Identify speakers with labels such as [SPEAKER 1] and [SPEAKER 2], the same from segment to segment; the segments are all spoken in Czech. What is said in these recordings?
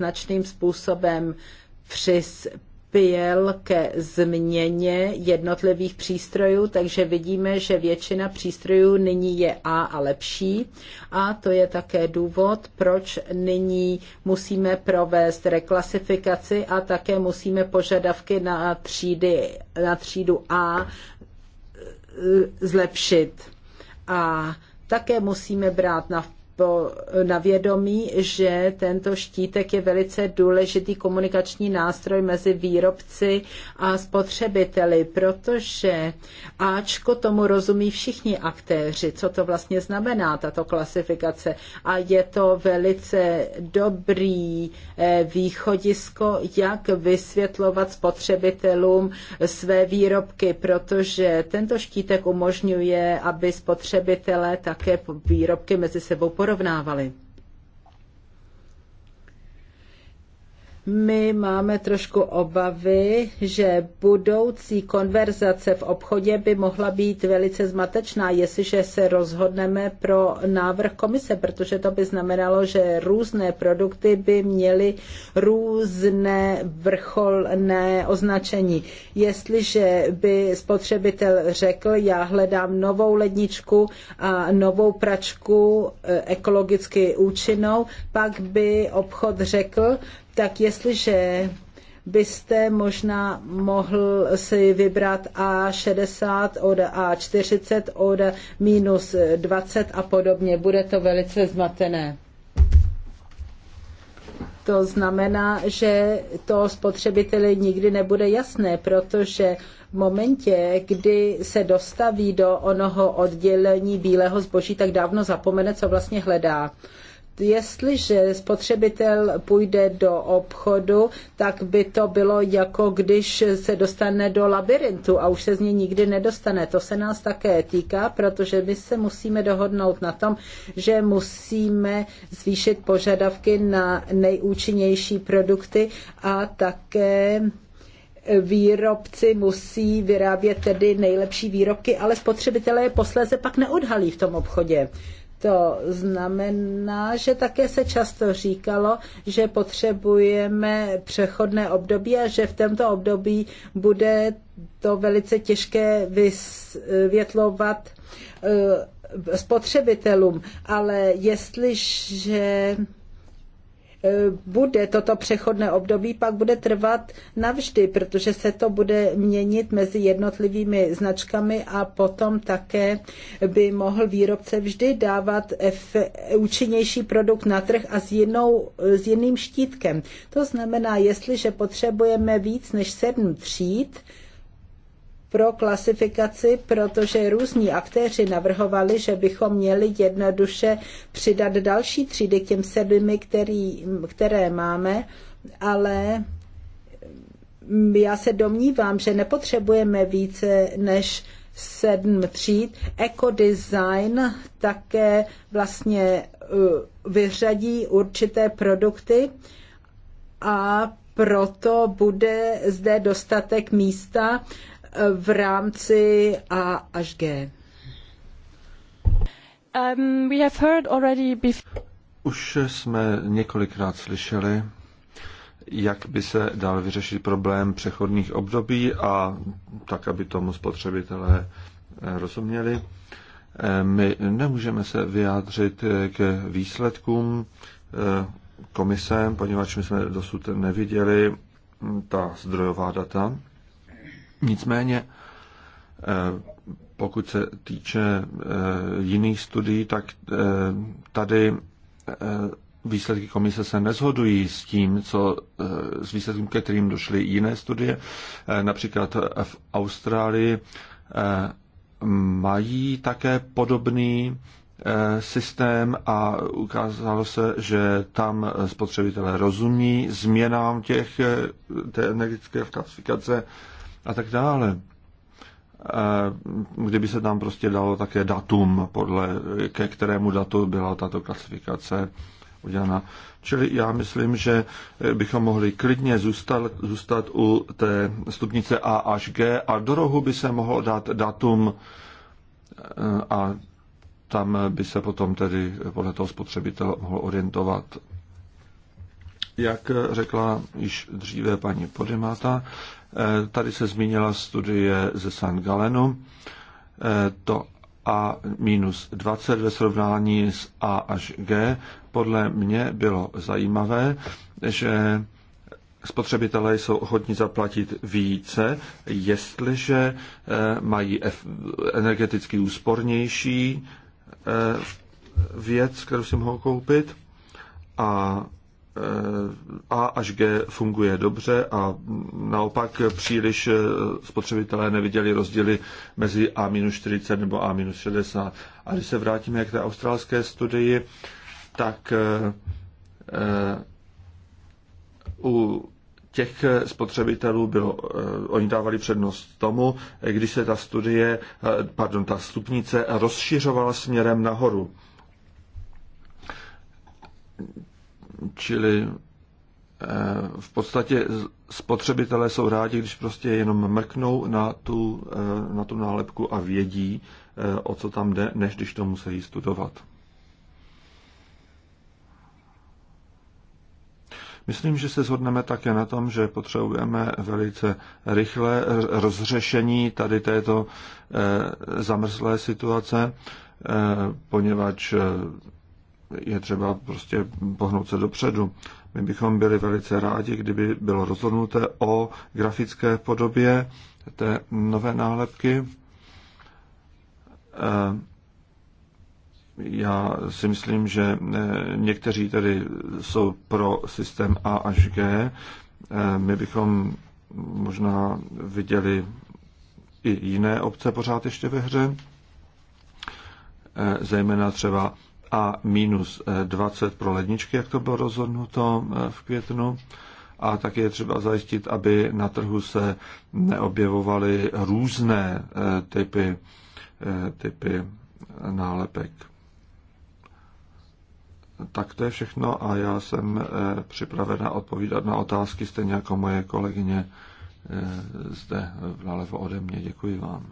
[SPEAKER 1] značným způsobem přispěl ke změně jednotlivých přístrojů, takže vidíme, že většina přístrojů nyní je A a lepší. A to je také důvod, proč nyní musíme provést reklasifikaci a také musíme požadavky na, třídy, na třídu A e, zlepšit. A také musíme brát na na vědomí, že tento štítek je velice důležitý komunikační nástroj mezi výrobci a spotřebiteli, protože Ačko tomu rozumí všichni aktéři, co to vlastně znamená, tato klasifikace. A je to velice dobrý eh, východisko, jak vysvětlovat spotřebitelům své výrobky, protože tento štítek umožňuje, aby spotřebitelé také výrobky mezi sebou porovnávali porovnávali. my máme trošku obavy, že budoucí konverzace v obchodě by mohla být velice zmatečná, jestliže se rozhodneme pro návrh komise, protože to by znamenalo, že různé produkty by měly různé vrcholné označení. Jestliže by spotřebitel řekl, já hledám novou ledničku a novou pračku eh, ekologicky účinnou, pak by obchod řekl, tak jestliže byste možná mohl si vybrat A60 od A40 od minus 20 a podobně. Bude to velice zmatené. To znamená, že to spotřebiteli nikdy nebude jasné, protože v momentě, kdy se dostaví do onoho oddělení bílého zboží, tak dávno zapomene, co vlastně hledá jestliže spotřebitel půjde do obchodu, tak by to bylo jako když se dostane do labirintu a už se z něj nikdy nedostane. To se nás také týká, protože my se musíme dohodnout na tom, že musíme zvýšit požadavky na nejúčinnější produkty a také výrobci musí vyrábět tedy nejlepší výrobky, ale spotřebitelé je posléze pak neodhalí v tom obchodě. To znamená, že také se často říkalo, že potřebujeme přechodné období a že v tomto období bude to velice těžké vysvětlovat eh, spotřebitelům. Ale jestliže Eh, bude toto přechodné období, pak bude trvat navždy, protože se to bude měnit mezi jednotlivými značkami a potom také by mohl výrobce vždy dávat účinnější produkt na trh a s, jinou, s jiným štítkem. To znamená, jestliže potřebujeme víc než sedm tříd, pro klasifikaci, protože různí aktéři navrhovali, že bychom měli jednoduše přidat další třídy k těm sedmi, který, které máme, ale já se domnívám, že nepotřebujeme více než sedm tříd. Ekodesign také vlastně uh, vyřadí určité produkty a proto bude zde dostatek místa v rámci A až G.
[SPEAKER 2] Um, we have heard already
[SPEAKER 3] Už jsme několikrát slyšeli, jak by se dal vyřešit problém přechodných období a tak, aby tomu spotřebitelé eh, rozuměli. Eh, my nemůžeme se vyjádřit k výsledkům eh, komise, poněvadž my jsme dosud neviděli mm, ta zdrojová data. Nicméně, eh, pokud se týče eh, jiných studií, tak eh, tady výsledky komise se nezhodují s tím, co s výsledkem, ke kterým došly jiné studie. Například v Austrálii mají také podobný systém a ukázalo se, že tam spotřebitelé rozumí změnám těch té energetické klasifikace a tak dále. Kdyby se tam prostě dalo také datum, podle ke kterému datu byla tato klasifikace udělána. Čili já myslím, že bychom mohli klidně zůstat, zůstat u té stupnice A až G a do rohu by se mohlo dát datum e, a tam by se potom tedy podle toho spotřebitel mohl orientovat. Jak řekla již dříve paní Podimata, Eh, tady se zmínila studie ze San Galenu. Eh, to a minus 20 ve srovnání s A až G. Podle mě bylo zajímavé, že spotřebitelé jsou ochotní zaplatit více, jestliže eh, mají energeticky úspornější věc, kterou si mohou koupit a a až G funguje dobře a naopak příliš eh, spotřebitelé neviděli rozdíly mezi A-40 nebo A-60. A když se vrátíme k té australské studii, tak eh, eh, u těch spotřebitelů bylo, oni dávali přednost tomu, když se ta studie, pardon, ta stupnice rozšiřovala směrem nahoru. Čili eh, v podstatě spotřebitelé jsou rádi, když prostě jenom mrknou na tu, eh, na tu nálepku a vědí, eh, o co tam jde, než když to musí studovat. Myslím, že se shodneme také na tom, že potřebujeme velice rychle rozřešení tady této zamrzlé situace, poněvadž je třeba prostě pohnout se dopředu. My bychom byli velice rádi, kdyby bylo rozhodnuté o grafické podobě té nové nálepky. E, já si myslím, že e, někteří tedy jsou pro systém A až G. E, my bychom možná viděli i jiné obce pořád ještě ve hře, zejména třeba a minus 20 eh, pro ledničky, jak to bylo rozhodnuto eh, v květnu. A také je třeba zajistit, aby na trhu se neobjevovaly různé eh, typy, typy nálepek. Tak to je všechno a já jsem připravena odpovídat na otázky, stejně jako moje kolegyně zde nalevo ode mě. Děkuji vám.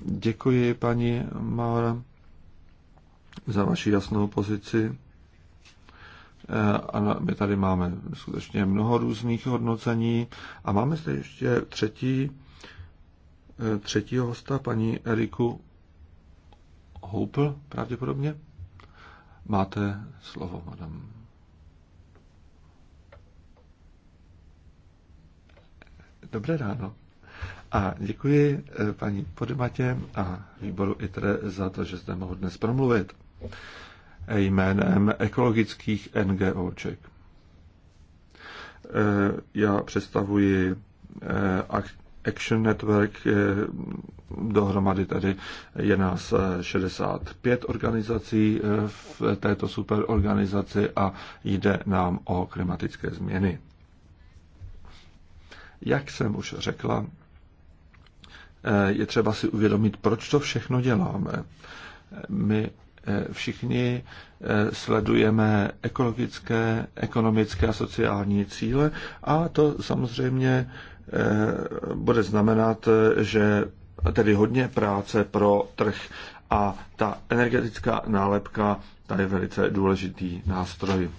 [SPEAKER 3] Děkuji, paní Maurer, za vaši jasnou pozici. Eh, a my tady máme skutečně mnoho různých hodnocení a máme zde ještě třetí, eh, třetího hosta, paní Eriku Houpl, pravděpodobně. Máte slovo, madam. Dobré ráno. A děkuji eh, paní Podematě a výboru ITRE za to, že zde mohu dnes promluvit jménem ekologických NGOček. Eh, já představuji eh, Action Network, dohromady tady je nás 65 organizací v této superorganizaci a jde nám o klimatické změny. Jak jsem už řekla, Eh, je třeba si uvědomit, proč to všechno děláme. My eh, všichni eh, sledujeme ekologické, ekonomické a sociální cíle a to samozřejmě bude znamenat, že tedy hodně práce pro trh a ta energetická nálepka, ta je velice důležitý nástroj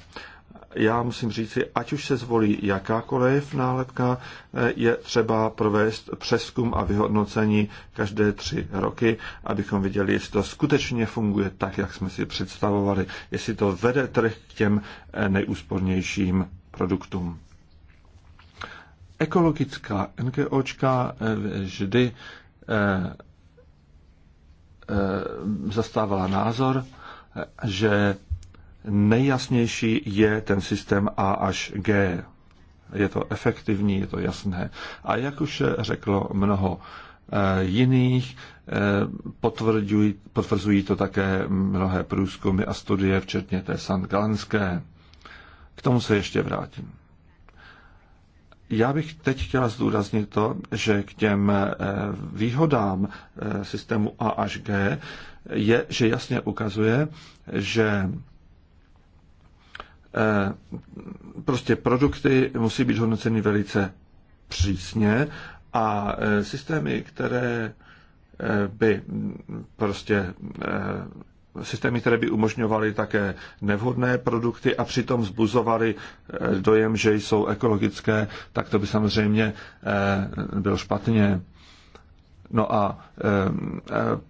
[SPEAKER 3] já musím říci, ať už se zvolí jakákoliv nálepka, eh, je třeba provést přeskum a vyhodnocení každé tři roky, abychom viděli, jestli to skutečně funguje tak, jak jsme si představovali, jestli to vede trh k těm eh, nejúspornějším produktům. Ekologická NGOčka eh, vždy zastávala názor, že Nejjasnější je ten systém A až G. Je to efektivní, je to jasné. A jak už řeklo mnoho eh, jiných, eh, potvrdují, potvrzují to také mnohé průzkumy a studie, včetně té St. Galenské. K tomu se ještě vrátím. Já bych teď chtěla zdůraznit to, že k těm eh, výhodám systému A až G je, že jasně ukazuje, že Eh, prostě produkty musí být hodnoceny velice přísně a eh, systémy, které eh, by prostě systémy, které by umožňovaly také nevhodné produkty a přitom zbuzovaly dojem, že jsou ekologické, tak to by samozřejmě bylo špatně. No a eh, eh,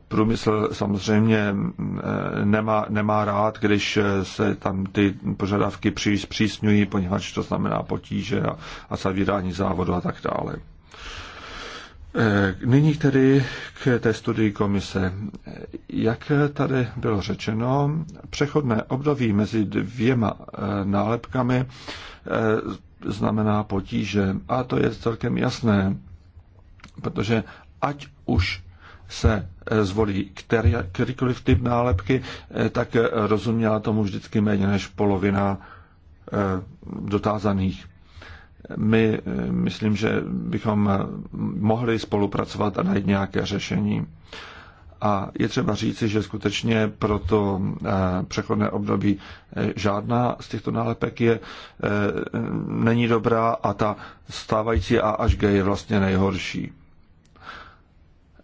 [SPEAKER 3] průmysl samozřejmě eh, nemá, nemá rád, když se tam ty požadavky přísňují, poněvadž to znamená potíže a, a zavírání závodu a tak dále. Nyní tedy k té studii komise. Jak tady bylo řečeno, přechodné období mezi dvěma nálepkami znamená potíže. A to je celkem jasné, protože ať už se eh, zvolí který, kterýkoliv typ nálepky, eh, tak eh, rozuměla tomu vždycky méně než polovina dotázaných. My myslím, že bychom mohli spolupracovat a najít nějaké řešení. A je třeba říci, že skutečně pro to přechodné období žádná z těchto nálepek je, není dobrá a ta stávající A až G je vlastně nejhorší.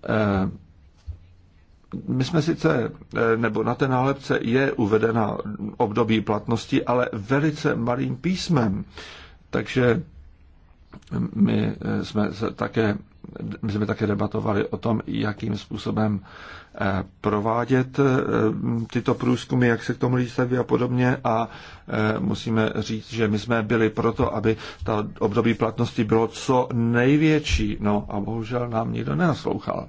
[SPEAKER 3] Eh, my jsme sice, eh, nebo na té nálepce je uvedena období platnosti, ale velice malým písmem. Takže my eh, jsme se také my jsme také debatovali o tom, jakým způsobem provádět tyto průzkumy, jak se k tomu lístaví a podobně. A musíme říct, že my jsme byli proto, aby ta období platnosti bylo co největší. No a bohužel nám nikdo nenaslouchal.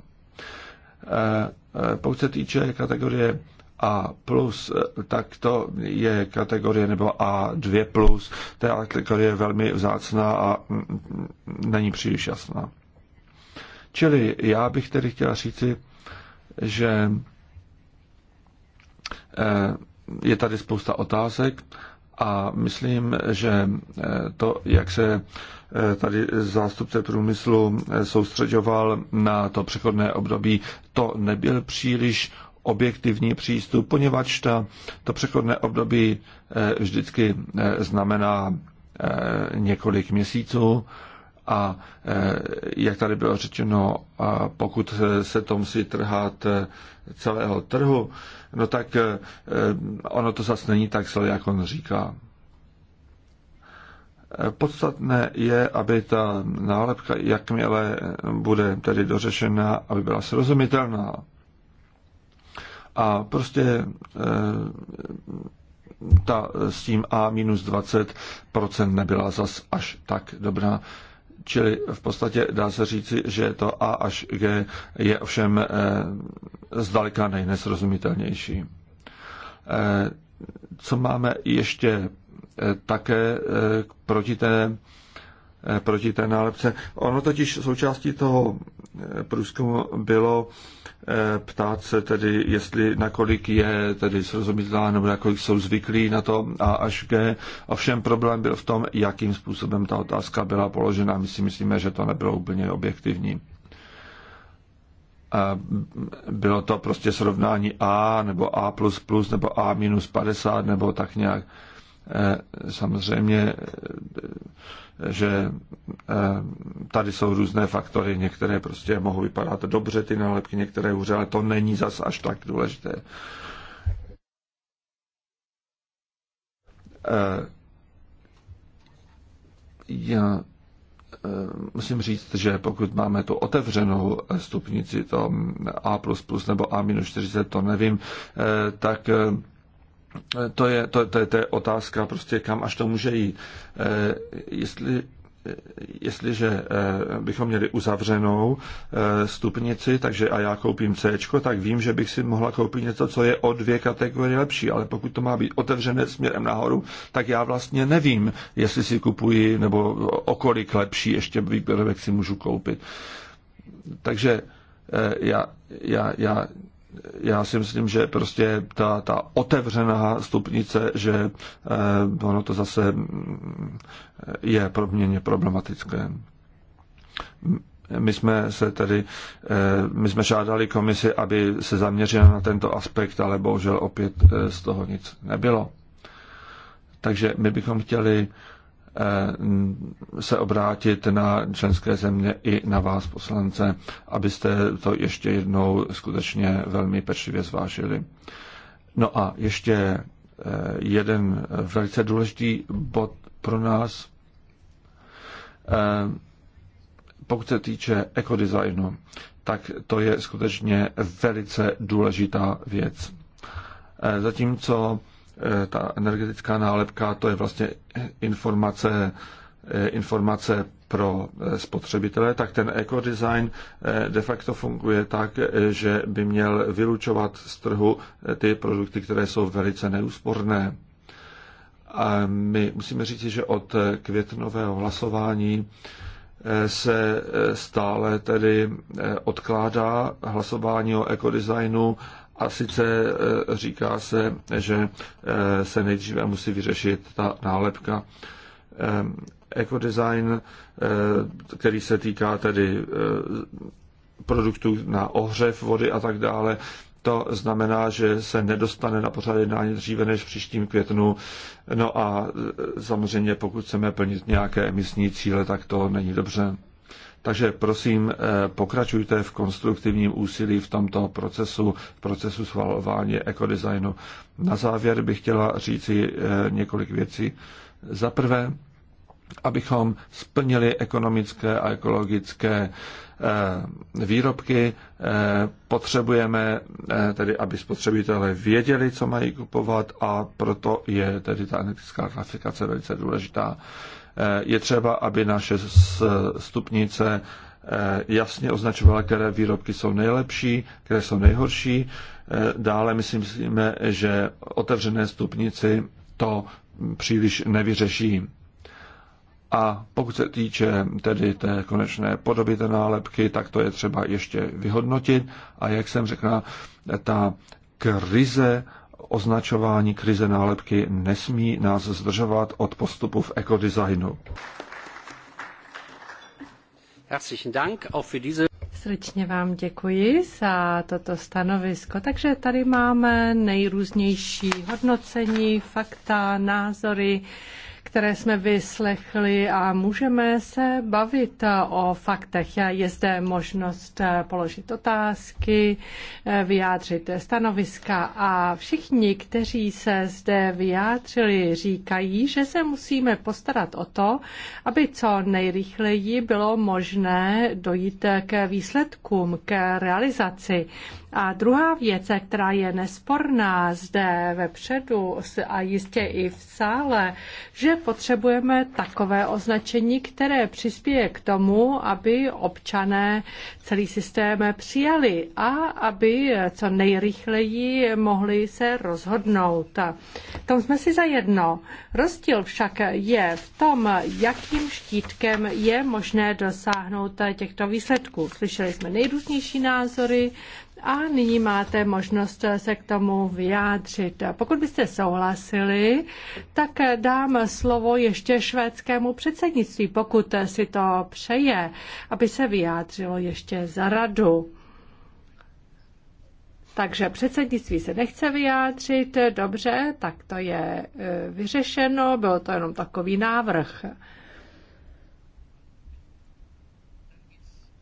[SPEAKER 3] Pokud se týče kategorie a plus, tak to je kategorie, nebo A2 plus, ta kategorie je velmi vzácná a není příliš jasná. Čili já bych tedy chtěl říci, že eh, je tady spousta otázek a myslím, že eh, to, jak se eh, tady zástupce průmyslu eh, soustředoval na to přechodné období, to nebyl příliš objektivní přístup, poněvadž ta, to přechodné období vždycky znamená několik měsíců a e, jak tady bylo řečeno, pokud se to musí trhat e, celého trhu, no tak e, ono to zase není tak zle, jak on říká. Podstatné je, aby ta nálepka, jakmile bude tedy dořešena, aby byla srozumitelná. A prostě ta s tím A minus 20% nebyla zas až tak dobrá. Čili v podstatě dá se říci, že to A až G je ovšem eh, zdaleka nejnesrozumitelnější. Eh, co máme ještě eh, také proti té Eh, proti té nálepce. Ono totiž součástí toho eh, průzkumu bylo eh, ptát se tedy, jestli nakolik je tedy srozumitelná nebo nakolik jsou zvyklí na to a až G. Ovšem problém byl v tom, jakým způsobem ta otázka byla položena. My si myslíme, že to nebylo úplně objektivní. Bylo to prostě srovnání A nebo A++ nebo A minus 50 nebo tak nějak. Samozřejmě že eh, tady jsou různé faktory, některé prostě mohou vypadat dobře ty nálepky, některé hůře, ale to není zas až tak důležité. Eh, já eh, musím říct, že pokud máme tu otevřenou stupnici, to A++ nebo A-40, to nevím, tak to je, to, to, je, to je otázka, prostě kam až to může jít. Eh, jestli, eh, jestliže eh, bychom měli uzavřenou stupnici, takže a já koupím C, tak vím, že bych si mohla koupit něco, co je o dvě kategorie lepší, ale pokud to má být otevřené směrem nahoru, tak já vlastně nevím, jestli si kupuji nebo o kolik lepší ještě výběrovek si můžu koupit. Takže já, já, já já si myslím, že prostě ta, ta otevřená stupnice, že eh, ono to zase mm, je pro mě problematické. My jsme se tedy, eh, my jsme žádali komisi, aby se zaměřila na tento aspekt, ale bohužel opět eh, z toho nic nebylo. Takže my bychom chtěli eh, Eh, se obrátit na členské země i na vás, poslance, abyste to ještě jednou skutečně velmi pečlivě zvážili. No a ještě eh, jeden velice důležitý bod pro nás. Eh, pokud se týče ekodesignu, tak to je skutečně velice důležitá věc. Zatímco Eh, ta energetická nálepka, to je vlastně informace, eh, informace pro eh, spotřebitele, tak ten ekodesign de facto funguje tak, že by měl vylučovat z trhu ty produkty, které jsou velice neúsporné. A my musíme říct, že od květnového hlasování se stále tedy odkládá hlasování o ekodesignu a sice eh, říká se, že eh, se nejdříve musí vyřešit ta nálepka. Eh, ekodesign, který se týká tedy produktů na ohřev vody a tak dále, to znamená, že se nedostane na pořád jednání dříve než v příštím květnu. No a samozřejmě, pokud chceme plnit nějaké emisní cíle, tak to není dobře. Takže prosím, eh, pokračujte v konstruktivním úsilí v tomto procesu, v procesu schvalování ekodesignu. Na závěr bych chtěla říci eh, několik věcí. Za prvé, abychom splnili ekonomické a ekologické eh, výrobky. Potřebujeme tedy, aby spotřebitelé věděli, co mají kupovat a proto je tedy ta energetická klasifikace velice důležitá. Eh, je třeba, aby naše stupnice eh, jasně označovala, které výrobky jsou nejlepší, které jsou nejhorší. Eh, dále myslíme, že otevřené stupnici to příliš nevyřeší. A pokud se týče tedy té konečné podoby té nálepky, tak to je třeba ještě vyhodnotit. A jak jsem řekla, ta krize označování krize nálepky nesmí nás zdržovat od postupu v ekodesignu.
[SPEAKER 2] Srdečně vám děkuji za toto stanovisko. Takže tady máme nejrůznější hodnocení, fakta, názory které jsme vyslechli a můžeme se bavit o faktech. Je zde možnost položit otázky, vyjádřit stanoviska a všichni, kteří se zde vyjádřili, říkají, že se musíme postarat o to, aby co nejrychleji bylo možné dojít k výsledkům, k realizaci. A druhá věc, která je nesporná zde vepředu a jistě i v sále, že potřebujeme takové označení, které přispěje k tomu, aby občané celý systém přijali a aby co nejrychleji mohli se rozhodnout. Tom jsme si zajedno. Rozdíl však je v tom, jakým štítkem je možné dosáhnout těchto výsledků. Slyšeli jsme nejrůznější názory, a nyní máte možnost se k tomu vyjádřit. Pokud byste souhlasili, tak dám slovo ještě švédskému předsednictví, pokud si to přeje, aby se vyjádřilo ještě za radu. Takže předsednictví se nechce vyjádřit, dobře, tak to je e, vyřešeno, byl to jenom takový návrh.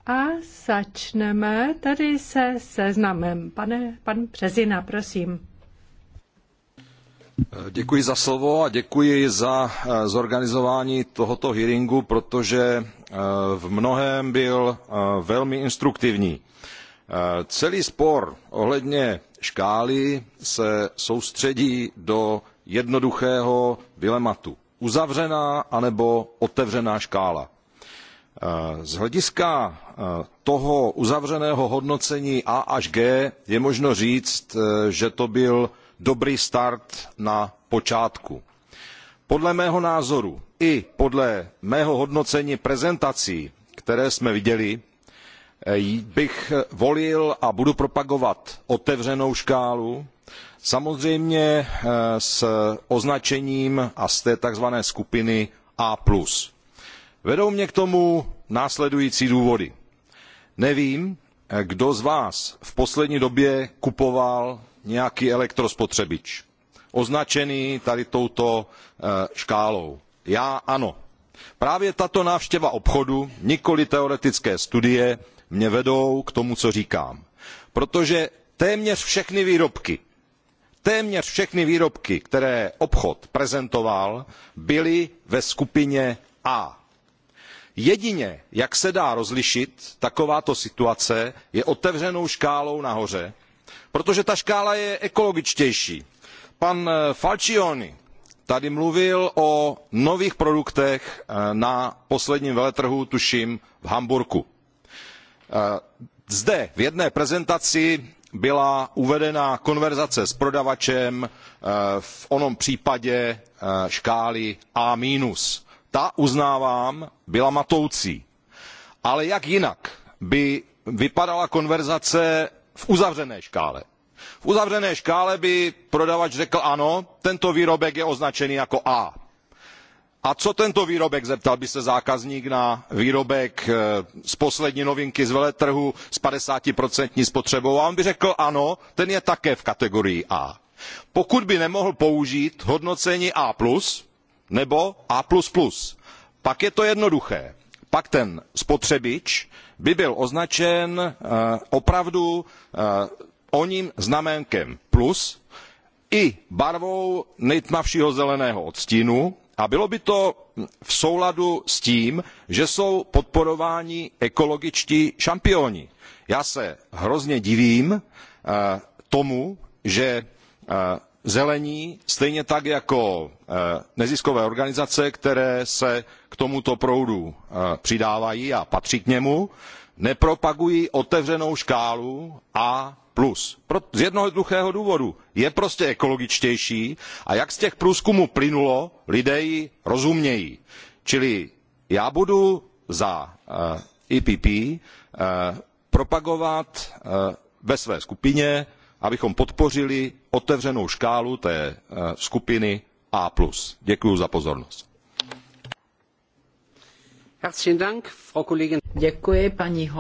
[SPEAKER 2] A začneme tady se seznamem. Pane, pan Přezina, prosím.
[SPEAKER 4] Děkuji za slovo a děkuji za eh, zorganizování tohoto hearingu, protože eh, v mnohém byl eh, velmi instruktivní. Celý spor ohledně škály se soustředí do jednoduchého dilematu. Uzavřená anebo otevřená škála z hlediska eh, toho uzavřeného hodnocení A až G je možno říct, eh, že to byl dobrý start na počátku. Podle mého názoru i podle mého hodnocení prezentací, které jsme viděli, eh, bych volil a budu propagovat otevřenou škálu, samozřejmě s označením a z té takzvané skupiny A+. Vedou mě k tomu následující důvody. Nevím, kdo z vás v poslední době kupoval nějaký elektrospotřebič označený tady touto eh, škálou. Já ano. Právě tato návštěva obchodu, nikoli teoretické studie, mě vedou k tomu, co říkám. Protože téměř všechny výrobky, téměř všechny výrobky, které obchod prezentoval, byly ve skupině A Jedině, jak se dá rozlišit takováto situace, je otevřenou škálou nahoře, protože ta škála je ekologičtější. Pan eh, Falcioni tady mluvil o nových produktech eh, na posledním veletrhu, tuším, v Hamburku. Eh, zde v jedné prezentaci byla uvedena konverzace s prodavačem v onom případě škály A-. Ta, uznávám, byla matoucí. Ale jak jinak by vypadala konverzace v uzavřené škále? V uzavřené škále by prodavač řekl ano, tento výrobek je označený jako A. A co tento výrobek, zeptal by se zákazník na výrobek eh, z poslední novinky z veletrhu s 50% spotřebou a on by řekl ano, ten je také v kategorii A. Pokud by nemohl použít hodnocení A+, nebo a pak je to jednoduché pak ten spotřebič by byl označen eh, opravdu eh, oním znaménkem plus i barvou nejtmavšího zeleného odstínu a bylo by to v souladu s tím, že jsou podporováni ekologičtí šampioni. Já se hrozně divím eh, tomu, že zelení, stejně tak jako eh, neziskové organizace, které se k tomuto proudu eh, přidávají a patří k němu, nepropagují otevřenou škálu A+. Z jednoho jednoduchého důvodu. Je prostě ekologičtější a jak z těch průzkumů plynulo, lidé ji rozumějí. Čili já budu za EPP eh, propagovat ve své skupině abychom podpořili otevřenou škálu té eh, skupiny A+. Děkuji za pozornost.
[SPEAKER 1] Děkuji, paní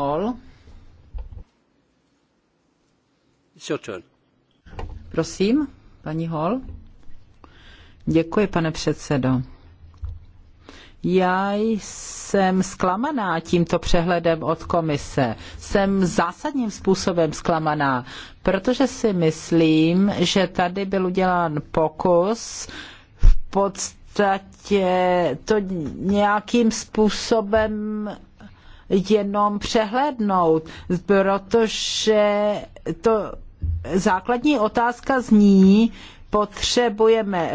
[SPEAKER 1] Prosím, paní Hall. Děkuji, pane předsedo. Já jsem zklamaná tímto přehledem od komise. Jsem zásadním způsobem zklamaná, protože si myslím, že tady byl udělán pokus v podstatě to nějakým způsobem jenom přehlédnout, protože to základní otázka zní, potřebujeme,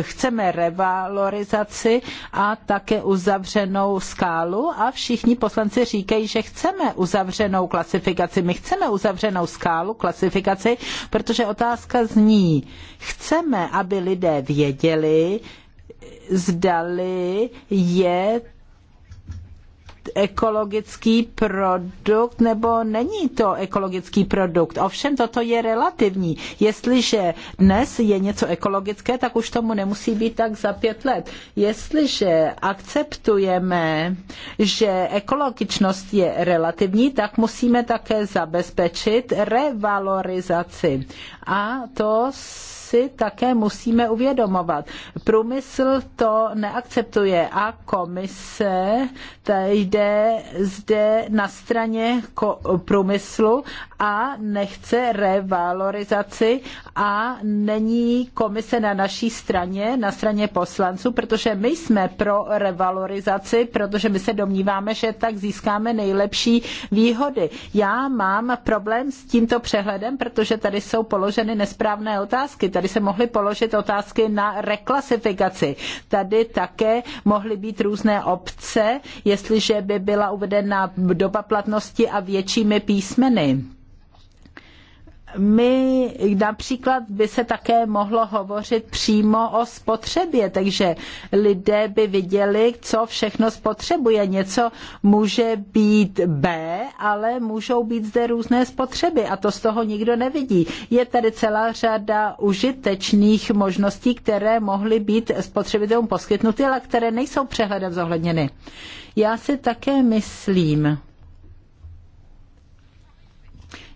[SPEAKER 1] chceme revalorizaci a také uzavřenou skálu a všichni poslanci říkají, že chceme uzavřenou klasifikaci. My chceme uzavřenou skálu, klasifikaci, protože otázka zní, chceme, aby lidé věděli, zdali je ekologický produkt nebo není to ekologický produkt. Ovšem toto je relativní. Jestliže dnes je něco ekologické, tak už tomu nemusí být tak za pět let. Jestliže akceptujeme, že ekologičnost je relativní, tak musíme také zabezpečit revalorizaci. A to si také musíme uvědomovat. Průmysl to neakceptuje a komise jde zde na straně průmyslu a nechce revalorizaci a není komise na naší straně, na straně poslanců, protože my jsme pro revalorizaci, protože my se domníváme, že tak získáme nejlepší výhody. Já mám problém s tímto přehledem, protože tady jsou položeny nesprávné otázky. Tady se mohly položit otázky na reklasifikaci. Tady také mohly být různé obce, jestliže by byla uvedena doba platnosti a většími písmeny my například by se také mohlo hovořit přímo o spotřebě, takže lidé by viděli, co všechno spotřebuje. Něco může být B, ale můžou být zde různé spotřeby a to z toho nikdo nevidí. Je tady celá řada užitečných možností, které mohly být spotřebitelům poskytnuty, ale které nejsou přehledem zohledněny. Já si také myslím,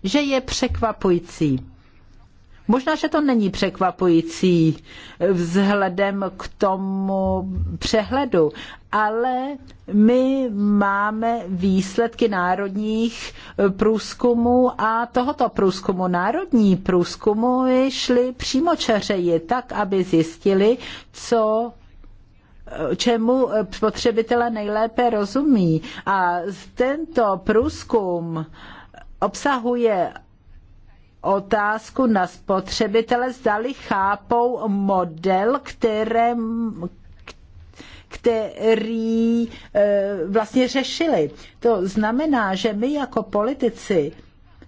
[SPEAKER 1] že je překvapující. Možná, že to není překvapující vzhledem k tomu přehledu, ale my máme výsledky národních průzkumů a tohoto průzkumu. Národní šli šly čeřeji tak, aby zjistili, co čemu spotřebitele nejlépe rozumí. A tento průzkum obsahuje otázku na spotřebitele, zdali chápou model, kterém, který eh, vlastně řešili. To znamená, že my jako politici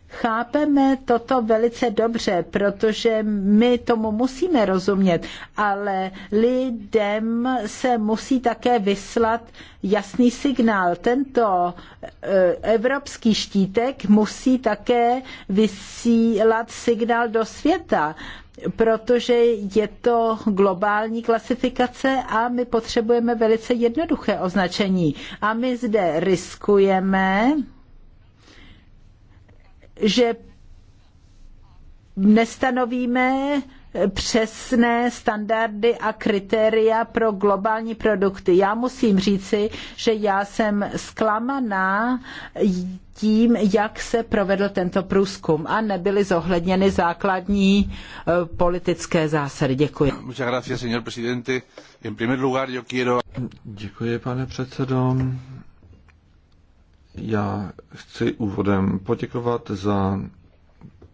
[SPEAKER 1] Chápeme toto velice dobře, protože my tomu musíme rozumět, ale lidem se musí také vyslat jasný signál. Tento eh, evropský štítek musí také vysílat signál do světa, protože je to globální klasifikace a my potřebujeme velice jednoduché označení. A my zde riskujeme, že nestanovíme přesné standardy a kritéria pro globální produkty. Já musím říci, že já jsem zklamaná tím, jak se provedl tento průzkum a nebyly zohledněny základní eh, politické
[SPEAKER 3] zásady. Děkuji. Děkuji, pane předsedo. Já chci úvodem poděkovat za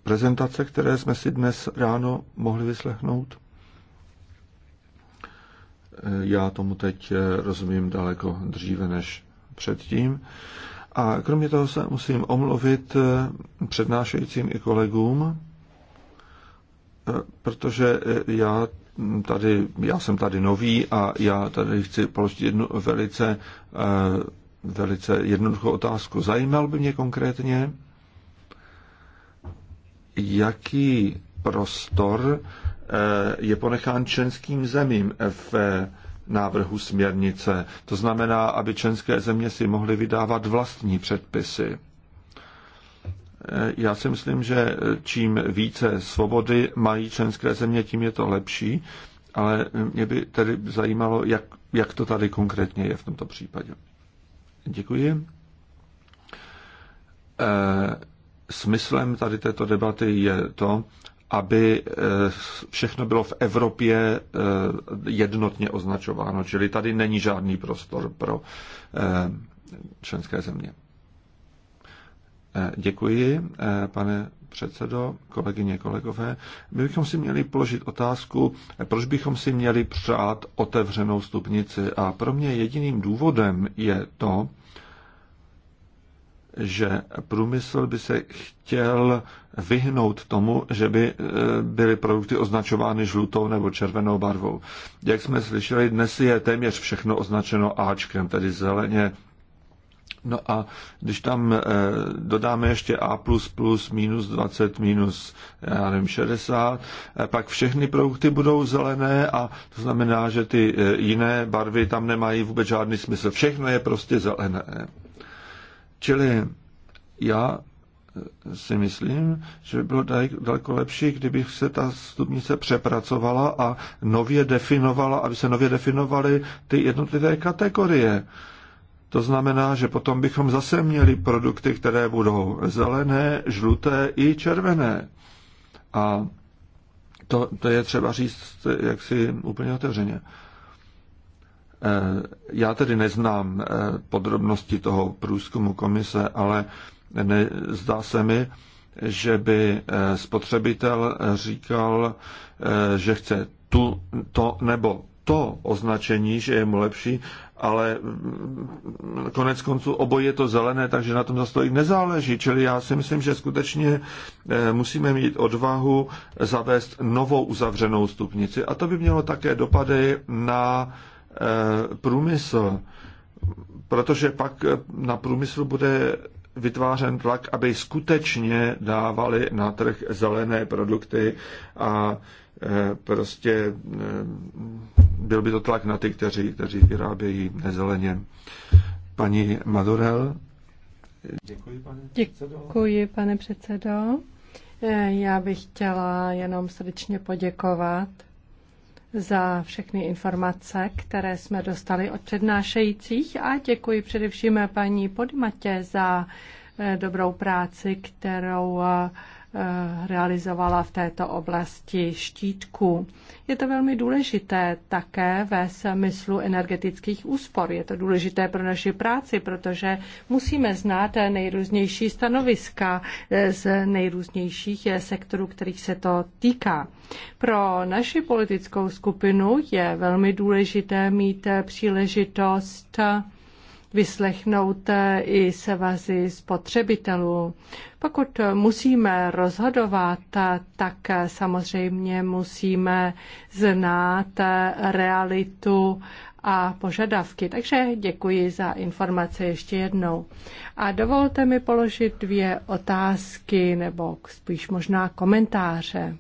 [SPEAKER 3] prezentace, které jsme si dnes ráno mohli vyslechnout. Já tomu teď rozumím daleko dříve než předtím. A kromě toho se musím omluvit přednášejícím i kolegům, protože já tady, já jsem tady nový a já tady chci položit jednu velice velice jednoduchou otázku. Zajímal by mě konkrétně, jaký prostor eh, je ponechán členským zemím v návrhu směrnice. To znamená, aby členské země si mohly vydávat vlastní předpisy. Eh, já si myslím, že čím více svobody mají členské země, tím je to lepší, ale mě by tedy zajímalo, jak, jak to tady konkrétně je v tomto případě. Děkuji. Eh, smyslem tady této debaty je to, aby eh, všechno bylo v Evropě eh, jednotně označováno, čili tady není žádný prostor pro členské země. Děkuji, pane předsedo, kolegyně, kolegové, my bychom si měli položit otázku, proč bychom si měli přát otevřenou stupnici. A pro mě jediným důvodem je to, že průmysl by se chtěl vyhnout tomu, že by e, byly produkty označovány žlutou nebo červenou barvou. Jak jsme slyšeli, dnes je téměř všechno označeno Ačkem, tedy zeleně, No a když tam eh, dodáme ještě A++, minus 20, minus já nevím, 60, eh, pak všechny produkty budou zelené a to znamená, že ty eh, jiné barvy tam nemají vůbec žádný smysl. Všechno je prostě zelené. Čili já si myslím, že by bylo daleko lepší, kdyby se ta stupnice přepracovala a nově definovala, aby se nově definovaly ty jednotlivé kategorie. To znamená, že potom bychom zase měli produkty, které budou zelené, žluté i červené. A to, to je třeba říct jaksi úplně otevřeně. E, já tedy neznám e, podrobnosti toho průzkumu komise, ale ne, zdá se mi, že by e, spotřebitel říkal, že chce tu, to nebo to označení, že je mu lepší, ale mm, konec konců oboje je to zelené, takže na tom zase nezáleží. Čili já si myslím, že skutečně eh, musíme mít odvahu zavést novou uzavřenou stupnici. A to by mělo také dopady na eh, průmysl, protože pak eh, na průmyslu bude vytvářen tlak, aby skutečně dávali na trh zelené produkty a e, prostě e, byl by to tlak na ty, kteří, kteří vyrábějí nezeleně. Paní Madurel. Děkuji,
[SPEAKER 2] pane předsedo. Děkuji, pane předsedo. E, já bych chtěla jenom srdečně poděkovat za všechny informace, které jsme dostali od přednášejících a děkuji především paní Podimatě za eh, dobrou práci, kterou eh, Eh, realizovala v této oblasti štítku. Je to velmi důležité také ve smyslu energetických úspor. Je to důležité pro naši práci, protože musíme znát nejrůznější stanoviska eh, z nejrůznějších eh, sektorů, kterých se to týká. Pro naši politickou skupinu je velmi důležité mít příležitost vyslechnout eh, i se vazy spotřebitelů. Pokud musíme rozhodovat, eh, tak eh, samozřejmě musíme znát realitu a požadavky. Takže děkuji za informace ještě jednou. A dovolte mi položit dvě otázky nebo spíš možná komentáře.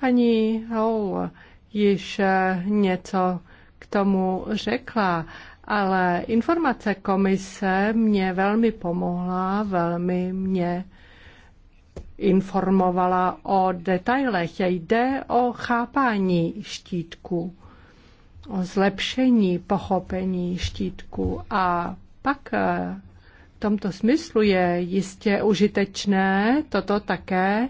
[SPEAKER 2] Paní Hou již něco k tomu řekla ale informace komise mě velmi pomohla, velmi mě informovala o detailech. Jde o chápání štítku, o zlepšení pochopení štítku a pak eh, v tomto smyslu je jistě užitečné toto také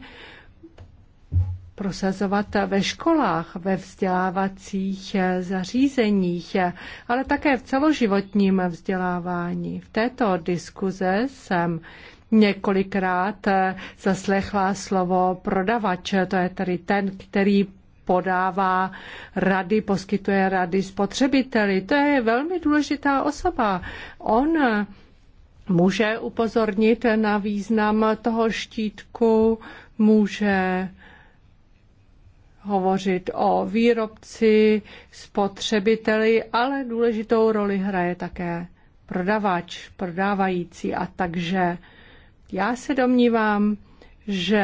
[SPEAKER 2] prosazovat ve školách, ve vzdělávacích eh, zařízeních, eh, ale také v celoživotním vzdělávání. V této diskuze jsem několikrát eh, zaslechla slovo prodavač, to je tedy ten, který podává rady, poskytuje rady spotřebiteli. To je velmi důležitá osoba. On může upozornit na význam toho štítku, může hovořit o výrobci, spotřebiteli, ale důležitou roli hraje také prodavač, prodávající. A takže já se domnívám, že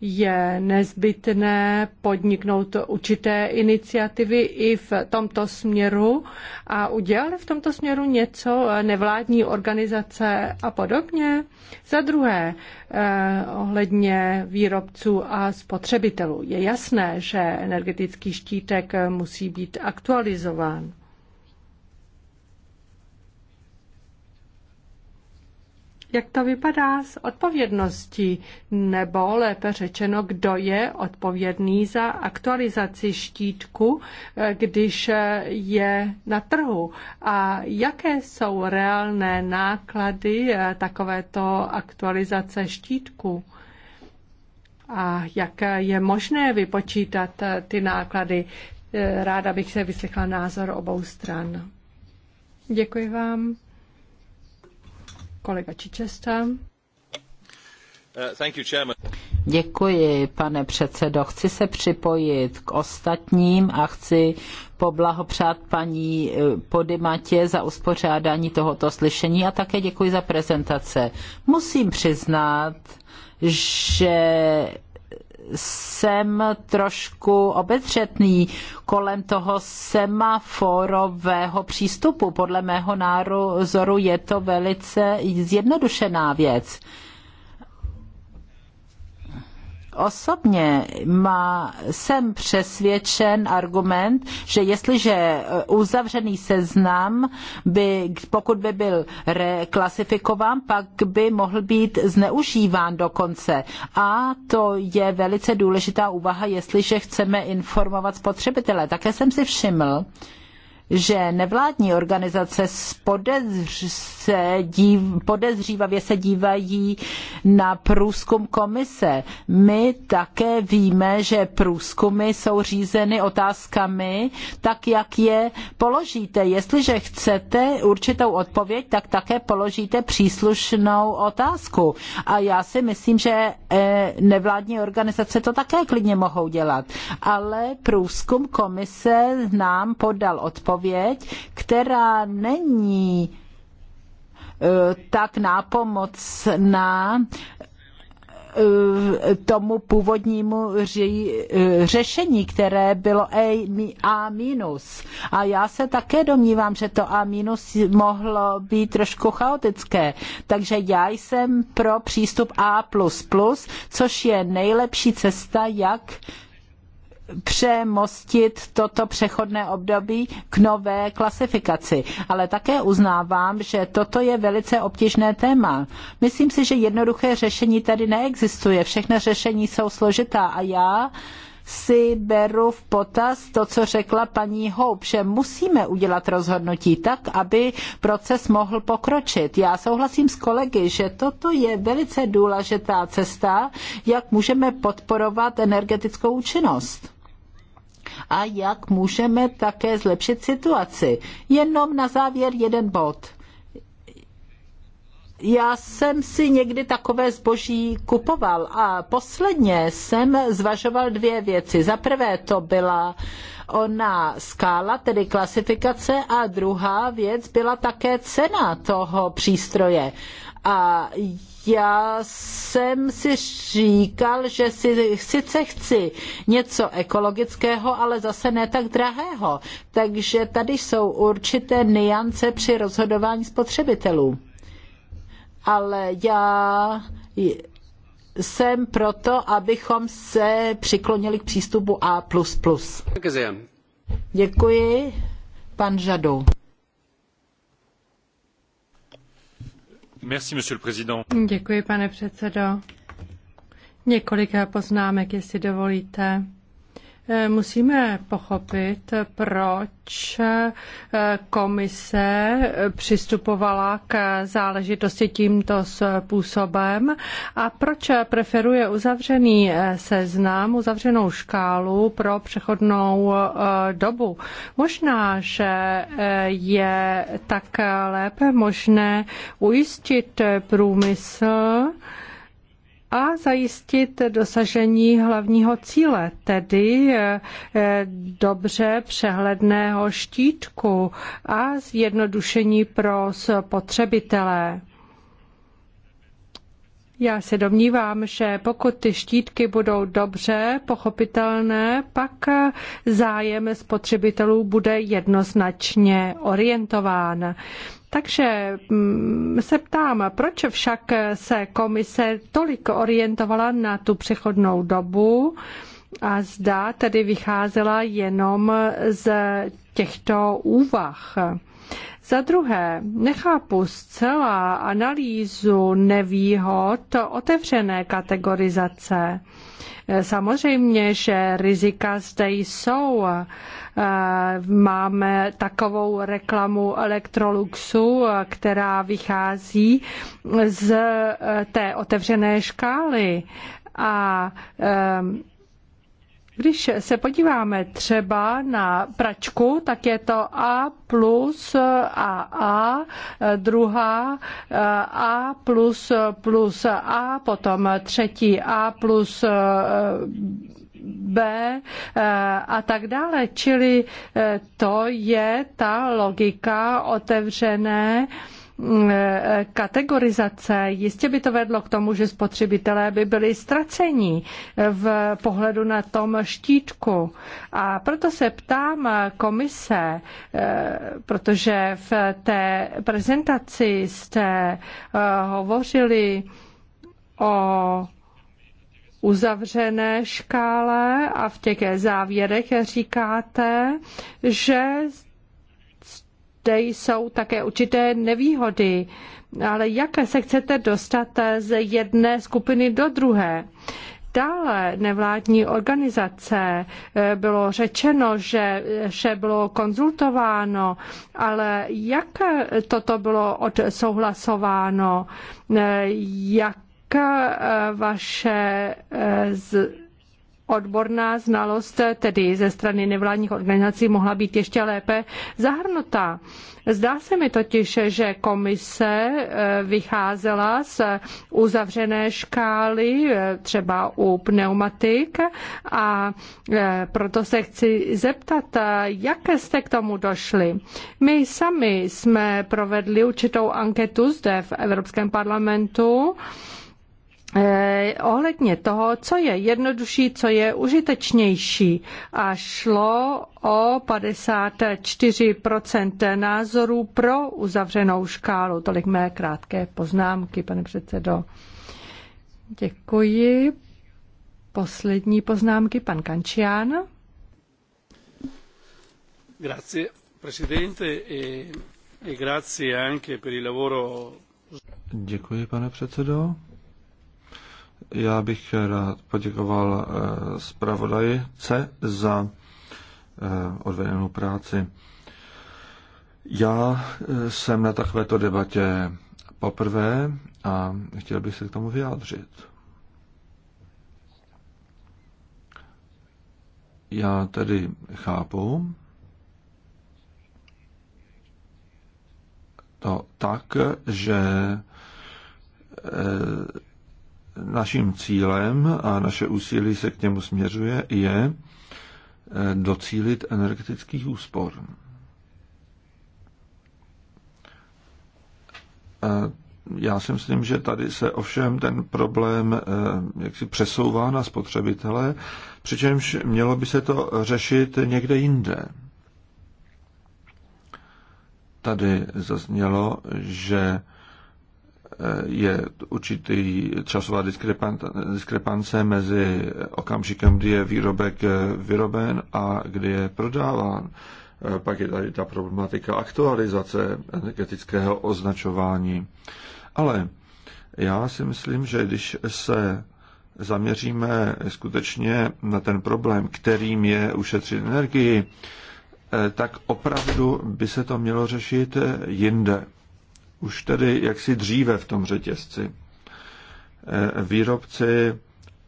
[SPEAKER 2] je nezbytné podniknout určité iniciativy i v tomto směru a udělali v tomto směru něco nevládní organizace a podobně. Za druhé, eh, ohledně výrobců a spotřebitelů. Je jasné, že energetický štítek musí být aktualizován. Jak to vypadá s odpovědností, nebo lépe řečeno, kdo je odpovědný za aktualizaci štítku, eh, když eh, je na trhu a jaké jsou reálné náklady eh, takovéto aktualizace štítku? A jak je možné vypočítat ty náklady? Ráda bych se vyslechla názor obou stran. Děkuji vám. Kolega Čičesta.
[SPEAKER 4] Uh,
[SPEAKER 1] děkuji, pane předsedo. Chci se připojit k ostatním a chci poblahopřát paní eh, Podimatě za uspořádání tohoto slyšení a také děkuji za prezentace. Musím přiznat, že jsem trošku obezřetný kolem toho semaforového přístupu. Podle mého názoru je to velice zjednodušená věc. Osobně má, jsem přesvědčen argument, že jestliže eh, uzavřený seznam by, pokud by byl reklasifikován, pak by mohl být zneužíván dokonce. A to je velice důležitá úvaha, jestliže chceme informovat spotřebitele. Také jsem si všiml, že nevládní organizace podezř se dív, podezřívavě se dívají na průzkum komise. My také víme, že průzkumy jsou řízeny otázkami, tak jak je položíte. Jestliže chcete určitou odpověď, tak také položíte příslušnou otázku. A já si myslím, že eh, nevládní organizace to také klidně mohou dělat. Ale průzkum komise nám podal odpověď, odpověď, která není e, tak nápomocná e, tomu původnímu e, řešení, které bylo A-. A já se také domnívám, že to A- mohlo být trošku chaotické. Takže já jsem pro přístup A++, což je nejlepší cesta, jak přemostit toto přechodné období k nové klasifikaci. Ale také uznávám, že toto je velice obtížné téma. Myslím si, že jednoduché řešení tady neexistuje. Všechna řešení jsou složitá a já si beru v potaz to, co řekla paní Hope, že musíme udělat rozhodnutí tak, aby proces mohl pokročit. Já souhlasím s kolegy, že toto je velice důležitá cesta, jak můžeme podporovat energetickou účinnost a jak můžeme také zlepšit situaci. Jenom na závěr jeden bod. Já jsem si někdy takové zboží kupoval a posledně jsem zvažoval dvě věci. Za prvé to byla ona skála, tedy klasifikace a druhá věc byla také cena toho přístroje. A já jsem si říkal, že si, sice chci něco ekologického, ale zase ne tak drahého. Takže tady jsou určité niance při rozhodování spotřebitelů. Ale já jsem proto, abychom se přiklonili k přístupu A++. Děkuji, pan Žadu.
[SPEAKER 2] Děkuji, pane předsedo. Několik poznámek, jestli dovolíte. Musíme pochopit, proč eh, komise přistupovala k záležitosti tímto způsobem a proč preferuje uzavřený eh, seznam, uzavřenou škálu pro přechodnou eh, dobu. Možná, že je tak lépe možné ujistit průmysl, a zajistit dosažení hlavního cíle, tedy eh, dobře přehledného štítku a zjednodušení pro spotřebitele. Já se domnívám, že pokud ty štítky budou dobře pochopitelné, pak zájem spotřebitelů bude jednoznačně orientován. Takže mm, se ptám, proč však se komise tolik orientovala na tu přechodnou dobu a zda tedy vycházela jenom z těchto úvah. Za druhé, nechápu zcela analýzu nevýhod otevřené kategorizace. Samozřejmě, že rizika zde jsou. Máme takovou reklamu Electroluxu, která vychází z e, té otevřené škály a e, když se podíváme třeba na pračku, tak je to A plus a A, druhá A plus plus A, potom třetí A plus eh, B eh, a tak dále. Čili eh, to je ta logika otevřené kategorizace, jistě by to vedlo k tomu, že spotřebitelé by byli ztraceni v pohledu na tom štítku. A proto se ptám komise, eh, protože v té prezentaci jste eh, hovořili o uzavřené škále a v těch závěrech říkáte, že zde jsou také určité nevýhody. Ale jak se chcete dostat z jedné skupiny do druhé? Dále nevládní organizace eh, bylo řečeno, že vše bylo konzultováno, ale jak toto bylo odsouhlasováno? Eh, jak eh, vaše odborná znalost, tedy ze strany nevládních organizací, mohla být ještě lépe zahrnutá. Zdá se mi totiž, že komise eh, vycházela z uzavřené škály, eh, třeba u pneumatik, a eh, proto se chci zeptat, jak jste k tomu došli. My sami jsme provedli určitou anketu zde v Evropském parlamentu, Eh, ohledně toho, co je jednodušší, co je užitečnější. A šlo o 54% názorů pro uzavřenou škálu. Tolik mé krátké poznámky, pane předsedo. Děkuji. Poslední poznámky, pan
[SPEAKER 3] Kančián.
[SPEAKER 5] Grazie, presidente, e, e grazie anche per il lavoro.
[SPEAKER 3] Děkuji, pane předsedo. Já bych rád poděkoval eh, zpravodajice za eh, odvedenou práci. Já eh, jsem na takovéto debatě poprvé a chtěl bych se k tomu vyjádřit. Já tedy chápu to tak, že naším cílem, a naše úsilí se k němu směřuje, je eh, docílit energetických úspor. Já si myslím, že tady se ovšem ten problém eh, jak si přesouvá na spotřebitele, přičemž mělo by se to řešit někde jinde. Tady zaznělo, že je určitý časová diskrepance mezi okamžikem, kdy je výrobek eh, vyroben a kdy je prodáván. Eh, pak je tady ta problematika aktualizace energetického označování. Ale já si myslím, že když se zaměříme skutečně na ten problém, kterým je ušetřit energii, eh, tak opravdu by se to mělo řešit jinde už tedy jaksi dříve v tom řetězci. E, výrobci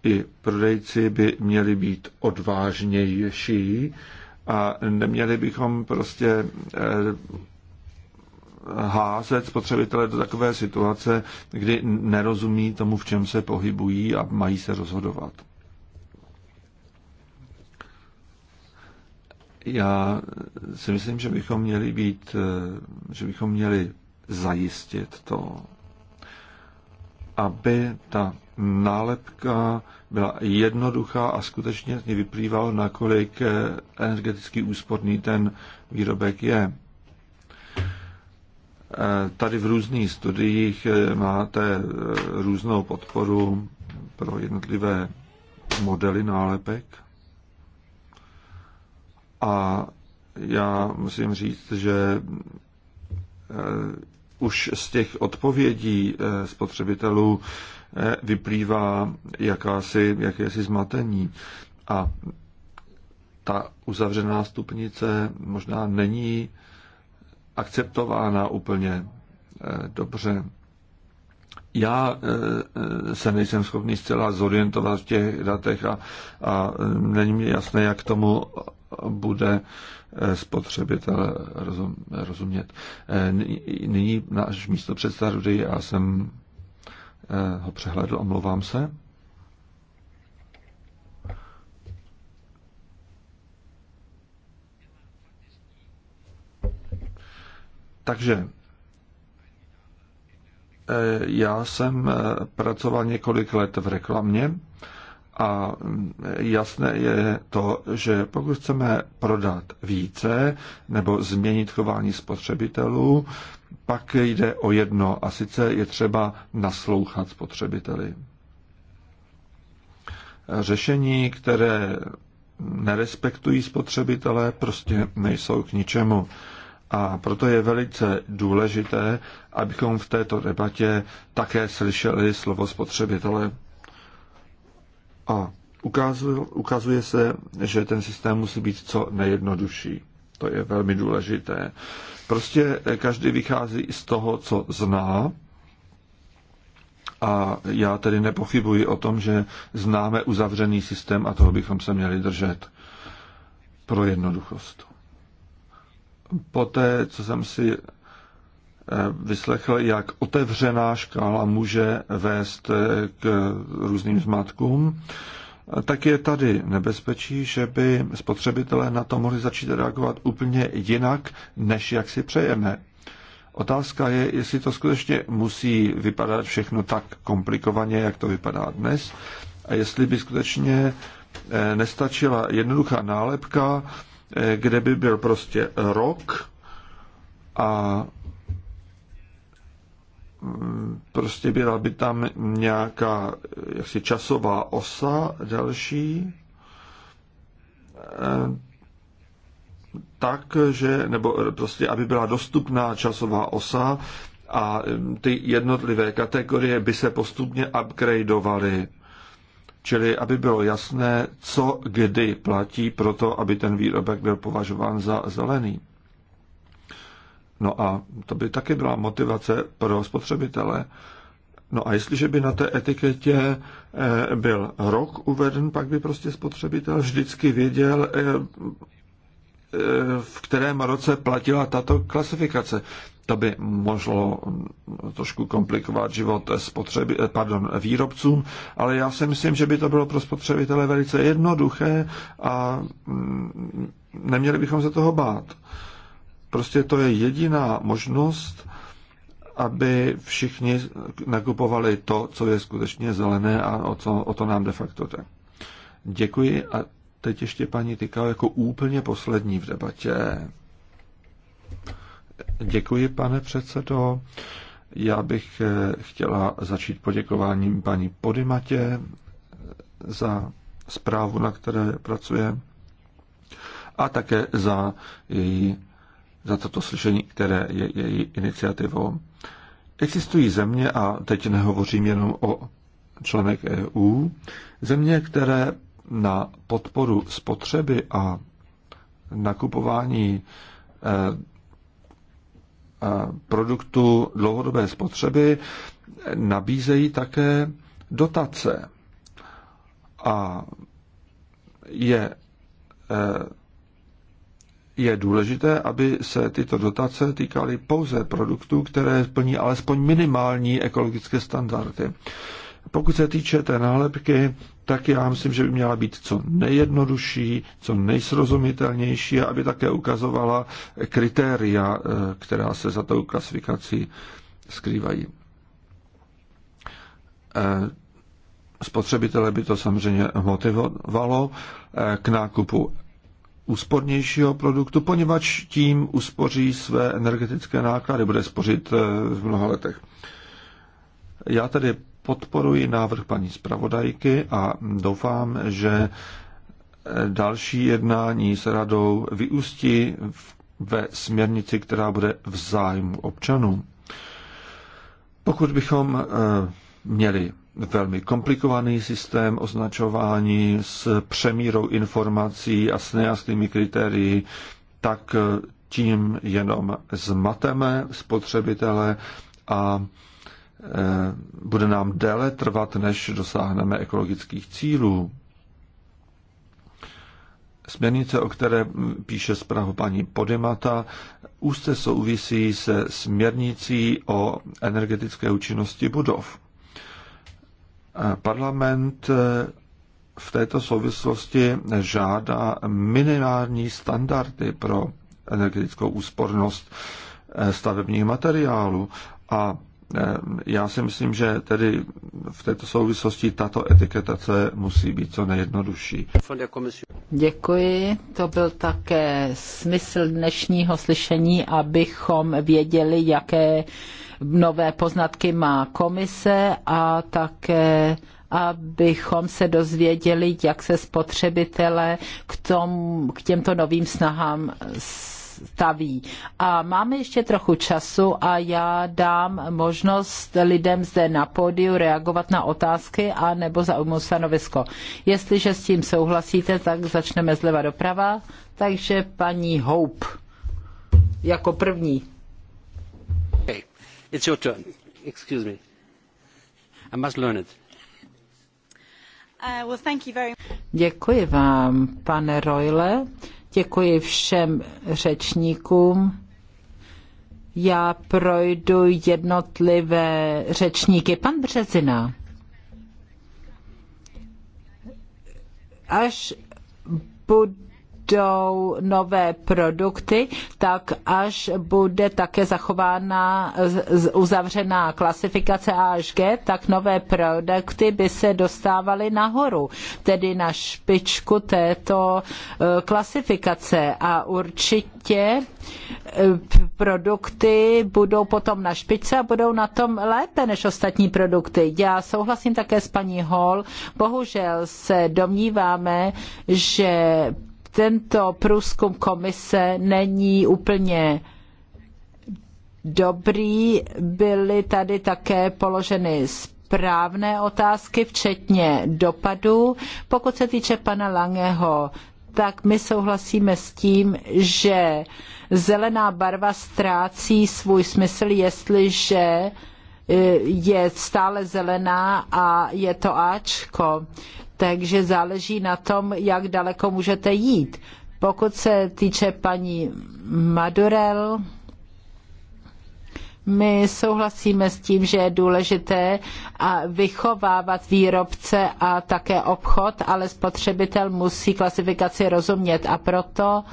[SPEAKER 3] i prodejci by měli být odvážnější a neměli bychom prostě e, házet spotřebitele do takové situace, kdy nerozumí tomu, v čem se pohybují a mají se rozhodovat. Já si myslím, že bychom měli být, e, že bychom měli zajistit to, aby ta nálepka byla jednoduchá a skutečně z ní vyplývalo, nakolik eh, energeticky úsporný ten výrobek je. Eh, tady v různých studiích eh, máte různou podporu pro jednotlivé modely nálepek. A já musím říct, že Eh, už z těch odpovědí eh, spotřebitelů eh, vyplývá jakási, jakési zmatení. A ta uzavřená stupnice možná není akceptována úplně dobře já e, e, se nejsem schopný zcela zorientovat v těch datech a, a není mi jasné, jak tomu bude e, spotřebitel rozum, rozumět. Nyní náš místo představuji, já jsem ho přehledl, omlouvám se. Takže Eh, já jsem eh, pracoval několik let v reklamě a jasné je to, že pokud chceme prodat více nebo změnit chování spotřebitelů, pak jde o jedno a sice je třeba naslouchat spotřebiteli. Řešení, které nerespektují spotřebitele, prostě nejsou k ničemu. A proto je velice důležité, abychom v této debatě také slyšeli slovo spotřebitele. A ukazuje, se, že ten systém musí být co nejjednodušší. To je velmi důležité. Prostě každý vychází z toho, co zná. A já tedy nepochybuji o tom, že známe uzavřený systém a toho bychom se měli držet pro jednoduchost poté, co jsem si eh, vyslechl, jak otevřená škála může vést eh, k různým zmatkům, tak je tady nebezpečí, že by spotřebitelé na to mohli začít reagovat úplně jinak, než jak si přejeme. Otázka je, jestli to skutečně musí vypadat všechno tak komplikovaně, jak to vypadá dnes, a jestli by skutečně eh, nestačila jednoduchá nálepka, Eh, kde by byl prostě rok a mm, prostě byla by tam nějaká eh, jaksi časová osa další, eh, tak, že, nebo prostě, aby byla dostupná časová osa a mm, ty jednotlivé kategorie by se postupně upgradeovaly Čili aby bylo jasné, co kdy platí pro to, aby ten výrobek byl považován za zelený. No a to by taky byla motivace pro spotřebitele. No a jestliže by na té etiketě eh, byl rok uveden, pak by prostě spotřebitel vždycky věděl, eh, eh, v kterém roce platila tato klasifikace. To by možlo trošku komplikovat život spotřeby, pardon, výrobcům, ale já si myslím, že by to bylo pro spotřebitele velice jednoduché a mm, neměli bychom se toho bát. Prostě to je jediná možnost, aby všichni nakupovali to, co je skutečně zelené a o, co, o to nám de facto jde. Děkuji a teď ještě paní Tykal jako úplně poslední v debatě. Děkuji, pane předsedo. Já bych eh, chtěla začít poděkováním paní Podimatě eh, za zprávu, na které pracuje, a také za, její, za toto slyšení, které je její iniciativou. Existují země, a teď nehovořím jenom o členek EU, země, které na podporu spotřeby a nakupování eh, produktů dlouhodobé spotřeby nabízejí také dotace. A je, eh, je důležité, aby se tyto dotace týkaly pouze produktů, které splní alespoň minimální ekologické standardy. Pokud se týče té nálepky, tak já myslím, že by měla být co nejjednodušší, co nejsrozumitelnější, aby také ukazovala kritéria, eh, která se za tou klasifikací skrývají. Eh, spotřebitele by to samozřejmě motivovalo eh, k nákupu úspornějšího produktu, poněvadž tím uspoří své energetické náklady, bude spořit v mnoha letech. Já tedy podporuji návrh paní zpravodajky a doufám, že eh, další jednání s radou vyústí ve směrnici, která bude v zájmu občanů. Pokud bychom eh, měli velmi komplikovaný systém označování s přemírou informací a s nejasnými kritérii, tak eh, tím jenom zmateme spotřebitele a Eh, bude nám déle trvat, než dosáhneme ekologických cílů. Směrnice, o které píše zprávu paní Podimata, úzce souvisí se směrnicí o energetické účinnosti budov. Eh, parlament eh, v této souvislosti žádá minimální standardy pro energetickou úspornost stavebních materiálů a Eh, já si myslím, že tedy v této souvislosti tato etiketace musí být co nejjednodušší.
[SPEAKER 1] Děkuji, to byl také smysl dnešního slyšení, abychom věděli, jaké nové poznatky má komise a také abychom se dozvěděli, jak se spotřebitele k, tom, k těmto novým snahám staví. A máme ještě trochu času a já dám možnost lidem zde na pódiu reagovat na otázky a nebo zaujmout stanovisko. Jestliže s tím souhlasíte, tak začneme zleva doprava. Takže paní Hope jako první.
[SPEAKER 5] It's your turn. Excuse me. I must learn
[SPEAKER 1] it. Uh, well, thank you very... Děkuji vám, pane Royle. Děkuji všem řečníkům. Já projdu jednotlivé řečníky. Pan Březina. Až budu budou nové produkty, tak až bude také zachována uzavřená klasifikace AHG, tak nové produkty by se dostávaly nahoru, tedy na špičku této e, klasifikace a určitě e, produkty budou potom na špičce a budou na tom lépe než ostatní produkty. Já souhlasím také s paní Hall. Bohužel se domníváme, že tento průzkum komise není úplně dobrý. Byly tady také položeny správné otázky, včetně dopadů. Pokud se týče pana Langeho, tak my souhlasíme s tím, že zelená barva ztrácí svůj smysl, jestliže E, je stále zelená a je to Ačko, takže záleží na tom, jak daleko můžete jít. Pokud se týče paní Madurel, my souhlasíme s tím, že je důležité vychovávat výrobce a také obchod, ale spotřebitel musí klasifikaci rozumět a proto uh,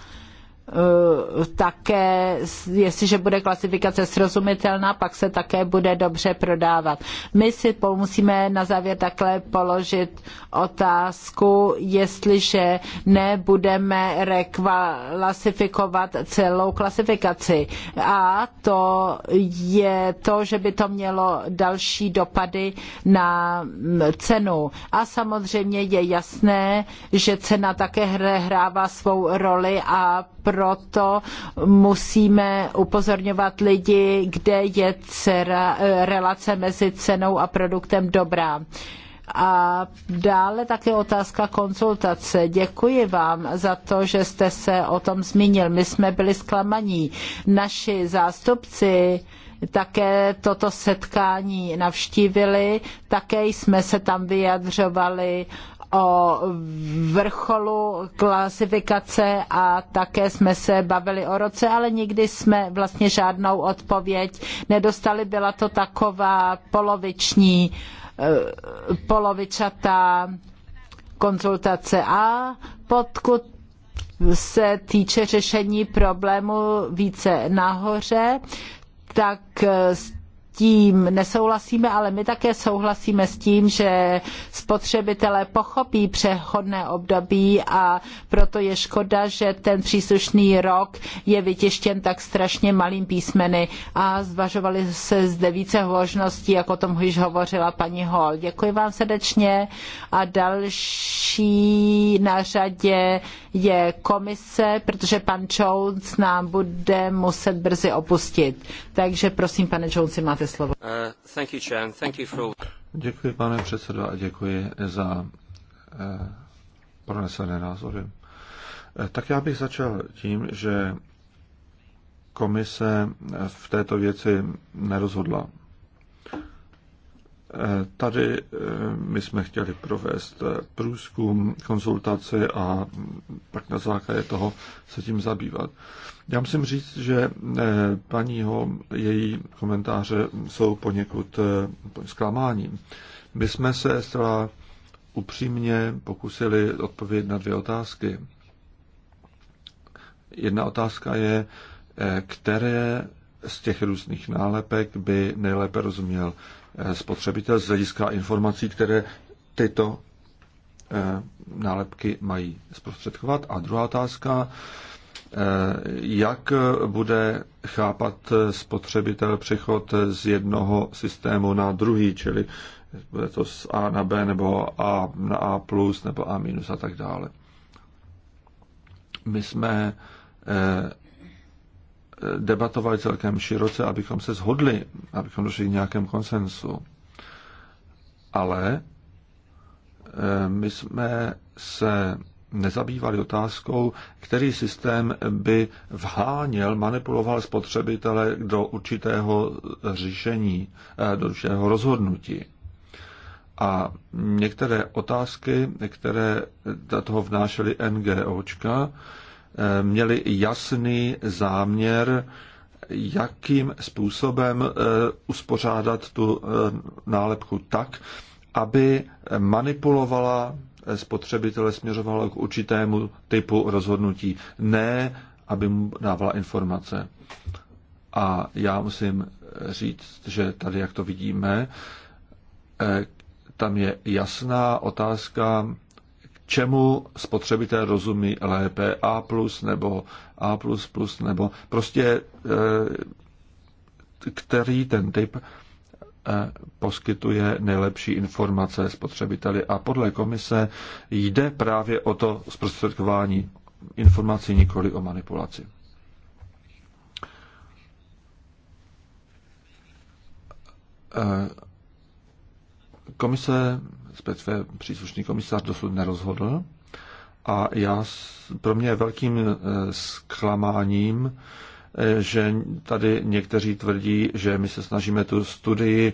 [SPEAKER 1] Eh, také, jestliže bude klasifikace srozumitelná, pak se také bude dobře prodávat. My si musíme na závěr takhle položit otázku, jestliže nebudeme reklasifikovat celou klasifikaci. A to je to, že by to mělo další dopady na mm, cenu. A samozřejmě je jasné, že cena také hrává svou roli a proto musíme upozorňovat lidi, kde je cera, eh, relace mezi cenou a produktem dobrá. A dále také otázka konzultace. Děkuji vám za to, že jste se o tom zmínil. My jsme byli zklamaní. Naši zástupci také toto setkání navštívili, také jsme se tam vyjadřovali o vrcholu klasifikace a také jsme se bavili o roce, ale nikdy jsme vlastně žádnou odpověď nedostali. Byla to taková poloviční, eh, polovičatá konzultace a podkud se týče řešení problému více nahoře, tak tím nesouhlasíme, ale my také souhlasíme s tím, že spotřebitelé pochopí přechodné období a proto je škoda, že ten příslušný rok je vytištěn tak strašně malým písmeny a zvažovali se zde více možností, jak o tom již hovořila paní Hall. Děkuji vám srdečně a další na řadě je komise, protože pan Jones nám bude muset brzy opustit. Takže prosím, pane Jonesi, máte slovo.
[SPEAKER 3] Uh, děkuji, pane předsedo, a děkuji za uh, pronesené názory. Uh, tak já bych začal tím, že komise v této věci nerozhodla Tady eh, my jsme chtěli provést eh, průzkum, konzultaci a pak na základě toho se tím zabývat. Já musím říct, že eh, paního, její komentáře jsou poněkud zklamáním. My jsme se zcela upřímně pokusili odpovědět na dvě otázky. Jedna otázka je, které z těch různých nálepek by nejlépe rozuměl Eh, spotřebitel z hlediska informací, které tyto eh, nálepky mají zprostředkovat. A druhá otázka, eh, jak bude chápat spotřebitel přechod z jednoho systému na druhý, čili bude to z A na B nebo A na A plus nebo A minus a tak dále. My jsme debatovali celkem široce, abychom se shodli, abychom došli k nějakém konsensu. Ale eh, my jsme se nezabývali otázkou, který systém by vháněl, manipuloval spotřebitele do určitého řešení, eh, do určitého rozhodnutí. A některé otázky, které do toho vnášely NGOčka, měli jasný záměr, jakým způsobem eh, uspořádat tu eh, nálepku tak, aby manipulovala eh, spotřebitele, směřovala k určitému typu rozhodnutí, ne aby mu dávala informace. A já musím říct, že tady, jak to vidíme, tam je jasná otázka čemu spotřebitel rozumí lépe A+, nebo A++, nebo prostě e, který ten typ e, poskytuje nejlepší informace spotřebiteli. A podle komise jde právě o to zprostředkování informací, nikoli o manipulaci. E, komise respektive příslušný komisař dosud nerozhodl. A já, pro mě je velkým e, zklamáním, e, že tady někteří tvrdí, že my se snažíme tu studii e,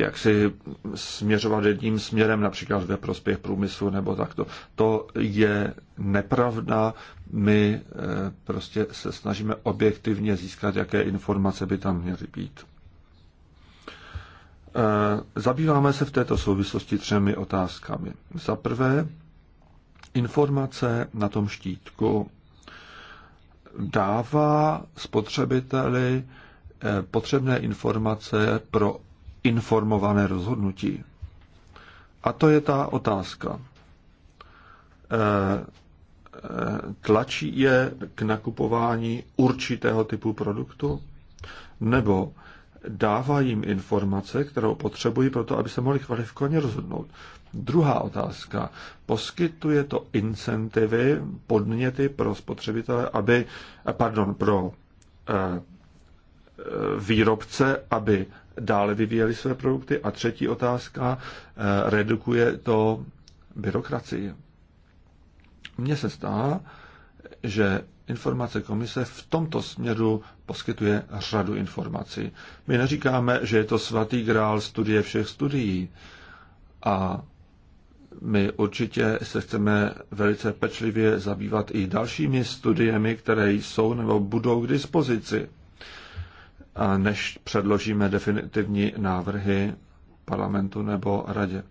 [SPEAKER 3] jak si směřovat jedním směrem, například ve prospěch průmyslu nebo takto. To je nepravda. My prostě se snažíme objektivně získat, jaké informace by tam měly být. Eh, zabýváme se v této souvislosti třemi otázkami. Za prvé, informace na tom štítku dává spotřebiteli eh, potřebné informace pro informované rozhodnutí. A to je ta otázka. Eh, tlačí je k nakupování určitého typu produktu? Nebo dává jim informace, kterou potřebují pro to, aby se mohli kvalifikovaně rozhodnout. Druhá otázka. Poskytuje to incentivy, podněty pro spotřebitele, aby, pardon, pro eh, eh výrobce, aby dále vyvíjeli své produkty? A třetí otázka, eh, redukuje to byrokracii? Mně se stává, že informace komise v tomto směru poskytuje řadu informací. My neříkáme, že je to svatý grál studie všech studií a my určitě se chceme velice pečlivě zabývat i dalšími studiemi, které jsou nebo budou k dispozici. A než předložíme definitivní návrhy parlamentu nebo radě. E,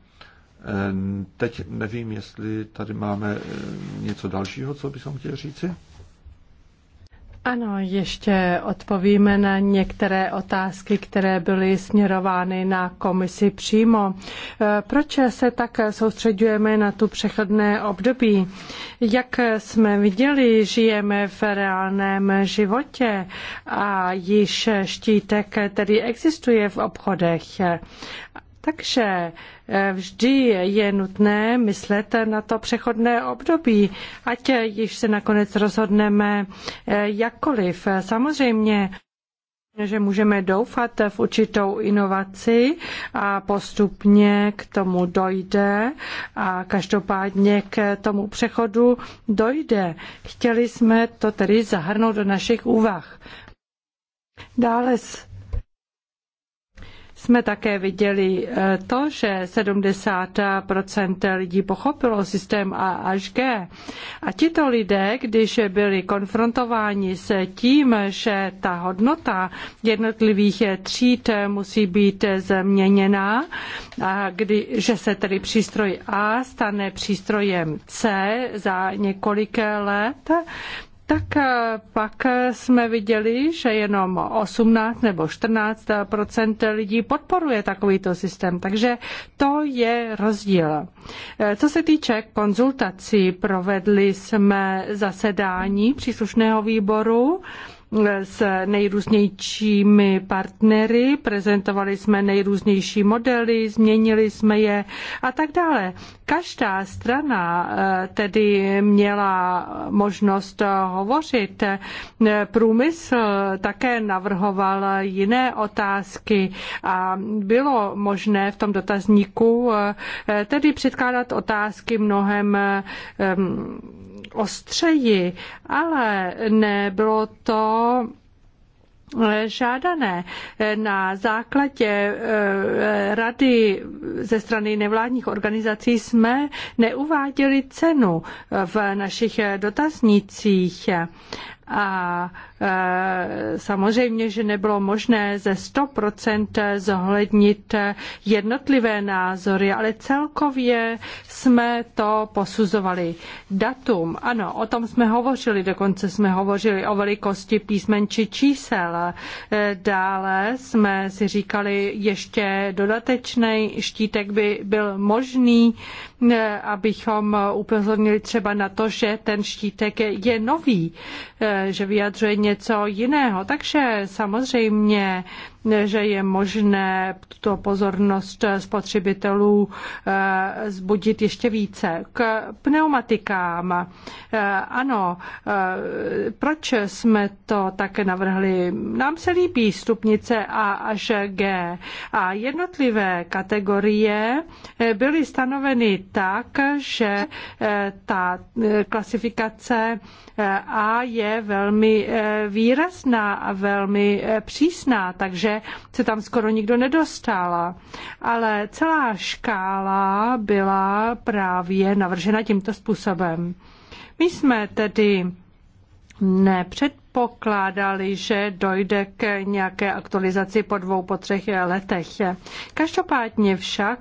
[SPEAKER 3] teď nevím, jestli tady máme e, něco dalšího, co bychom chtěli říci.
[SPEAKER 2] Ano, ještě odpovíme na některé otázky, které byly směrovány na komisi přímo. Eh, proč se tak soustředujeme na tu přechodné období? Jak jsme viděli, žijeme v reálném životě a již štítek tedy existuje v obchodech. Takže Vždy je nutné myslet na to přechodné období, ať již se nakonec rozhodneme eh, jakkoliv. Samozřejmě že můžeme doufat v určitou inovaci a postupně k tomu dojde a každopádně k tomu přechodu dojde. Chtěli jsme to tedy zahrnout do našich úvah. Dále jsme také viděli eh, to, že 70 lidí pochopilo systém A až G. A tito lidé, když byli konfrontováni s tím, že ta hodnota jednotlivých tříd musí být změněná, a kdy, že se tedy přístroj A stane přístrojem C za několik let, tak eh, pak eh, jsme viděli, že jenom 18 nebo 14 eh, lidí podporuje takovýto systém. Takže to je rozdíl. Co se týče konzultací, provedli jsme zasedání příslušného výboru s nejrůznějšími partnery, prezentovali jsme nejrůznější modely, změnili jsme je a tak dále. Každá strana eh, tedy měla možnost hovořit. Průmysl také navrhoval jiné otázky a bylo možné v tom dotazníku eh, tedy předkládat otázky mnohem eh, ostřeji, ale nebylo to eh, žádané na základě eh, rady ze strany nevládních organizací jsme neuváděli cenu eh, v našich dotaznících a e, samozřejmě, že nebylo možné ze 100% zohlednit jednotlivé názory, ale celkově jsme to posuzovali. Datum, ano, o tom jsme hovořili, dokonce jsme hovořili o velikosti písmen či čísel. E, dále jsme si říkali, ještě dodatečný štítek by byl možný abychom upozornili třeba na to, že ten štítek je nový, eh, že vyjadřuje něco jiného. Takže samozřejmě že je možné tuto pozornost spotřebitelů eh, zbudit ještě více. K pneumatikám. Eh, ano, eh, proč jsme to také navrhli? Nám se líbí stupnice A až G a jednotlivé kategorie byly stanoveny tak, že ta klasifikace A je velmi výrazná a velmi přísná, takže že se tam skoro nikdo nedostala. Ale celá škála byla právě navržena tímto způsobem. My jsme tedy nepředpokládali, že dojde k nějaké aktualizaci po dvou, po třech letech. Každopádně však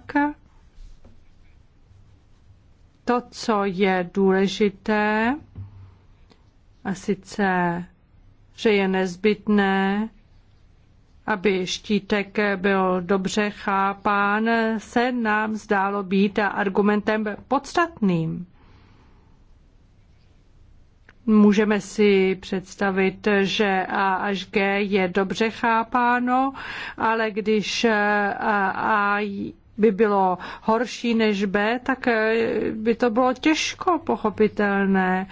[SPEAKER 2] to, co je důležité, a sice, že je nezbytné aby štítek byl dobře chápán, se nám zdálo být argumentem podstatným. Můžeme si představit, že A až G je dobře chápáno, ale když A by bylo horší než B, tak eh, by to bylo těžko pochopitelné.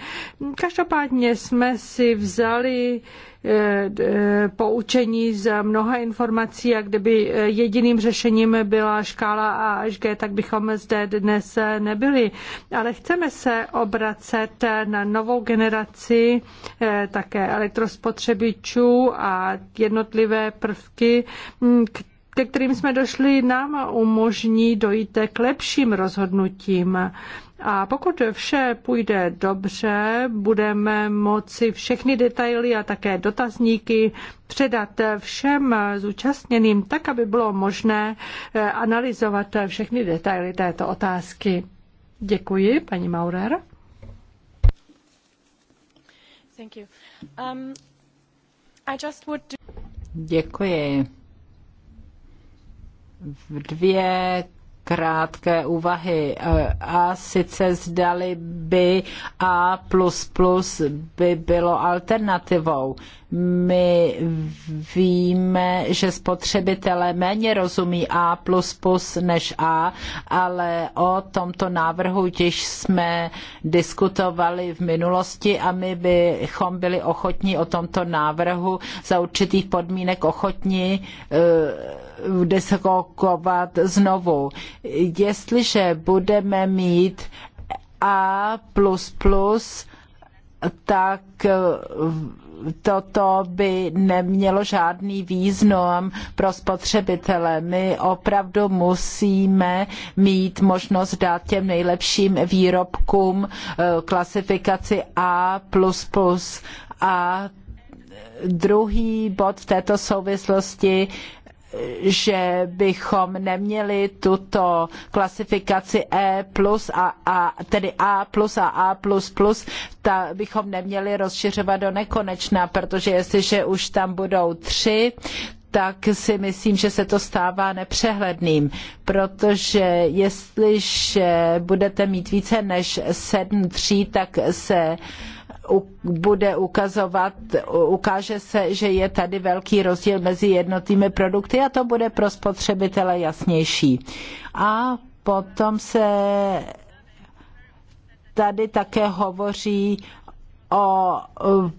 [SPEAKER 2] Každopádně jsme si vzali eh, eh, poučení z mnoha informací a kdyby jediným řešením byla škála A až G, tak bychom zde dnes nebyli. Ale chceme se obracet na novou generaci také elektrospotřebičů a jednotlivé prvky, hm, které ke kterým jsme došli, nám umožní dojít k lepším rozhodnutím. A pokud vše půjde dobře, budeme moci všechny detaily a také dotazníky předat všem zúčastněným, tak aby bylo možné eh, analyzovat všechny detaily této otázky. Děkuji, paní Maurer. Thank you. Um, I just would do...
[SPEAKER 1] Děkuji dvě krátké úvahy. A sice zdali by A by bylo alternativou. My víme, že spotřebitelé méně rozumí A než A, ale o tomto návrhu těž jsme diskutovali v minulosti a my bychom byli ochotní o tomto návrhu za určitých podmínek ochotní uh, deskokovat znovu. Jestliže budeme mít A++, tak eh, toto by nemělo žádný význam pro spotřebitele. My opravdu musíme mít možnost dát těm nejlepším výrobkům eh, klasifikaci A++ a druhý bod v této souvislosti že bychom neměli tuto klasifikaci E plus a, a tedy A plus a A plus plus, ta bychom neměli rozšiřovat do nekonečna, protože jestliže už tam budou tři, tak si myslím, že se to stává nepřehledným, protože jestliže budete mít více než sedm tří, tak se uh, bude ukazovat, ukáže se, že je tady velký rozdíl mezi jednotými produkty a to bude pro spotřebitele jasnější. A potom se tady také hovoří o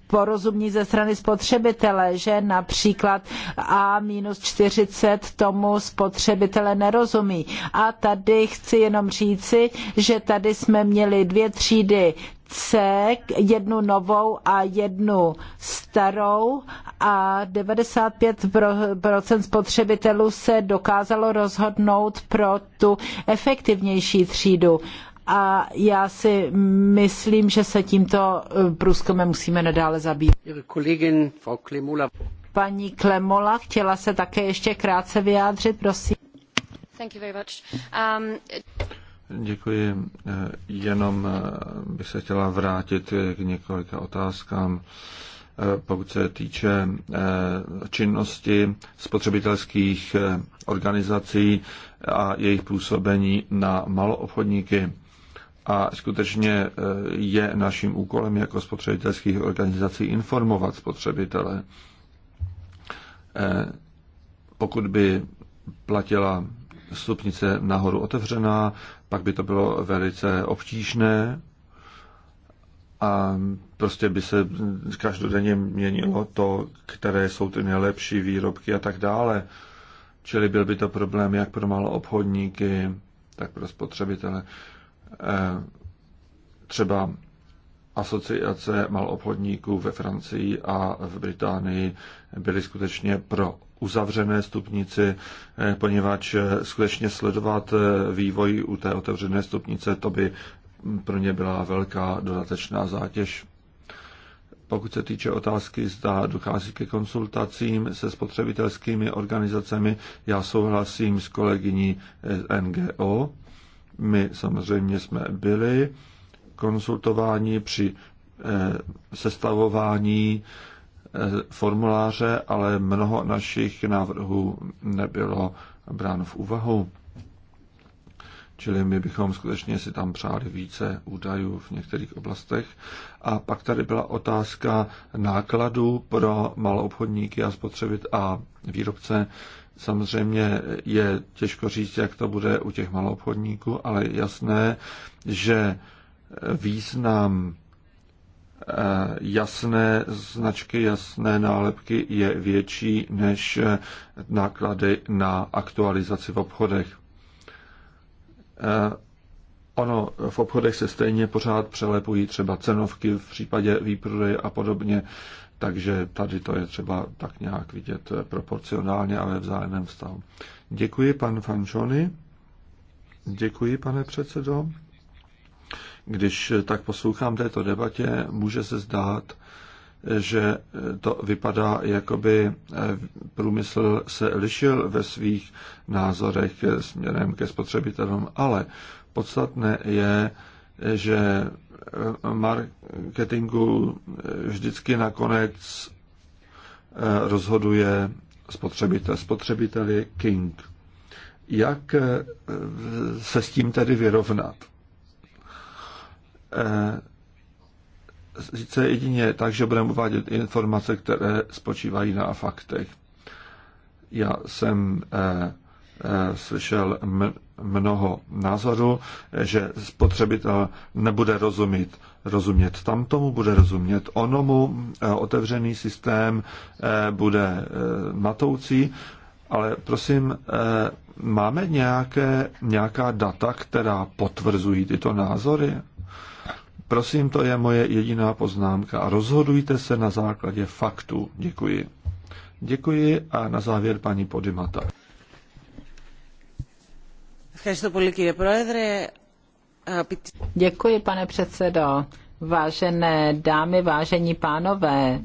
[SPEAKER 1] porozumění ze strany spotřebitele, že například A-40 tomu spotřebitele nerozumí. A tady chci jenom říci, že tady jsme měli dvě třídy C, jednu novou a jednu starou a 95% spotřebitelů se dokázalo rozhodnout pro tu efektivnější třídu. A já si myslím, že se tímto eh, průzkumem musíme nadále zabývat. Paní Klemola chtěla se také ještě krátce vyjádřit, prosím.
[SPEAKER 2] Thank you very much. Um,
[SPEAKER 3] Děkuji. Jenom eh, bych se chtěla vrátit eh, k několika otázkám. Eh, pokud se týče činnosti spotřebitelských organizací a jejich působení na maloobchodníky, a skutečně je naším úkolem jako spotřebitelských organizací informovat spotřebitele. Pokud by platila stupnice nahoru otevřená, pak by to bylo velice obtížné a prostě by se každodenně měnilo to, které jsou ty nejlepší výrobky a tak dále. Čili byl by to problém jak pro malé obchodníky, tak pro spotřebitele. Eh, třeba asociace malobchodníků ve Francii a v Británii byly skutečně pro uzavřené stupnici, eh, poněvadž eh, skutečně sledovat eh, vývoj u té otevřené stupnice, to by pro ně byla velká dodatečná zátěž. Pokud se týče otázky, zda dochází ke konsultacím se spotřebitelskými organizacemi, já souhlasím s kolegyní NGO. My samozřejmě jsme byli konsultováni při sestavování formuláře, ale mnoho našich návrhů nebylo bráno v úvahu. Čili my bychom skutečně si tam přáli více údajů v některých oblastech. A pak tady byla otázka nákladů pro maloobchodníky a spotřebit a výrobce. Samozřejmě je těžko říct, jak to bude u těch maloobchodníků, ale jasné, že význam Eh, jasné značky, jasné nálepky je větší než eh, náklady na aktualizaci v obchodech. Eh, ono, v obchodech se stejně pořád přelepují třeba cenovky v případě výprodeje a podobně, takže tady to je třeba tak nějak vidět proporcionálně a ve vzájemném vztahu. Děkuji, pan Fančony. Děkuji, pane předsedo. Když tak poslouchám této debatě, může se zdát, že to vypadá, jakoby eh, průmysl se lišil ve svých názorech směrem ke spotřebitelům, ale podstatné je, že eh, marketingu eh, vždycky nakonec rozhoduje spotřebitel. Spotřebitel je king. Jak se s tím tedy vyrovnat? sice eh, jedině tak, že budeme uvádět informace, které spočívají na faktech. Já jsem eh, eh, slyšel mnoho názorů, že spotřebitel nebude rozumět, rozumět tamtomu, bude rozumět onomu, otevřený systém bude matoucí, ale prosím, máme nějaké, nějaká data, která potvrzují tyto názory? Prosím, to je moje jediná poznámka. Rozhodujte se na základě faktů. Děkuji. Děkuji a na závěr paní Podimata.
[SPEAKER 1] Děkuji, pane předsedo. Vážené dámy, vážení pánové,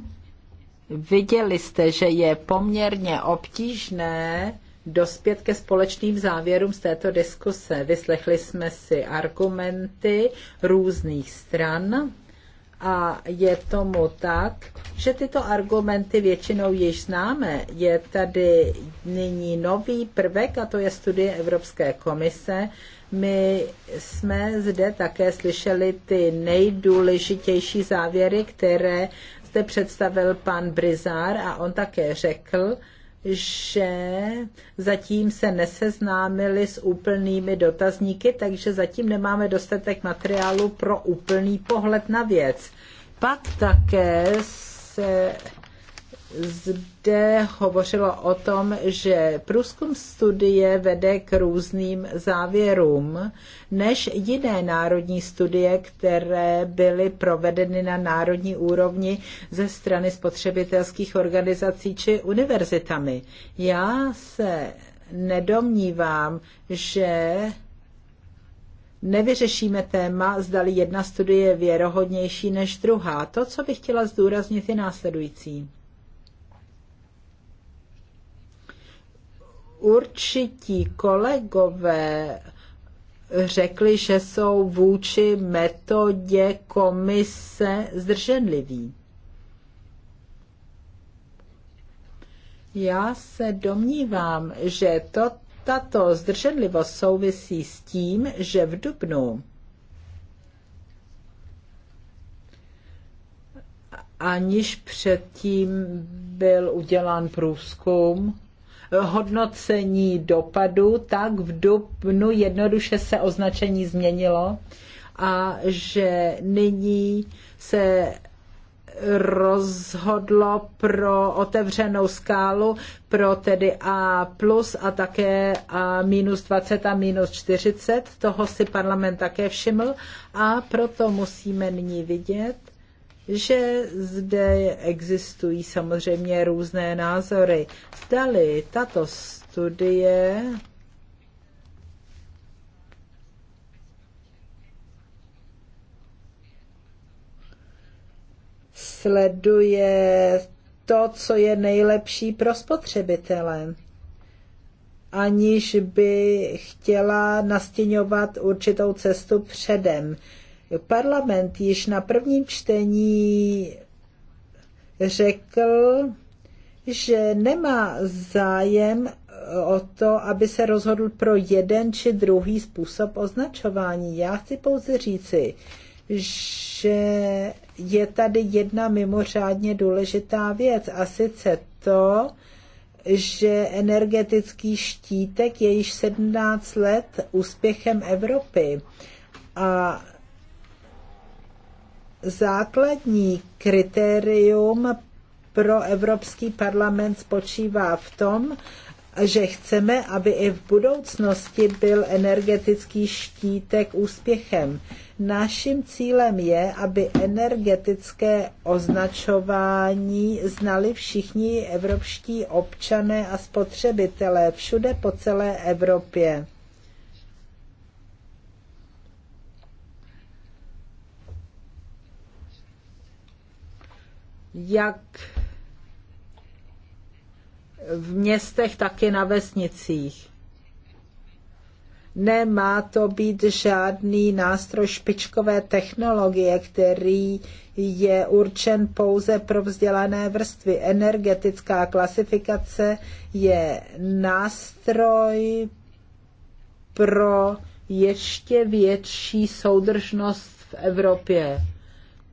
[SPEAKER 1] viděli jste, že je poměrně obtížné dospět ke společným závěrům z této diskuse. Vyslechli jsme si argumenty různých stran a je tomu tak, že tyto argumenty většinou již známe. Je tady nyní nový prvek a to je studie Evropské komise. My jsme zde také slyšeli ty nejdůležitější závěry, které zde představil pan Brizár a on také řekl, že zatím se neseznámili s úplnými dotazníky, takže zatím nemáme dostatek materiálu pro úplný pohled na věc. Pak také se zde hovořilo o tom, že průzkum studie vede k různým závěrům než jiné národní studie, které byly provedeny na národní úrovni ze strany spotřebitelských organizací či univerzitami. Já se nedomnívám, že nevyřešíme téma, zdali jedna studie je věrohodnější než druhá. To, co bych chtěla zdůraznit, je následující. určití kolegové řekli, že jsou vůči metodě komise zdrženliví. Já se domnívám, že to, tato zdrženlivost souvisí s tím, že v Dubnu aniž předtím byl udělán průzkum, hodnocení dopadu, tak v dubnu jednoduše se označení změnilo a že nyní se rozhodlo pro otevřenou skálu, pro tedy A plus a také A minus 20 a minus 40. Toho si parlament také všiml a proto musíme nyní vidět, že zde existují samozřejmě různé názory. Zdali tato studie sleduje to, co je nejlepší pro spotřebitele, aniž by chtěla nastěňovat určitou cestu předem. Parlament již na prvním čtení řekl, že nemá zájem eh, o to, aby se rozhodl pro jeden či druhý způsob označování. Já chci pouze říci, že je tady jedna mimořádně důležitá věc a sice to, že energetický štítek je již 17 let úspěchem Evropy a Základní kritérium pro Evropský parlament spočívá v tom, že chceme, aby i v budoucnosti byl energetický štítek úspěchem. Naším cílem je, aby energetické označování znali všichni evropští občané a spotřebitelé všude po celé Evropě. jak v městech, tak i na vesnicích. Nemá to být žádný nástroj špičkové technologie, který je určen pouze pro vzdělané vrstvy. Energetická klasifikace je nástroj pro ještě větší soudržnost v Evropě.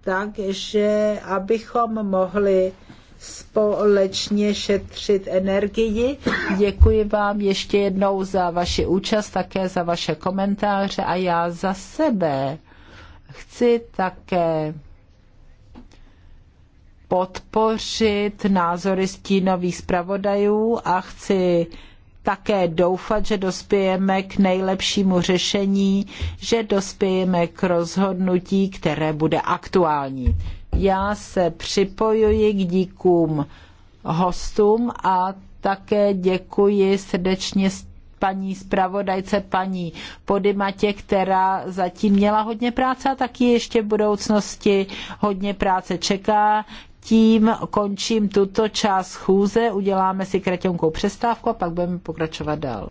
[SPEAKER 1] Takže abychom mohli společně šetřit energii. Děkuji vám ještě jednou za vaši účast, také za vaše komentáře a já za sebe chci také podpořit názory stínových zpravodajů a chci také doufat, že dospějeme k nejlepšímu řešení, že dospějeme k rozhodnutí, které bude aktuální. Já se připojuji k díkům hostům a také děkuji srdečně paní zpravodajce, paní Podimatě, která zatím měla hodně práce a taky ještě v budoucnosti hodně práce čeká tím končím tuto část schůze, uděláme si kratěnkou přestávku a pak budeme pokračovat dál.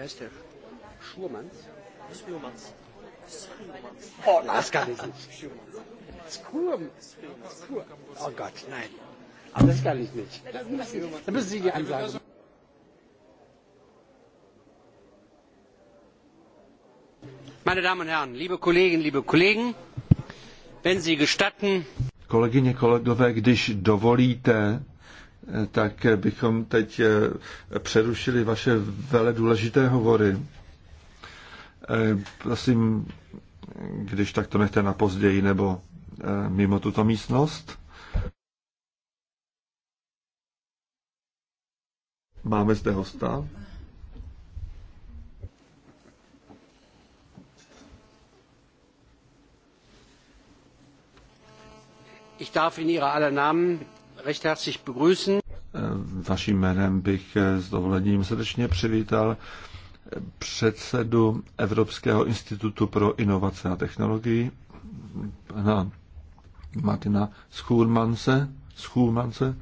[SPEAKER 5] Wer ist der? Schurmanns? Schurmanns. Oh, das kann ich nicht. Skurm. Skur. Oh Gott, nein. Aber das kann ich nicht. Da müssen, Sie die Ansage Meine Damen und Herren, liebe Kolleginnen, liebe Kollegen, wenn Sie gestatten.
[SPEAKER 3] Kolegyně, kolegové, když dovolíte, tak bychom teď eh, přerušili vaše vele důležité hovory. Eh, prosím, když tak to nechte na později nebo eh, mimo tuto místnost. Máme zde hosta.
[SPEAKER 5] Ich darf in Ihrer aller Namen recht herzlich begrüßen.
[SPEAKER 3] Vaším jménem bych s dovolením srdečně přivítal předsedu Evropského institutu pro inovace a technologii, pana Martina Schulmanse. Schulmanse.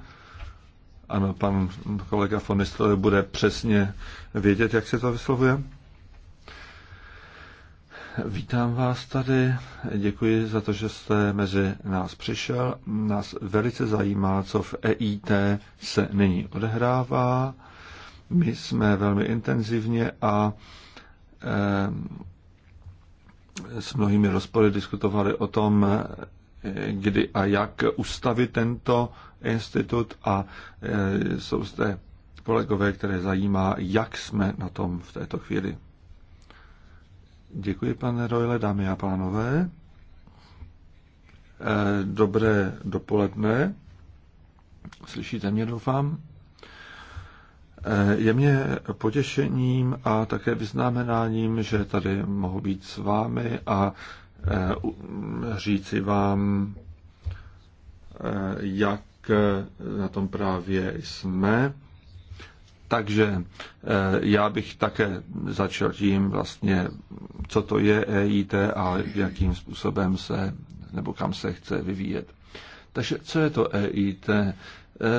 [SPEAKER 3] Ano, pan kolega von Nistel bude přesně vědět, jak se to vyslovuje. Vítám vás tady, děkuji za to, že jste mezi nás přišel. Nás velice zajímá, co v EIT se nyní odehrává. My jsme velmi intenzivně a eh, s mnohými rozpory diskutovali o tom, eh, kdy a jak ustavit tento institut a eh, jsou zde kolegové, které zajímá, jak jsme na tom v této chvíli. Děkuji, pane Rojle, dámy a pánové. Eh, dobré dopoledne. Slyšíte mě, doufám. Eh, je mě potěšením a také vyznamenáním, že tady mohu být s vámi a eh, říci vám, jak na tom právě jsme takže eh, já bych také začal tím vlastně, co to je EIT a jakým způsobem se, nebo kam se chce vyvíjet. Takže co je to EIT? Eh,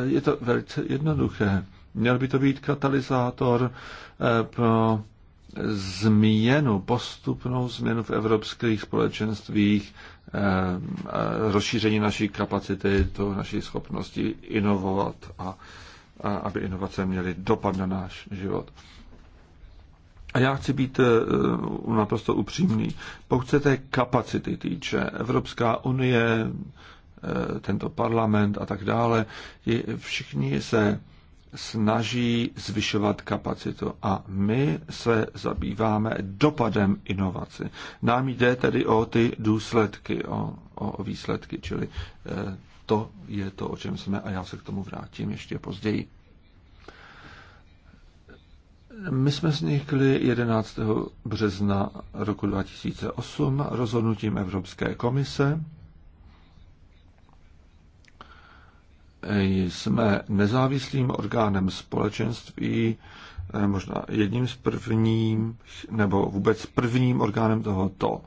[SPEAKER 3] je to velice jednoduché. Měl by to být katalyzátor eh, pro změnu, postupnou změnu v evropských společenstvích, rozšíření naší kapacity, to naší schopnosti inovovat a a aby inovace měly dopad na náš život. A já chci být eh, eh, naprosto upřímný. Pokud se té kapacity týče, Evropská unie, eh, tento parlament a tak dále, všichni se snaží zvyšovat kapacitu a my se zabýváme dopadem inovaci. Nám jde tedy o ty důsledky, o, o výsledky, čili to je to, o čem jsme a já se k tomu vrátím ještě později. My jsme vznikli 11. března roku 2008 rozhodnutím Evropské komise. Jsme nezávislým orgánem společenství, možná jedním z prvním, nebo vůbec prvním orgánem tohoto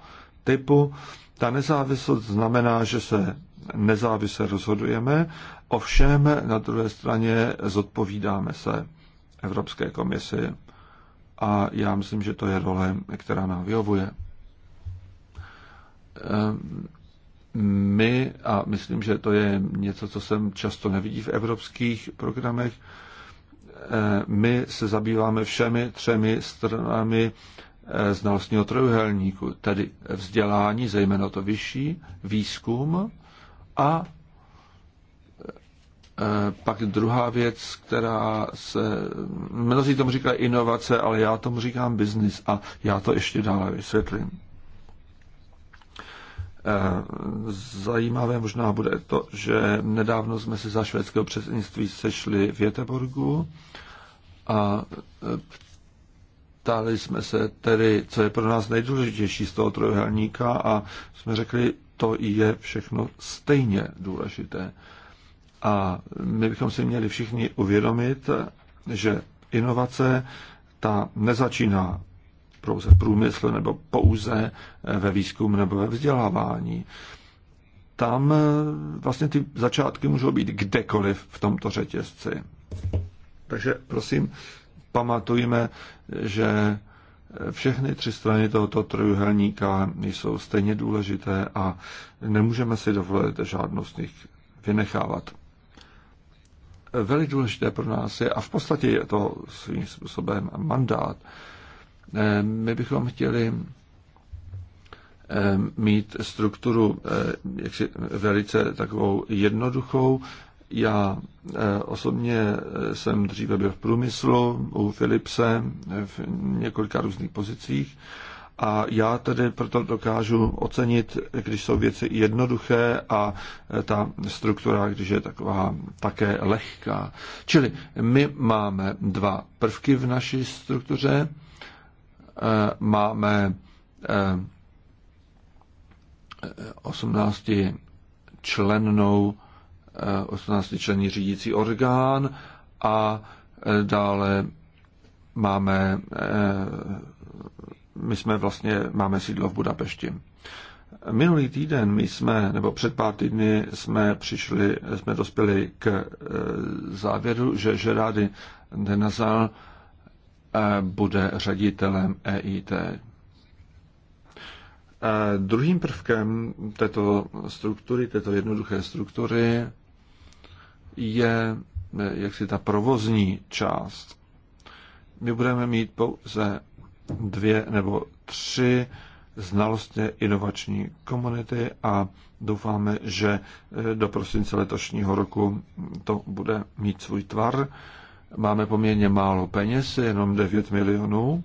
[SPEAKER 3] typu. Ta nezávislost znamená, že se nezávisle rozhodujeme, ovšem na druhé straně zodpovídáme se Evropské komisi a já myslím, že to je role, která nám vyhovuje. Ehm, my, a myslím, že to je něco, co jsem často nevidí v evropských programech, ehm, my se zabýváme všemi třemi stranami ehm, znalostního trojuhelníku, tedy vzdělání, zejména to vyšší, výzkum a e, pak druhá věc, která se, mnozí tomu říkají inovace, ale já tomu říkám biznis a já to ještě dále vysvětlím. E, zajímavé možná bude to, že nedávno jsme se za švédského předsednictví sešli v Jeteborgu a e, ptali jsme se tedy, co je pro nás nejdůležitější z toho trojuhelníka a jsme řekli, to je všechno stejně důležité. A my bychom si měli všichni uvědomit, že inovace ta nezačíná pouze v průmyslu nebo pouze ve výzkumu nebo ve vzdělávání. Tam eh, vlastně ty začátky můžou být kdekoliv v tomto řetězci. Takže prosím, pamatujme, že všechny tři strany tohoto trojuhelníka jsou stejně důležité a nemůžeme si dovolit žádnou z nich vynechávat. Velmi důležité pro nás je, a v podstatě je to svým způsobem mandát, eh, my bychom chtěli eh, mít strukturu eh, jaksi velice takovou jednoduchou, já eh, osobně eh, jsem dříve byl v průmyslu u Philipse eh, v několika různých pozicích a já tedy proto dokážu ocenit, když jsou věci jednoduché a ta struktura, když je taková také lehká. Čili my máme dva prvky v naší struktuře. Máme 18 člennou 18 člení řídící orgán a e, dále máme, e, my jsme vlastně, máme sídlo v Budapešti. Minulý týden my jsme, nebo před pár týdny jsme přišli, jsme dospěli k e, závěru, že Gerardy Denazal bude ředitelem EIT. Druhým prvkem této struktury, této jednoduché struktury, je eh, jaksi ta provozní část. My budeme mít pouze dvě nebo tři znalostně inovační komunity a doufáme, že eh, do prosince letošního roku to bude mít svůj tvar. Máme poměrně málo peněz, jenom 9 milionů,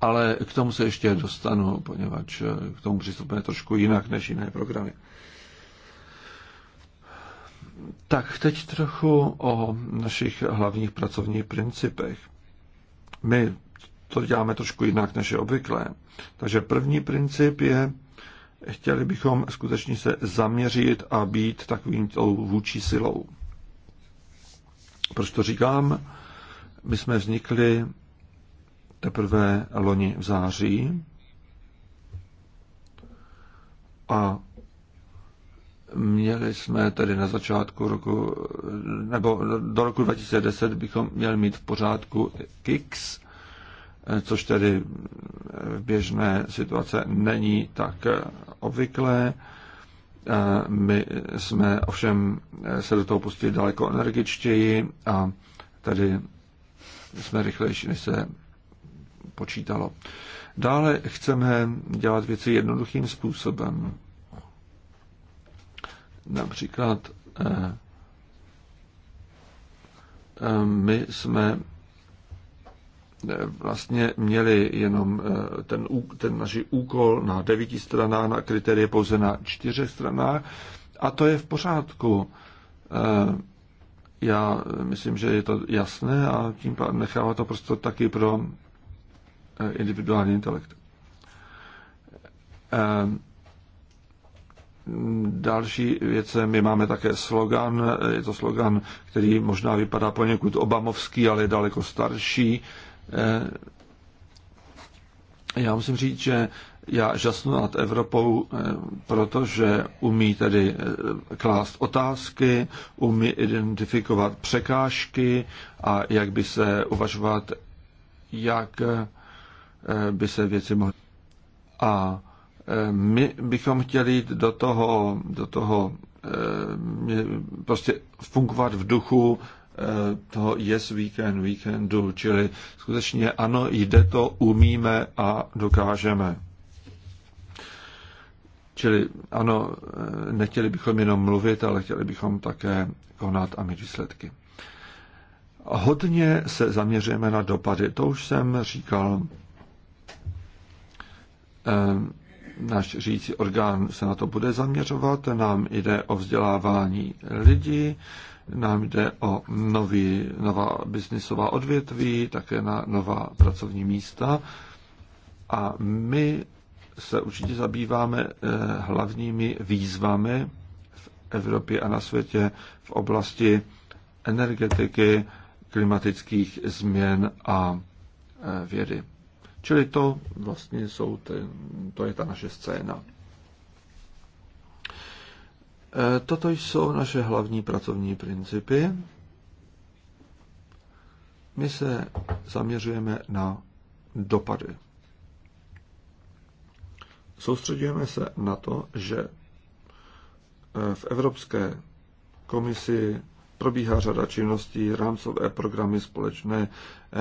[SPEAKER 3] ale k tomu se ještě dostanu, poněvadž eh, k tomu přistupujeme trošku jinak než jiné programy. Tak teď trochu o našich hlavních pracovních principech. My to děláme trošku jinak, než je obvyklé. Takže první princip je, chtěli bychom skutečně se zaměřit a být takovým vůči silou. Proč to říkám? My jsme vznikli teprve loni v září a Měli jsme tedy na začátku roku, nebo do roku 2010 bychom měli mít v pořádku KIX, což tedy v běžné situace není tak obvyklé. My jsme ovšem se do toho pustili daleko energičtěji a tady jsme rychlejší, než se počítalo. Dále chceme dělat věci jednoduchým způsobem. Například eh, eh, my jsme eh, vlastně měli jenom ten, ten náš úkol na devíti stranách, na kriterie pouze na čtyřech stranách a to je v pořádku. Já myslím, že je to jasné a tím pádem nechává to prostě taky pro individuální intelekt. Další věc, my máme také slogan, je to slogan, který možná vypadá poněkud obamovský, ale je daleko starší. Eh, já musím říct, že já žasnu nad Evropou, eh, protože umí tedy eh, klást otázky, umí identifikovat překážky a jak by se uvažovat, jak by se věci mohly. A my bychom chtěli jít do toho, do toho eh, prostě fungovat v duchu eh, toho yes weekend, weekendu, čili skutečně ano, jde to, umíme a dokážeme. Čili ano, eh, nechtěli bychom jenom mluvit, ale chtěli bychom také konat a mít výsledky. Hodně se zaměřujeme na dopady, to už jsem říkal. Ehm, Náš řídící orgán se na to bude zaměřovat, nám jde o vzdělávání lidí, nám jde o nový, nová biznisová odvětví, také na nová pracovní místa. A my se určitě zabýváme eh, hlavními výzvami v Evropě a na světě v oblasti energetiky, klimatických změn a eh, vědy. Čili to vlastně jsou ty, to je ta naše scéna. E, toto jsou naše hlavní pracovní principy. My se zaměřujeme na dopady. Soustředujeme se na to, že e, v Evropské komisi probíhá řada činností, rámcové programy, společné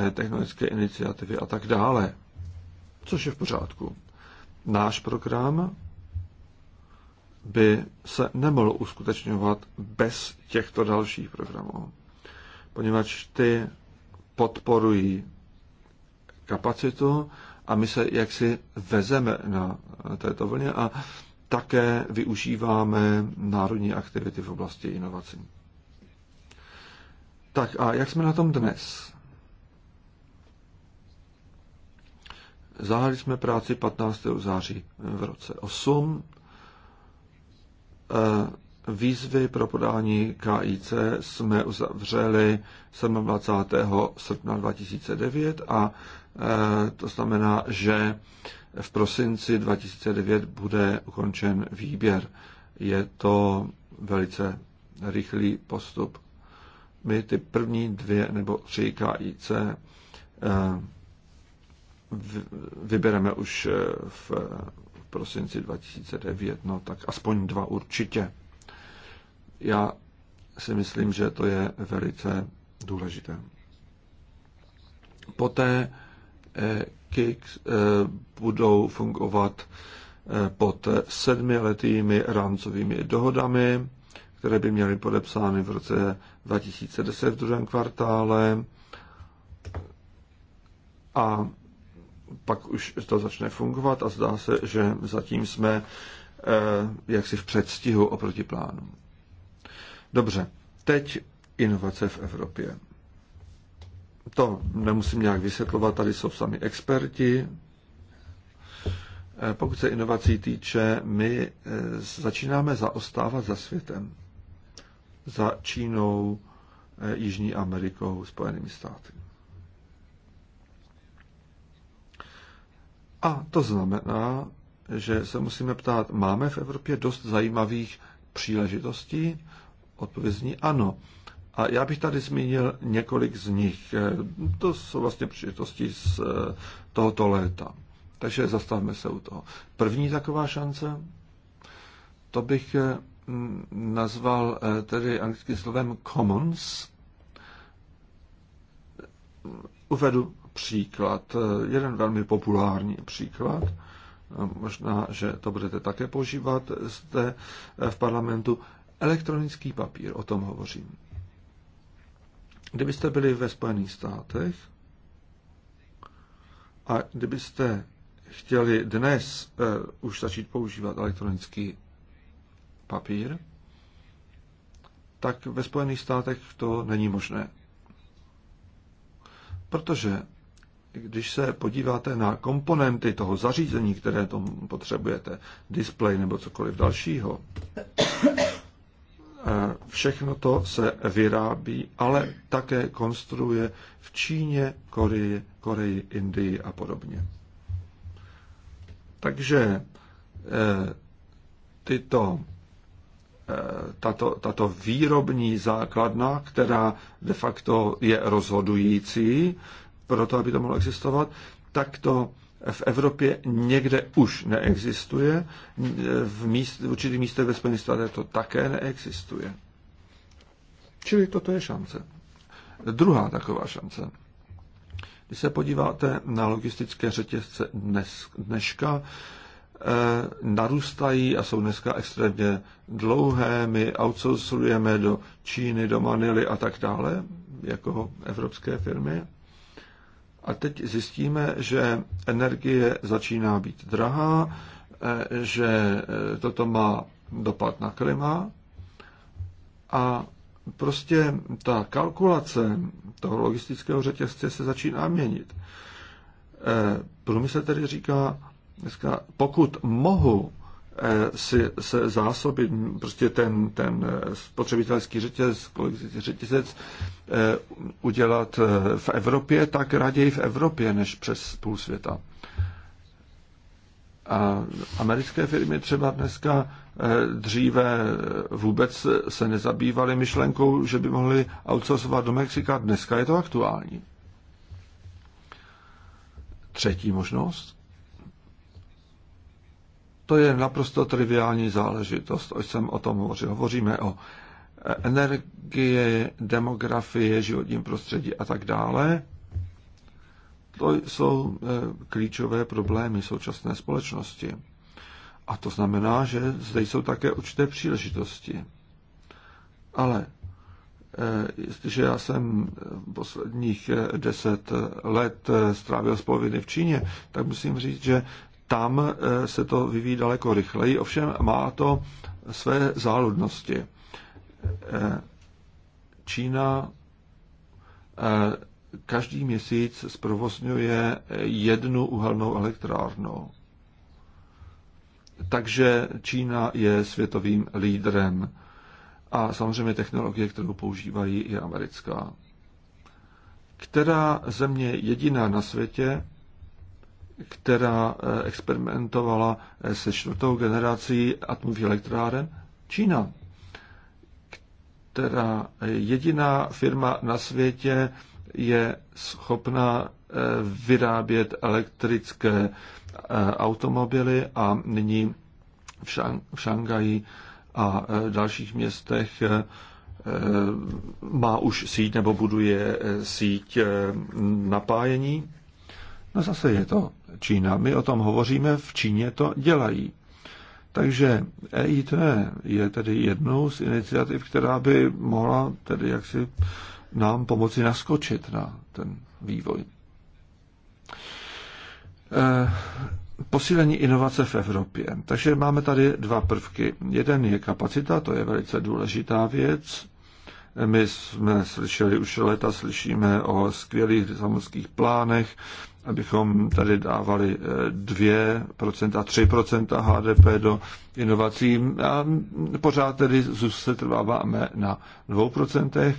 [SPEAKER 3] e, technologické iniciativy a tak dále což je v pořádku. Náš program by se nemohl uskutečňovat bez těchto dalších programů, poněvadž ty podporují kapacitu a my se jaksi vezeme na této vlně a také využíváme národní aktivity v oblasti inovací. Tak a jak jsme na tom dnes? Zahájili jsme práci 15. září v roce 8. E, výzvy pro podání KIC jsme uzavřeli 27. srpna 2009 a e, to znamená, že v prosinci 2009 bude ukončen výběr. Je to velice rychlý postup. My ty první dvě nebo tři KIC e, vybereme už eh, eh, v prosinci 2009, no tak aspoň dva určitě. Já si myslím, že to je velice důležité. Poté eh, KICS budou fungovat pod sedmiletými rámcovými dohodami, které by měly podepsány v roce 2010 v druhém kvartále. A pak už to začne fungovat a zdá se, že zatím jsme eh, jaksi v předstihu oproti plánu. Dobře, teď inovace v Evropě. To nemusím nějak vysvětlovat, tady jsou sami experti. Eh, pokud se inovací týče, my eh, začínáme zaostávat za světem. Za Čínou, Jižní Amerikou, Spojenými státy. A to znamená, že se musíme ptát, máme v Evropě dost zajímavých příležitostí? Odpovězní ano. A já bych tady zmínil několik z nich. To jsou vlastně příležitosti z eh, tohoto léta. Takže zastavme se u toho. První taková šance, to bych eh, nazval eh, tedy anglickým slovem commons. Uvedu příklad, eh, jeden velmi populární příklad, eh, možná, že to budete také používat zde eh, v parlamentu, elektronický papír, o tom hovořím. Kdybyste byli ve Spojených státech a kdybyste chtěli dnes eh, už začít používat elektronický papír, tak ve Spojených státech to není možné. Protože když se podíváte na komponenty toho zařízení, které tom potřebujete, display nebo cokoliv dalšího, eh, všechno to se vyrábí, ale také konstruuje v Číně, Koreji, Koreji Indii a podobně. Takže eh, tyto, eh, tato, tato výrobní základna, která de facto je rozhodující, pro to, aby to mohlo existovat, tak to v Evropě někde už neexistuje, v, míst, v určitých místech ve Spojených státech to také neexistuje. Čili toto je šance. Druhá taková šance. Když se podíváte na logistické řetězce dnes, dneška, eh, narůstají a jsou dneska extrémně dlouhé. My outsourcujeme do Číny, do Manily a tak dále, jako evropské firmy. A teď zjistíme, že energie začíná být drahá, eh, že eh, toto má dopad na klima a prostě ta kalkulace toho logistického řetězce se začíná měnit. Eh, průmysl tedy říká, dneska, pokud mohu Eh, si, se zásoby, prostě ten, ten eh, spotřebitelský řetěz, řetězec eh, udělat v Evropě, tak raději v Evropě než přes půl světa. A americké firmy třeba dneska dříve vůbec se nezabývaly myšlenkou, že by mohly outsourcovat do Mexika. Dneska je to aktuální. Třetí možnost to je naprosto triviální záležitost, o jsem o tom hovořil. Hovoříme o energie, demografie, životním prostředí a tak dále. To jsou e, klíčové problémy současné společnosti. A to znamená, že zde jsou také určité příležitosti. Ale e, jestliže já jsem posledních e, deset let strávil s poloviny v Číně, tak musím říct, že tam eh, se to vyvíjí daleko rychleji, ovšem má to své záludnosti. Eh, Čína eh, každý měsíc zprovozňuje jednu uhelnou elektrárnu. Takže Čína je světovým lídrem a samozřejmě technologie, kterou používají, je americká. Která země jediná na světě která eh, experimentovala eh, se čtvrtou generací atomových elektráren, Čína, která eh, jediná firma na světě je schopná vyrábět elektrické automobily a nyní v, Šang- v Šangaji a dalších městech má už síť nebo buduje síť napájení. No zase je to Čína. My o tom hovoříme, v Číně to dělají. Takže EIT je tedy jednou z iniciativ, která by mohla tedy jaksi nám pomoci naskočit na ten vývoj. Eh, posílení inovace v Evropě. Takže máme tady dva prvky. Jeden je kapacita, to je velice důležitá věc. My jsme slyšeli už leta, slyšíme o skvělých zamorských plánech, abychom tady dávali 2%, 3% HDP do inovací a pořád tedy se trváváme na 2%.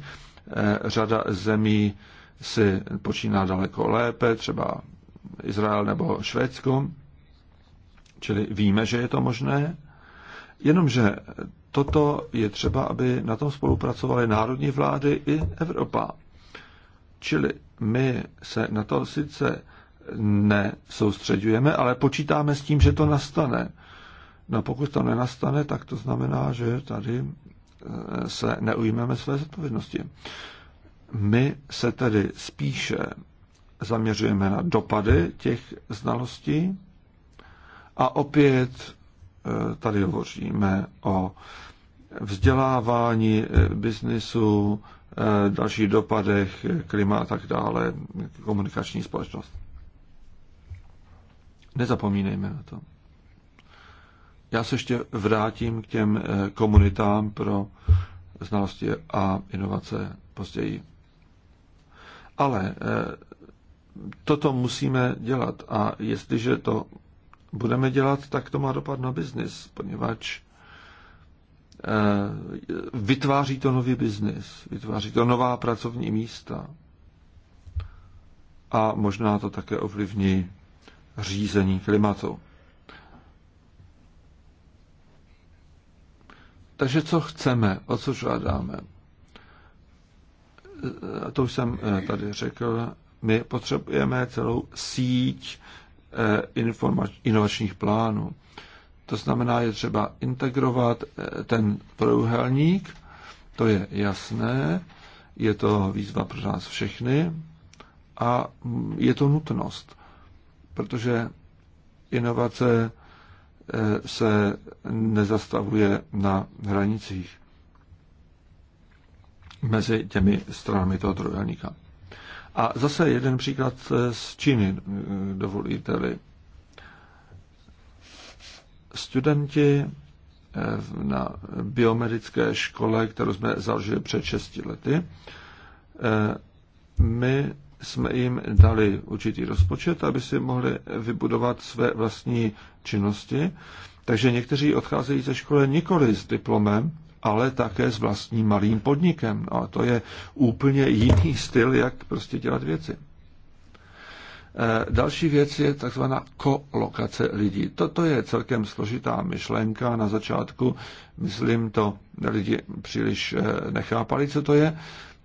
[SPEAKER 3] Eh, řada zemí si počíná daleko lépe, třeba Izrael nebo Švédsko, čili víme, že je to možné, jenomže toto je třeba, aby na tom spolupracovaly národní vlády i Evropa. Čili my se na to sice nesoustředujeme, ale počítáme s tím, že to nastane. No pokud to nenastane, tak to znamená, že tady e, se neujmeme své zodpovědnosti. My se tedy spíše zaměřujeme na dopady těch znalostí a opět e, tady hovoříme o vzdělávání e, biznisu, Eh, dalších dopadech, klima a tak dále, komunikační společnost. Nezapomínejme na to. Já se ještě vrátím k těm eh, komunitám pro znalosti a inovace později. Ale eh, toto musíme dělat a jestliže to budeme dělat, tak to má dopad na biznis, poněvadž Eh, vytváří to nový biznis, vytváří to nová pracovní místa a možná to také ovlivní řízení klimatu. Takže co chceme, o co žádáme? Eh, to už jsem eh, tady řekl, my potřebujeme celou síť inovačních plánů. To znamená, je třeba integrovat eh, ten průhelník, to je jasné, je to výzva pro nás všechny a je to nutnost, protože inovace eh, se nezastavuje na hranicích mezi těmi stranami toho trojelníka. A zase jeden příklad z Číny, eh, dovolíte-li. Studenti eh, na biomedické škole, kterou jsme založili před 6 lety, eh, my jsme jim dali určitý rozpočet, aby si mohli vybudovat své vlastní činnosti. Takže někteří odcházejí ze školy nikoli s diplomem, ale také s vlastním malým podnikem. No a to je úplně jiný styl, jak prostě dělat věci. Eh, další věc je takzvaná kolokace lidí. Toto je celkem složitá myšlenka. Na začátku, myslím, to lidi příliš eh, nechápali, co to je.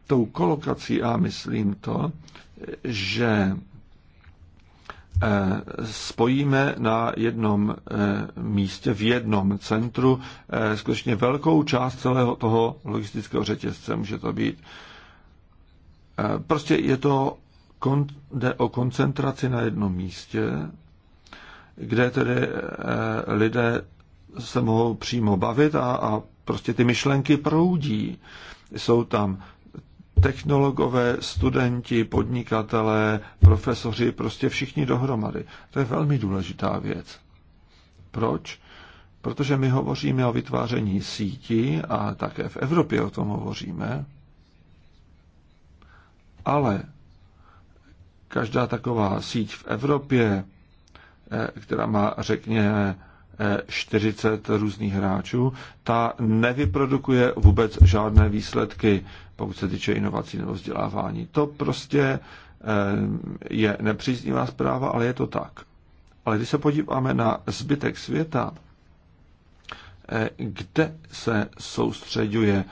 [SPEAKER 3] Tou kolokací A myslím to, že eh, spojíme na jednom místě, v jednom centru, skutečně velkou část celého toho logistického řetězce. Může to být Prostě je to kon, jde o koncentraci na jednom místě, kde tedy eh, lidé se mohou přímo bavit a, a prostě ty myšlenky proudí. Jsou tam technologové, studenti, podnikatelé, profesoři, prostě všichni dohromady. To je velmi důležitá věc. Proč? Protože my hovoříme o vytváření sítí a také v Evropě o tom hovoříme, ale Každá taková síť v Evropě, eh, která má, řekněme, 40 eh, různých hráčů, ta nevyprodukuje vůbec žádné výsledky, pokud se týče inovací nebo vzdělávání. To prostě eh, je nepříznivá zpráva, ale je to tak. Ale když se podíváme na zbytek světa, kde se soustředuje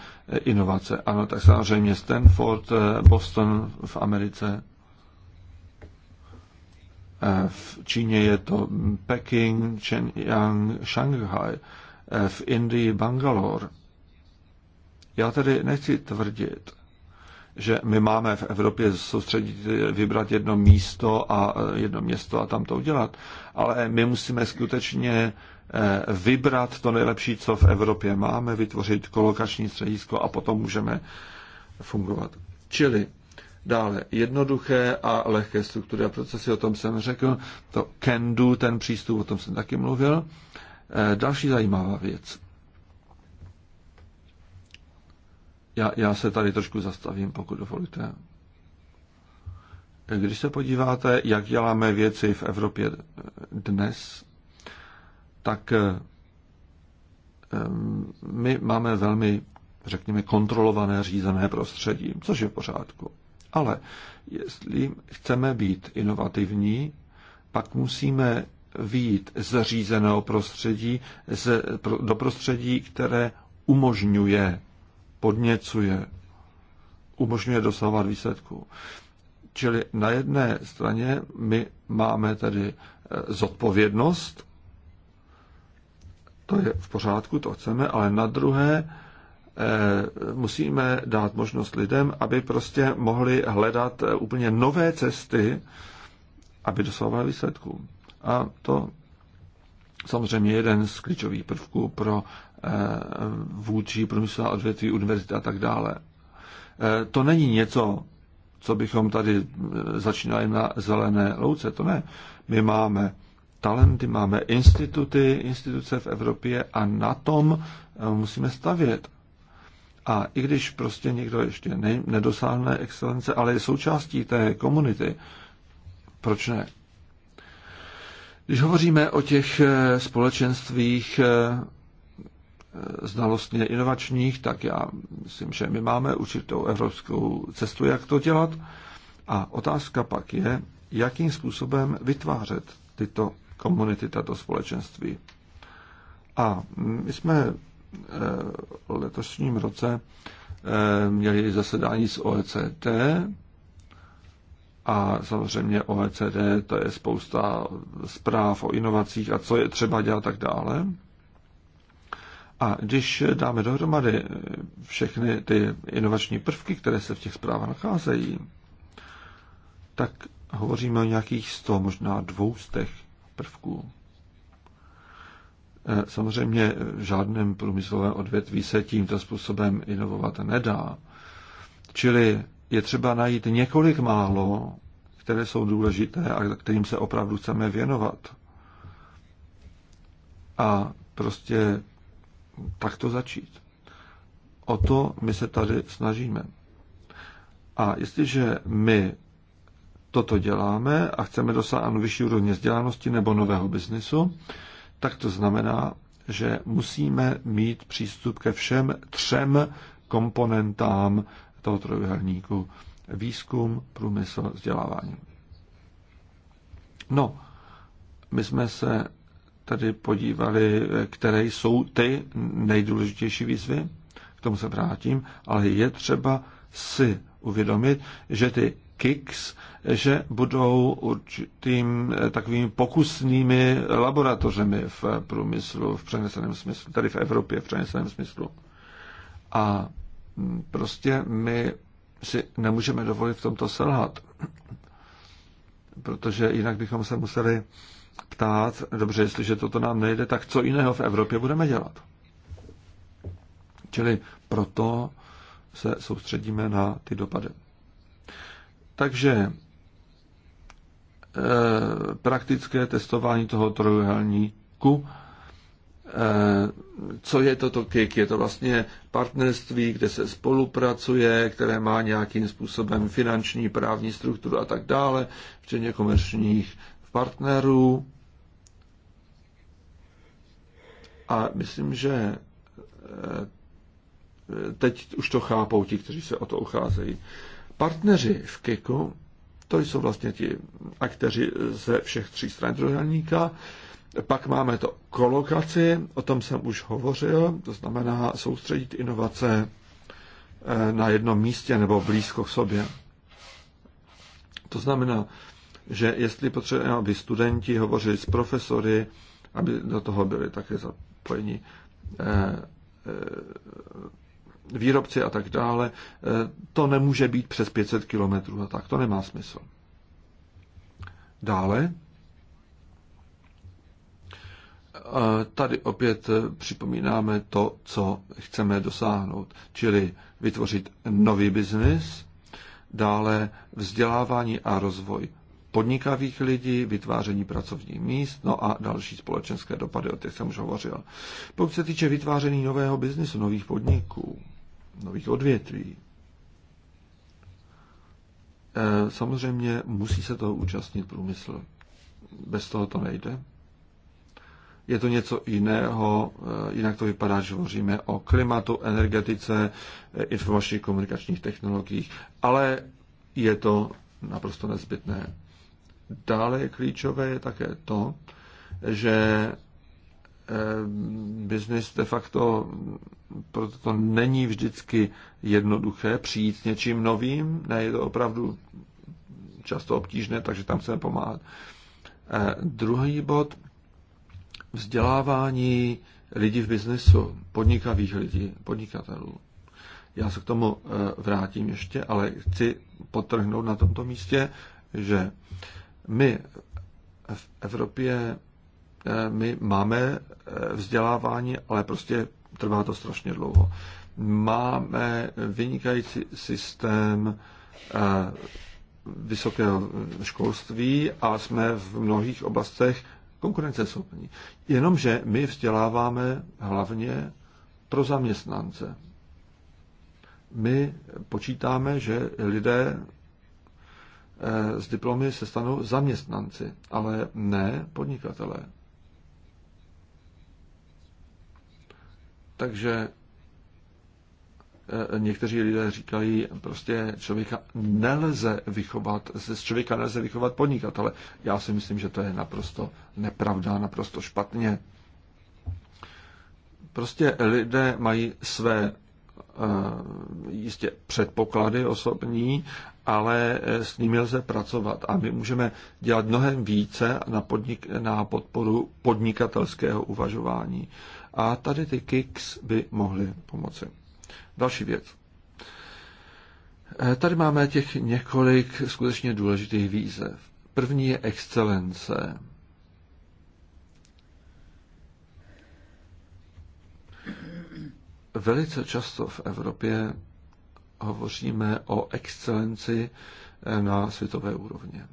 [SPEAKER 3] inovace? Ano, tak samozřejmě Stanford, Boston v Americe. V Číně je to Peking, Shenyang, Shanghai, v Indii Bangalore. Já tedy nechci tvrdit, že my máme v Evropě soustředit, vybrat jedno místo a jedno město a tam to udělat, ale my musíme skutečně e, vybrat to nejlepší, co v Evropě máme, vytvořit kolokační středisko a potom můžeme fungovat. Čili Dále jednoduché a lehké struktury a procesy, o tom jsem řekl. To can do, ten přístup, o tom jsem taky mluvil. Eh, další zajímavá věc. Já, já se tady trošku zastavím, pokud dovolíte. Eh, když se podíváte, jak děláme věci v Evropě eh, dnes, tak my máme velmi, řekněme, kontrolované, řízené prostředí, což je v pořádku. Ale jestli chceme být inovativní, pak musíme výjít z řízeného prostředí z, pro, do prostředí, které umožňuje, podněcuje, umožňuje dosahovat výsledků. Čili na jedné straně my máme tedy eh, zodpovědnost, to je v pořádku, to chceme, ale na druhé Eh, musíme dát možnost lidem, aby prostě mohli hledat eh, úplně nové cesty, aby dosahovali výsledků. A to samozřejmě jeden z klíčových prvků pro eh, vůdčí a odvětví, univerzity a tak dále. To není něco, co bychom tady začínali na zelené louce, to ne. My máme talenty, máme instituty, instituce v Evropě a na tom musíme stavět. A i když prostě někdo ještě ne, nedosáhne excelence, ale je součástí té komunity, proč ne? Když hovoříme o těch eh, společenstvích eh, eh, znalostně inovačních, tak já myslím, že my máme určitou evropskou cestu, jak to dělat. A otázka pak je, jakým způsobem vytvářet tyto komunity, tato společenství. A my jsme Eh, letošním roce eh, měli zasedání s OECD a samozřejmě OECD to je spousta zpráv o inovacích a co je třeba dělat tak dále. A když dáme dohromady všechny ty inovační prvky, které se v těch zprávách nacházejí, tak hovoříme o nějakých 100, možná 200 prvků. Eh, samozřejmě v žádném průmyslovém odvětví se tímto způsobem inovovat nedá. Čili je třeba najít několik málo, které jsou důležité a kterým se opravdu chceme věnovat. A prostě tak to začít. O to my se tady snažíme. A jestliže my toto děláme a chceme dosáhnout vyšší úrovně vzdělanosti nebo nového biznisu, tak to znamená, že musíme mít přístup ke všem třem komponentám toho trojuhelníku. Výzkum, průmysl, vzdělávání. No, my jsme se tady podívali, které jsou ty nejdůležitější výzvy, k tomu se vrátím, ale je třeba si uvědomit, že ty KICS, že budou určitým eh, takovými pokusnými laboratořemi v průmyslu, v přeneseném smyslu, tady v Evropě v přeneseném smyslu. A mm, prostě my si nemůžeme dovolit v tomto selhat, protože jinak bychom se museli ptát, dobře, jestliže toto nám nejde, tak co jiného v Evropě budeme dělat? Čili proto se soustředíme na ty dopady. Takže e, praktické testování toho trojuhelníku. E, co je toto KIK? Je to vlastně partnerství, kde se spolupracuje, které má nějakým způsobem finanční, právní strukturu a tak dále, včetně komerčních partnerů. A myslím, že e, teď už to chápou ti, kteří se o to ucházejí. Partneři v KIKu, to jsou vlastně ti akteři ze všech tří stran trojuhelníka, pak máme to kolokaci, o tom jsem už hovořil, to znamená soustředit inovace eh, na jednom místě nebo blízko k sobě. To znamená, že jestli potřebujeme, aby studenti hovořili s profesory, aby do toho byli také zapojeni eh, eh, výrobci a tak dále, eh, to nemůže být přes 500 kilometrů a tak, to nemá smysl. Dále, eh, tady opět eh, připomínáme to, co chceme dosáhnout, čili vytvořit nový biznis, dále vzdělávání a rozvoj podnikavých lidí, vytváření pracovních míst, no a další společenské dopady, o těch jsem už hovořil. Pokud se týče vytváření nového biznisu, nových podniků, nových odvětví. E, samozřejmě musí se toho účastnit průmysl. Bez toho to nejde. Je to něco jiného, e, jinak to vypadá, že hovoříme o klimatu, energetice, e, informačních komunikačních technologiích, ale je to naprosto nezbytné. Dále je klíčové je také to, že Eh, biznis de facto proto to není vždycky jednoduché přijít s něčím novým, ne, je to opravdu často obtížné, takže tam chceme pomáhat. Eh, druhý bod, vzdělávání lidí v biznesu, podnikavých lidí, podnikatelů. Já se k tomu eh, vrátím ještě, ale chci potrhnout na tomto místě, že my v Evropě Eh, my máme eh, vzdělávání, ale prostě trvá to strašně dlouho. Máme vynikající systém eh, vysokého školství a jsme v mnohých oblastech konkurenceschopní. Jenomže my vzděláváme hlavně pro zaměstnance. My počítáme, že lidé z diplomy se stanou zaměstnanci, ale ne podnikatelé. Takže eh, někteří lidé říkají, prostě člověka nelze vychovat, z člověka nelze vychovat podnikatele. Já si myslím, že to je naprosto nepravda, naprosto špatně. Prostě lidé mají své eh, jistě předpoklady osobní, ale eh, s nimi lze pracovat a my můžeme dělat mnohem více na, podnik, na podporu podnikatelského uvažování a tady ty kicks by mohly pomoci. Další věc. Eh, tady máme těch několik skutečně důležitých výzev. První je excelence. Velice často v Evropě hovoříme o excelenci eh, na světové úrovně.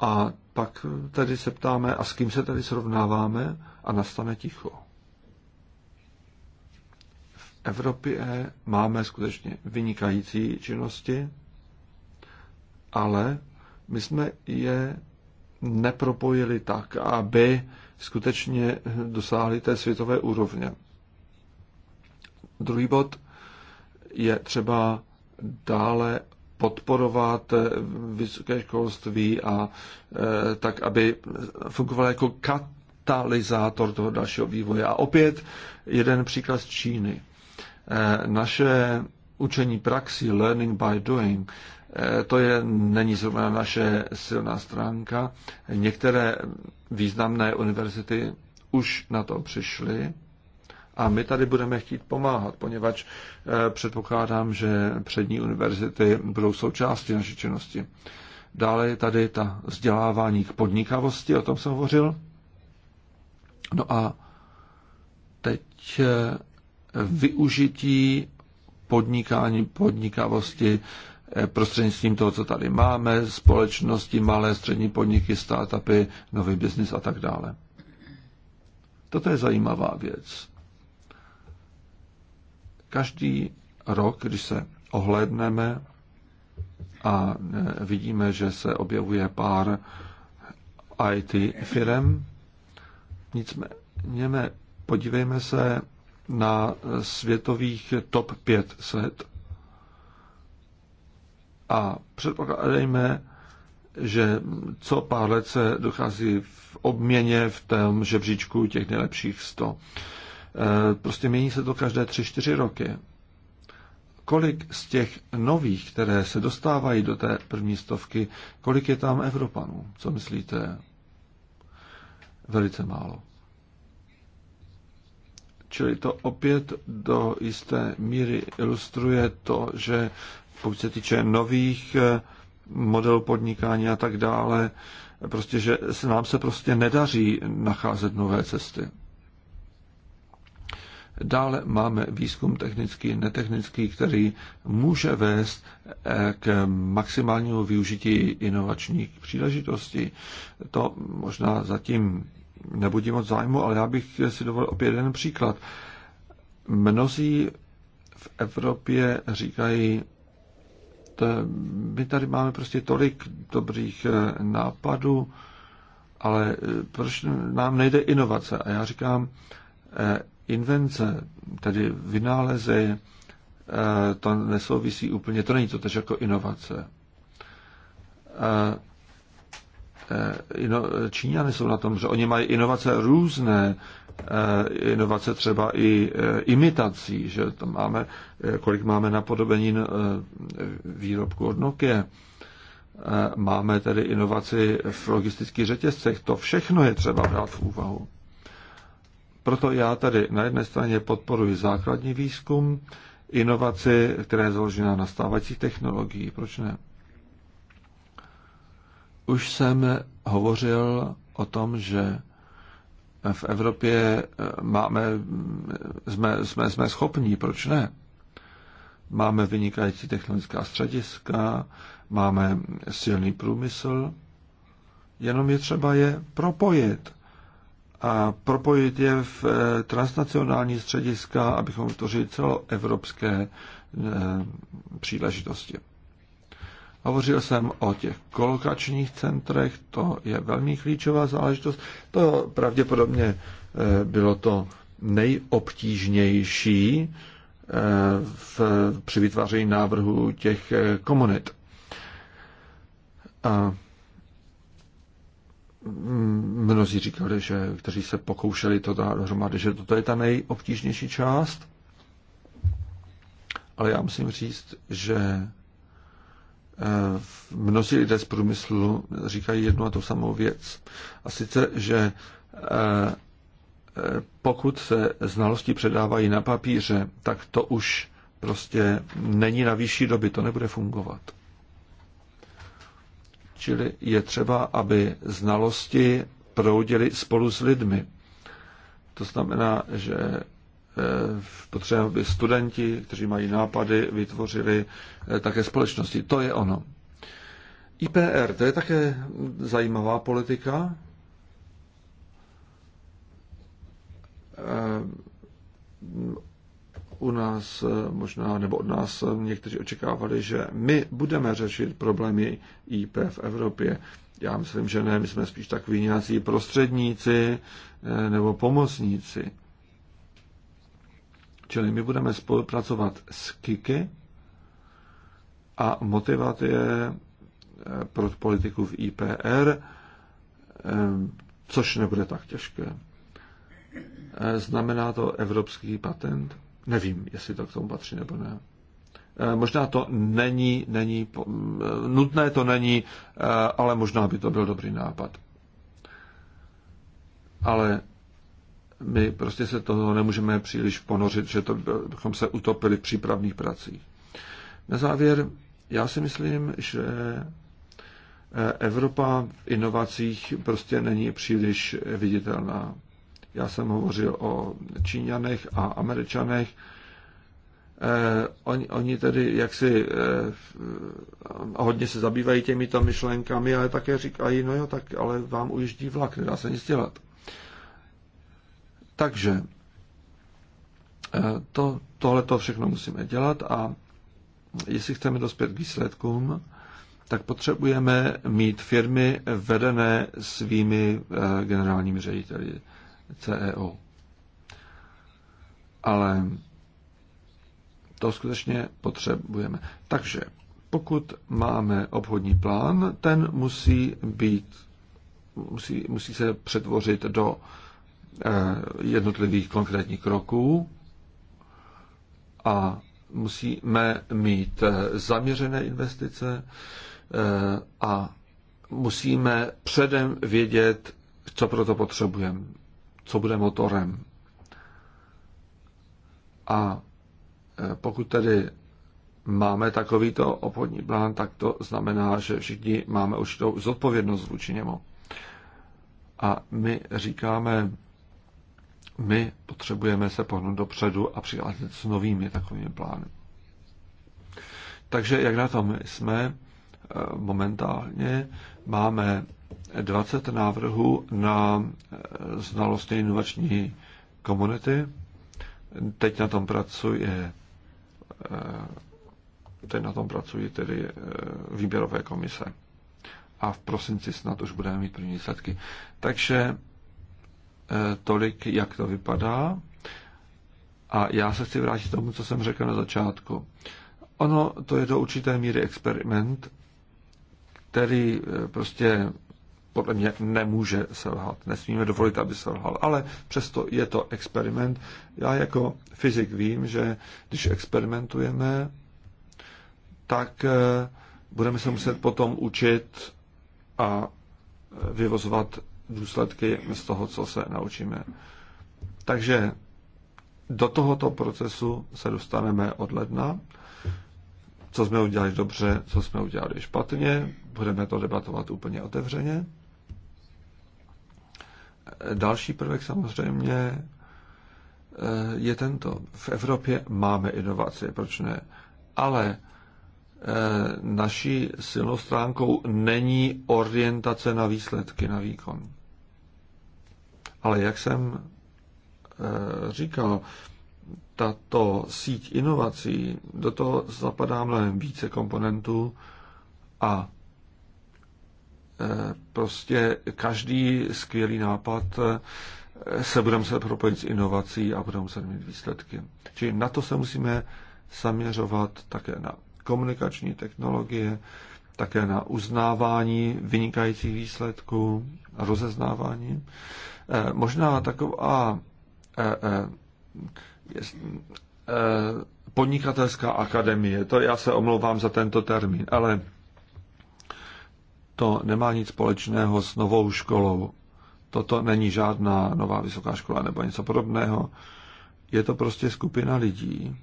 [SPEAKER 3] A pak tedy se ptáme, a s kým se tedy srovnáváme a nastane ticho. V Evropě máme skutečně vynikající činnosti, ale my jsme je nepropojili tak, aby skutečně dosáhli té světové úrovně. Druhý bod je třeba dále podporovat vysoké školství a e, tak, aby fungoval jako katalyzátor toho dalšího vývoje. A opět jeden příklad z Číny. E, naše učení praxi, learning by doing, e, to je, není zrovna naše silná stránka. Některé významné univerzity už na to přišly a my tady budeme chtít pomáhat, poněvadž eh, předpokládám, že přední univerzity budou součástí naší činnosti. Dále je tady ta vzdělávání k podnikavosti, o tom jsem hovořil. No a teď eh, využití podnikání, podnikavosti eh, prostřednictvím toho, co tady máme, společnosti, malé, střední podniky, startupy, nový biznis a tak dále. Toto je zajímavá věc. Každý rok, když se ohlédneme a e, vidíme, že se objevuje pár IT firm, nicméně podívejme se na světových top 500 a předpokládejme, že co pár let se dochází v obměně v tom žebříčku těch nejlepších 100. Eh, prostě mění se to každé 3-4 roky. Kolik z těch nových, které se dostávají do té první stovky, kolik je tam Evropanů? Co myslíte? Velice málo. Čili to opět do jisté míry ilustruje to, že pokud se týče nových eh, modelů podnikání a tak dále, prostě, že se nám se prostě nedaří nacházet nové cesty. Dále máme výzkum technický, netechnický, který může vést eh, k maximálnímu využití inovačních příležitostí. To možná zatím nebudí moc zájmu, ale já bych si dovolil opět jeden příklad. Mnozí v Evropě říkají, to, my tady máme prostě tolik dobrých eh, nápadů, ale eh, proč nám nejde inovace? A já říkám, invence, tedy vynálezy, eh, to nesouvisí úplně, to není to tež jako inovace. Eh, eh, Číňany jsou na tom, že oni mají inovace různé, inovace třeba i imitací, že tam máme, kolik máme napodobenin výrobku od Nokia, máme tedy inovaci v logistických řetězcech, to všechno je třeba brát v úvahu. Proto já tady na jedné straně podporuji základní výzkum, inovaci, která je založena na stávajících technologií. Proč ne? Už jsem hovořil o tom, že v Evropě eh, máme, eh, jsme, jsme, jsme schopní, proč ne? Máme vynikající technologická střediska, máme silný průmysl, jenom je třeba je propojit a propojit je v eh, transnacionální střediska, abychom vytvořili celoevropské eh, příležitosti. Hovořil jsem o těch kolokačních centrech, to je velmi klíčová záležitost. To pravděpodobně eh, bylo to nejobtížnější v, při vytváření návrhu těch komunit. A mnozí říkali, že kteří se pokoušeli to dát dohromady, že toto je ta nejobtížnější část. Ale já musím říct, že eh, mnozí lidé z průmyslu říkají jednu a tu samou věc. A sice, že eh, eh, pokud se znalosti předávají na papíře, tak to už prostě není na výšší doby, to nebude fungovat. Čili je třeba, aby znalosti proudily spolu s lidmi. To znamená, že eh, potřebujeme, aby studenti, kteří mají nápady, vytvořili eh, také společnosti. To je ono. IPR, to je také zajímavá politika. Eh, u nás eh, možná, nebo od nás eh, někteří očekávali, že my budeme řešit problémy IP v Evropě. Já myslím, že ne, my jsme spíš takový nějací prostředníci eh, nebo pomocníci. Čili my budeme spolupracovat s KIKy a motivat je pro politiku v IPR, což nebude tak těžké. Znamená to evropský patent? Nevím, jestli to k tomu patří nebo ne. Eh, možná to není, není eh, nutné to není, eh, ale možná by to byl dobrý nápad. Ale my prostě se toho nemůžeme příliš ponořit, že to bychom se utopili v přípravných pracích. Na závěr, já si myslím, že Evropa v inovacích prostě není příliš viditelná. Já jsem hovořil o Číňanech a Američanech. Eh, oni, oni tedy jaksi eh, hodně se zabývají těmito myšlenkami, ale také říkají, no jo, tak ale vám ujíždí vlak, nedá se nic dělat. Takže eh, to, tohle to všechno musíme dělat a jestli chceme dospět k výsledkům, tak potřebujeme mít firmy vedené svými eh, generálními řediteli. CEO, Ale to skutečně potřebujeme. Takže pokud máme obchodní plán, ten musí být, musí, musí se přetvořit do eh, jednotlivých konkrétních kroků a musíme mít eh, zaměřené investice eh, a musíme předem vědět, co proto potřebujeme co bude motorem. A e, pokud tedy máme takovýto obchodní plán, tak to znamená, že všichni máme určitou zodpovědnost vůči němu. A my říkáme, my potřebujeme se pohnout dopředu a přihlásit s novými takovými plány. Takže jak na tom jsme e, momentálně, máme 20 návrhů na eh, znalostně inovační komunity. Teď na tom pracuje eh, teď na tom pracují tedy eh, výběrové komise. A v prosinci snad už budeme mít první výsledky. Takže tolik, jak to vypadá. A já se chci vrátit k tomu, co jsem řekl na začátku. Ono to je do určité míry experiment, který prostě podle mě nemůže selhat. Nesmíme dovolit, aby selhal. Ale přesto je to experiment. Já jako fyzik vím, že když experimentujeme, tak eh, budeme se muset potom učit a eh, vyvozovat důsledky z toho, co se naučíme. Takže do tohoto procesu se dostaneme od ledna. Co jsme udělali dobře, co jsme udělali špatně, budeme to debatovat úplně otevřeně. Další prvek samozřejmě eh, je tento. V Evropě máme inovace, proč ne? Ale eh, naší silnou stránkou není orientace na výsledky, na výkon. Ale jak jsem eh, říkal, tato síť inovací, do toho zapadá mnohem více komponentů a prostě každý skvělý nápad eh, se budeme se propojit s inovací a budeme se mít výsledky. Čili na to se musíme zaměřovat také na komunikační technologie, také na uznávání vynikajících výsledků a rozeznávání. Eh, možná taková eh, podnikatelská akademie, to já se omlouvám za tento termín, ale to nemá nic společného s novou školou. Toto není žádná nová vysoká škola nebo něco podobného. Je to prostě skupina lidí.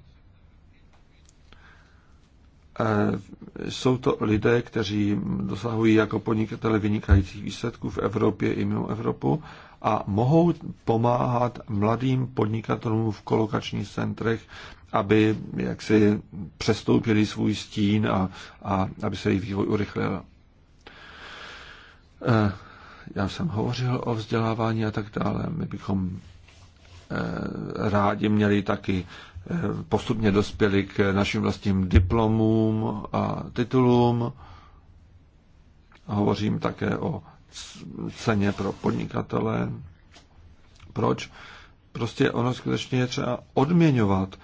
[SPEAKER 3] E, jsou to lidé, kteří dosahují jako podnikatele vynikajících výsledků v Evropě i mimo Evropu a mohou pomáhat mladým podnikatelům v kolokačních centrech, aby jaksi přestoupili svůj stín a, a aby se jejich vývoj urychlil. Eh, já jsem hovořil o vzdělávání a tak dále. My bychom eh, rádi měli taky eh, postupně dospěli k našim vlastním diplomům a titulům. Hovořím také o ceně pro podnikatele. Proč? Prostě ono skutečně je třeba odměňovat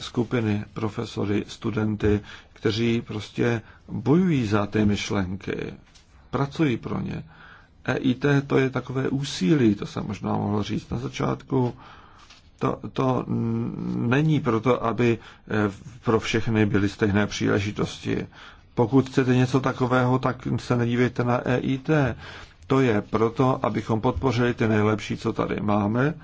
[SPEAKER 3] skupiny, profesory, studenty, kteří prostě bojují za ty myšlenky, pracuji pro ně. EIT to je takové úsilí, to jsem možná mohl říct na začátku. To, to není proto, aby e, pro všechny byly stejné příležitosti. Pokud chcete něco takového, tak se nedívejte na EIT. To je proto, abychom podpořili ty nejlepší, co tady máme,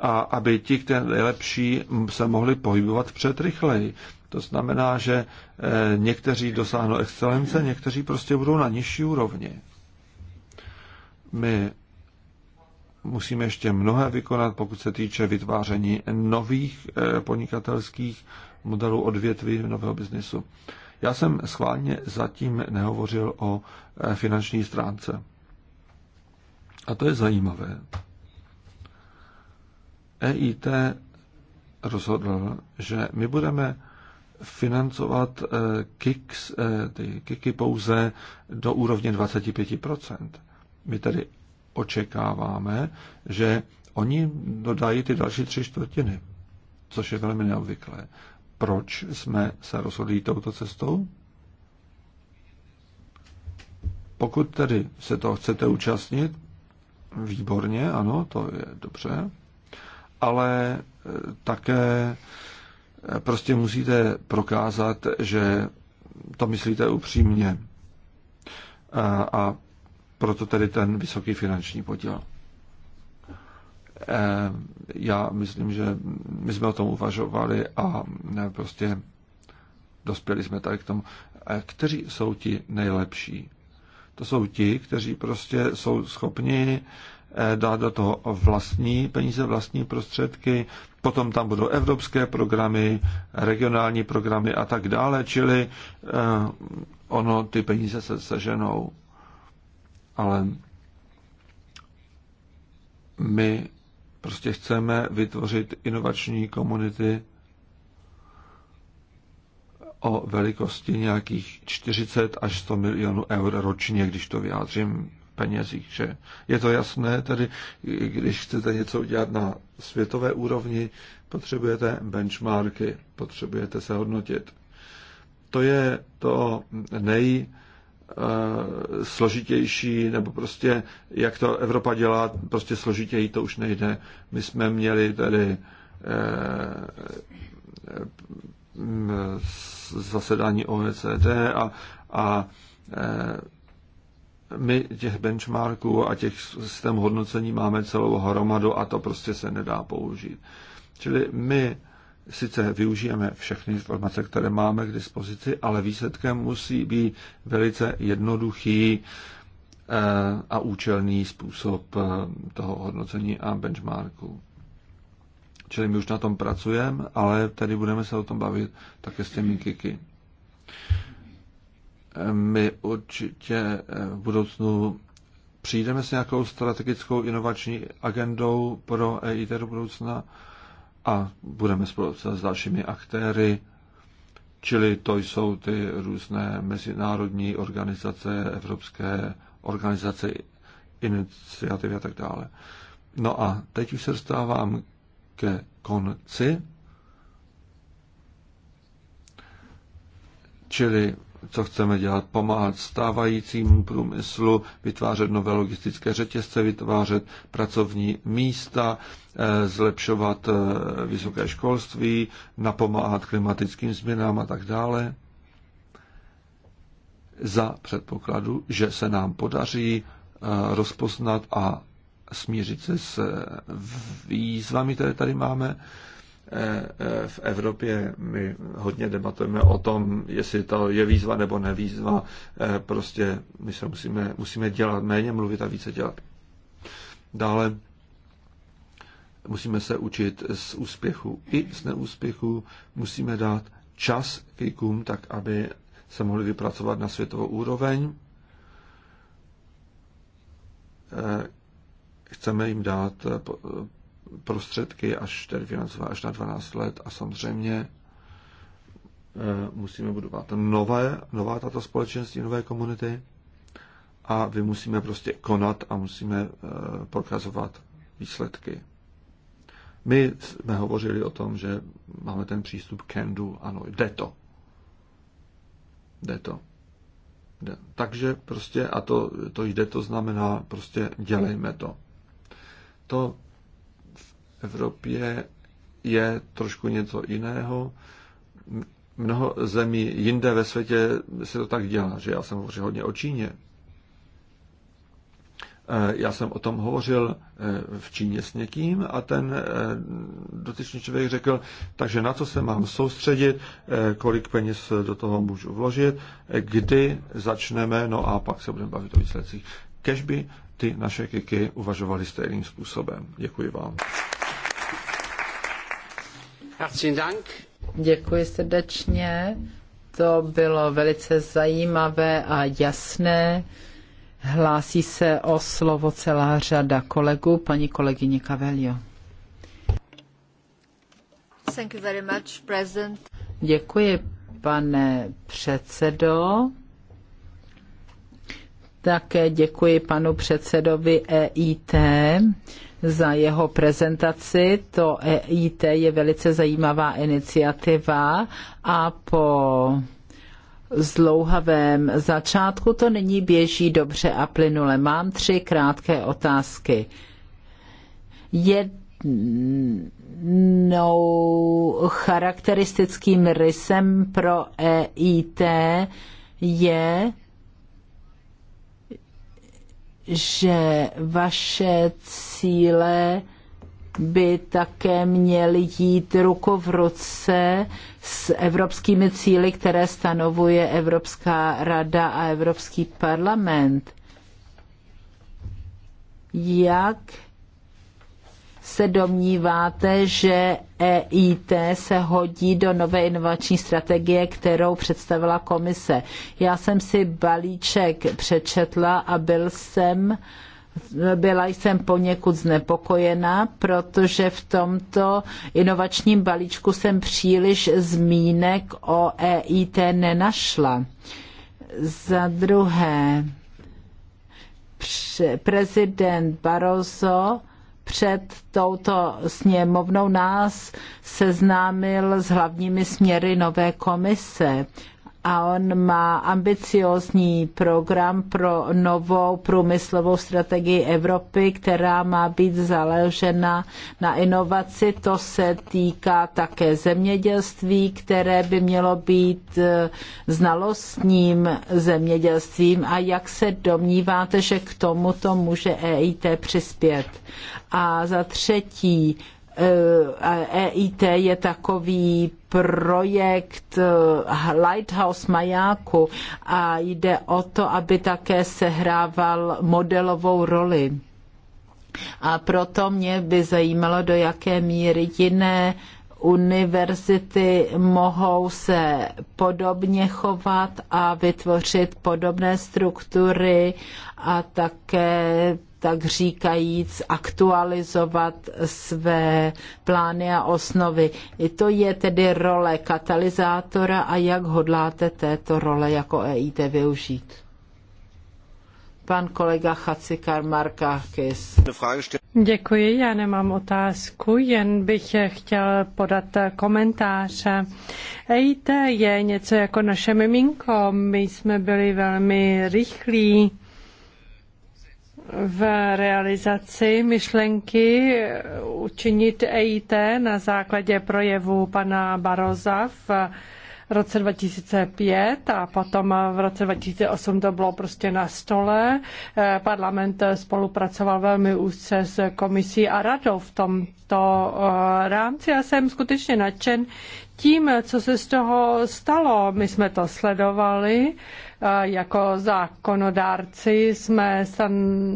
[SPEAKER 3] a aby ti, kteří nejlepší, se mohli pohybovat před rychleji. To znamená, že eh, někteří dosáhnou excelence, někteří prostě budou na nižší úrovni. My musíme ještě mnohé vykonat, pokud se týče vytváření nových eh, podnikatelských modelů odvětví nového biznesu. Já jsem schválně zatím nehovořil o eh, finanční stránce. A to je zajímavé. EIT rozhodl, že my budeme financovat eh, KIKS, eh, ty KIKy pouze do úrovně 25%. My tedy očekáváme, že oni dodají ty další tři čtvrtiny, což je velmi neobvyklé. Proč jsme se rozhodli touto cestou? Pokud tedy se to chcete účastnit, výborně, ano, to je dobře, ale eh, také Prostě musíte prokázat, že to myslíte upřímně. A, a proto tedy ten vysoký finanční podíl. E, já myslím, že my jsme o tom uvažovali a e, prostě dospěli jsme tady k tomu, e, kteří jsou ti nejlepší. To jsou ti, kteří prostě jsou schopni Eh, dát do toho vlastní peníze, vlastní prostředky, potom tam budou evropské programy, regionální programy a tak dále, čili eh, ono ty peníze se seženou. Ale my prostě chceme vytvořit inovační komunity o velikosti nějakých 40 až 100 milionů eur ročně, když to vyjádřím penězích. Že je to jasné, tedy když chcete něco udělat na světové úrovni, potřebujete benchmarky, potřebujete se hodnotit. To je to nej eh, složitější, nebo prostě jak to Evropa dělá, prostě složitěji to už nejde. My jsme měli tedy eh, zasedání OECD a, a eh, my těch benchmarků a těch systém hodnocení máme celou hromadu a to prostě se nedá použít. Čili my sice využijeme všechny informace, které máme k dispozici, ale výsledkem musí být velice jednoduchý eh, a účelný způsob eh, toho hodnocení a benchmarku. Čili my už na tom pracujeme, ale tady budeme se o tom bavit také s těmi kiky. My určitě eh, v budoucnu přijdeme s nějakou strategickou inovační agendou pro EIT do budoucna a budeme spolupracovat s dalšími aktéry, čili to jsou ty různé mezinárodní organizace, evropské organizace, iniciativy a tak dále. No a teď už se dostávám ke konci, čili co chceme dělat, pomáhat stávajícímu průmyslu, vytvářet nové logistické řetězce, vytvářet pracovní místa, eh, zlepšovat eh, vysoké školství, napomáhat klimatickým změnám a tak dále. Za předpokladu, že se nám podaří eh, rozpoznat a smířit se s výzvami, které tady máme, E, e, v Evropě my hodně debatujeme o tom, jestli to je výzva nebo nevýzva. E, prostě my se musíme, musíme dělat méně mluvit a více dělat. Dále musíme se učit z úspěchu i z neúspěchu. Musíme dát čas kikům, tak aby se mohli vypracovat na světovou úroveň. Chceme jim dát prostředky, až tedy financová až na 12 let a samozřejmě eh, musíme budovat nové, nová tato společenství, nové komunity a vy musíme prostě konat a musíme eh, prokazovat výsledky. My jsme hovořili o tom, že máme ten přístup can do, ano, jde to. Jde to. Jde. Takže prostě, a to, to jde, to znamená, prostě dělejme to. To Evropě je trošku něco jiného. Mnoho zemí jinde ve světě se to tak dělá, že já jsem hovořil hodně o Číně. E, já jsem o tom hovořil e, v Číně s někým a ten e, dotyčný člověk řekl, takže na co se mám soustředit, kolik peněz do toho můžu vložit, kdy začneme, no a pak se budeme bavit o výsledcích. Kež by ty naše kiky uvažovali stejným způsobem. Děkuji vám.
[SPEAKER 1] Děkuji srdečně. To bylo velice zajímavé a jasné. Hlásí se o slovo celá řada kolegů. Paní kolegyně Cavelio. Thank you very much, President. Děkuji, pane předsedo. Také děkuji panu předsedovi EIT za jeho prezentaci. To EIT je velice zajímavá iniciativa a po zlouhavém začátku to nyní běží dobře a plynule. Mám tři krátké otázky. Jednou charakteristickým rysem pro EIT je, že vaše cíle by také měly jít ruku v ruce s evropskými cíly, které stanovuje Evropská rada a Evropský parlament. Jak se domníváte, že EIT se hodí do nové inovační strategie, kterou představila komise. Já jsem si balíček přečetla a byl jsem byla jsem poněkud znepokojena, protože v tomto inovačním balíčku jsem příliš zmínek o EIT nenašla. Za druhé, prezident Barroso před touto sněmovnou nás seznámil s hlavními směry nové komise a on má ambiciózní program pro novou průmyslovou strategii Evropy, která má být založena na inovaci. To se týká také zemědělství, které by mělo být eh, znalostním zemědělstvím a jak se domníváte, že k tomuto může EIT přispět. A za třetí, EIT eh, e je takový projekt eh, Lighthouse majáku a jde o to, aby také sehrával modelovou roli. A proto mě by zajímalo, do jaké míry jiné univerzity mohou se podobně chovat a vytvořit podobné struktury a také tak říkajíc aktualizovat své plány a osnovy. I to je tedy role katalyzátora a jak hodláte této role jako EIT využít? Pan kolega Chacikar Markákis.
[SPEAKER 2] Děkuji, já nemám otázku, jen bych chtěl podat komentář. EIT je něco jako naše miminko, my jsme byli velmi rychlí v realizaci myšlenky učinit EIT na základě projevu pana Baroza v roce 2005 a potom v roce 2008 to bylo prostě na stole. Parlament spolupracoval velmi úzce s komisí a radou v tomto eh, rámci a jsem skutečně nadšen tím, co se z toho stalo. My jsme to sledovali jako zákonodárci jsme,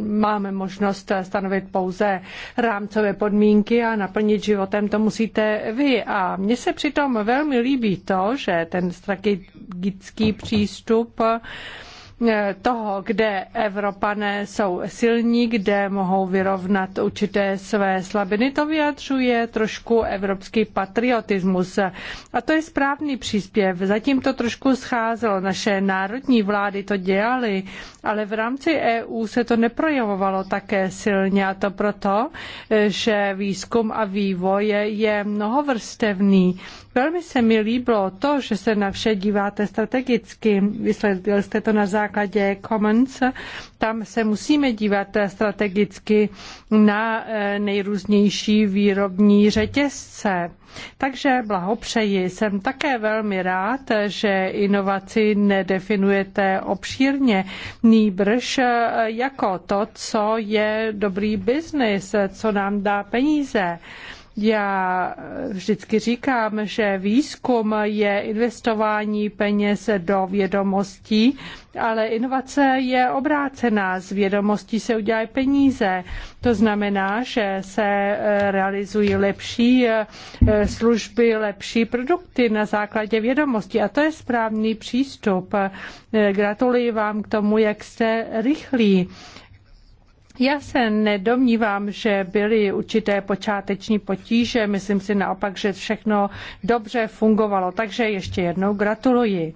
[SPEAKER 2] máme možnost stanovit pouze rámcové podmínky a naplnit životem to musíte vy. A mně se přitom velmi líbí to, že ten strategický přístup Eh, toho, kde Evropané jsou silní, kde mohou vyrovnat určité své slabiny. To vyjadřuje trošku evropský patriotismus. A to je správný příspěv. Zatím to trošku scházelo. Naše národní vlády to dělaly, ale v rámci EU se to neprojevovalo také silně. A to proto, eh, že výzkum a vývoj je mnohovrstevný. Velmi se mi líbilo to, že se na vše díváte strategicky. Vysledil jste to na základě Commons. Tam se musíme dívat strategicky na eh, nejrůznější výrobní řetězce. Takže blahopřeji. Jsem také velmi rád, že inovaci nedefinujete obšírně, nýbrž eh, jako to, co je dobrý biznis, co nám dá peníze. Já vždycky říkám, že výzkum je investování peněz do vědomostí, ale inovace je obrácená. Z vědomostí se udělají peníze. To znamená, že se eh, realizují lepší eh, služby, lepší produkty na základě vědomostí. A to je správný přístup. Eh, gratuluji vám k tomu, jak jste rychlí. Já se nedomnívám, že byly určité počáteční potíže. Myslím si naopak, že všechno dobře fungovalo. Takže ještě jednou gratuluji.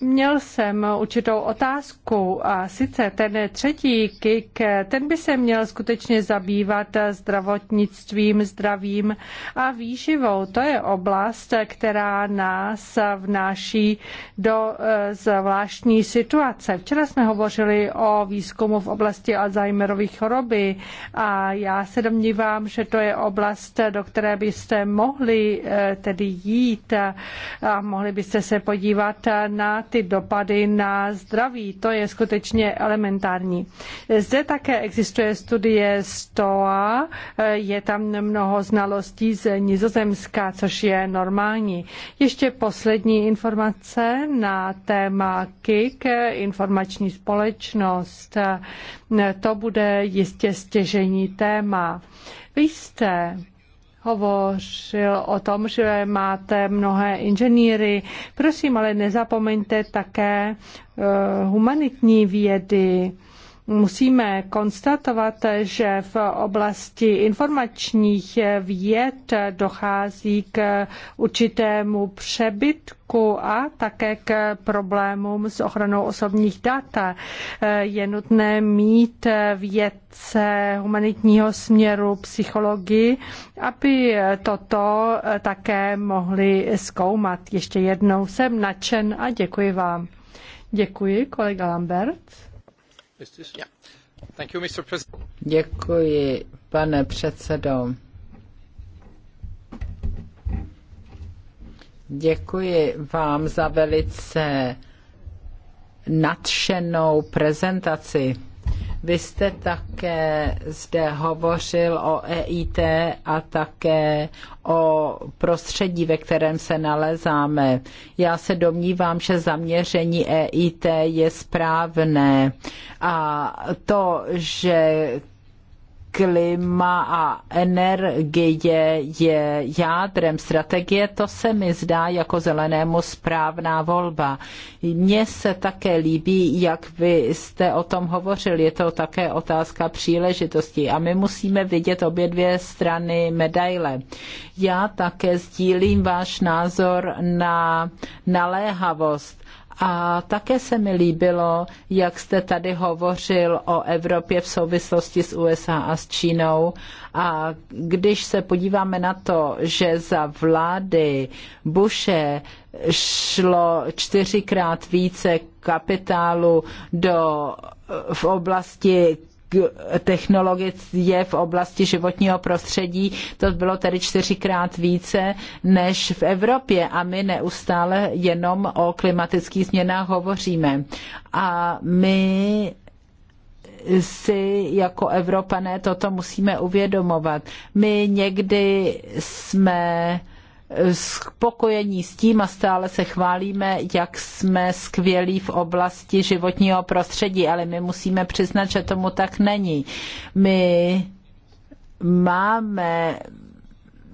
[SPEAKER 2] Měl jsem určitou otázku a sice ten třetí KIK, ten by se měl skutečně zabývat zdravotnictvím, zdravím a výživou. To je oblast, která nás vnáší do eh, zvláštní situace. Včera jsme hovořili o výzkumu v oblasti Alzheimerovy choroby a já se domnívám, že to je oblast, do které byste mohli eh, tedy jít a mohli byste se podívat na ty dopady na zdraví. To je skutečně elementární. Zde také existuje studie STOA, je tam mnoho znalostí z Nizozemska, což je normální. Ještě poslední informace na téma KIK, informační společnost. To bude jistě stěžení téma. Vy jste hovořil o tom, že máte mnohé inženýry. Prosím, ale nezapomeňte také eh, humanitní vědy Musíme konstatovat, že v oblasti informačních věd dochází k určitému přebytku a také k problémům s ochranou osobních dat. Je nutné mít vědce humanitního směru, psychologii, aby toto také mohli zkoumat. Ještě jednou jsem nadšen a děkuji vám. Děkuji, kolega Lambert. Děkuji,
[SPEAKER 1] pane předsedo. Děkuji vám za velice nadšenou prezentaci. Vy jste také zde hovořil o EIT a také o prostředí, ve kterém se nalezáme. Já se domnívám, že zaměření EIT je správné a to, že klima a energie je jádrem strategie, to se mi zdá jako zelenému správná volba. Mně se také líbí, jak vy jste o tom hovořil, je to také otázka příležitostí a my musíme vidět obě dvě strany medaile. Já také sdílím váš názor na naléhavost a také se mi líbilo, jak jste tady hovořil o Evropě v souvislosti s USA a s Čínou. A když se podíváme na to, že za vlády Bushe šlo čtyřikrát více kapitálu do, v oblasti technologie v oblasti životního prostředí, to bylo tedy čtyřikrát více než v Evropě a my neustále jenom o klimatických změnách hovoříme. A my si jako Evropané toto musíme uvědomovat. My někdy jsme spokojení s tím a stále se chválíme, jak jsme skvělí v oblasti životního prostředí, ale my musíme přiznat, že tomu tak není. My máme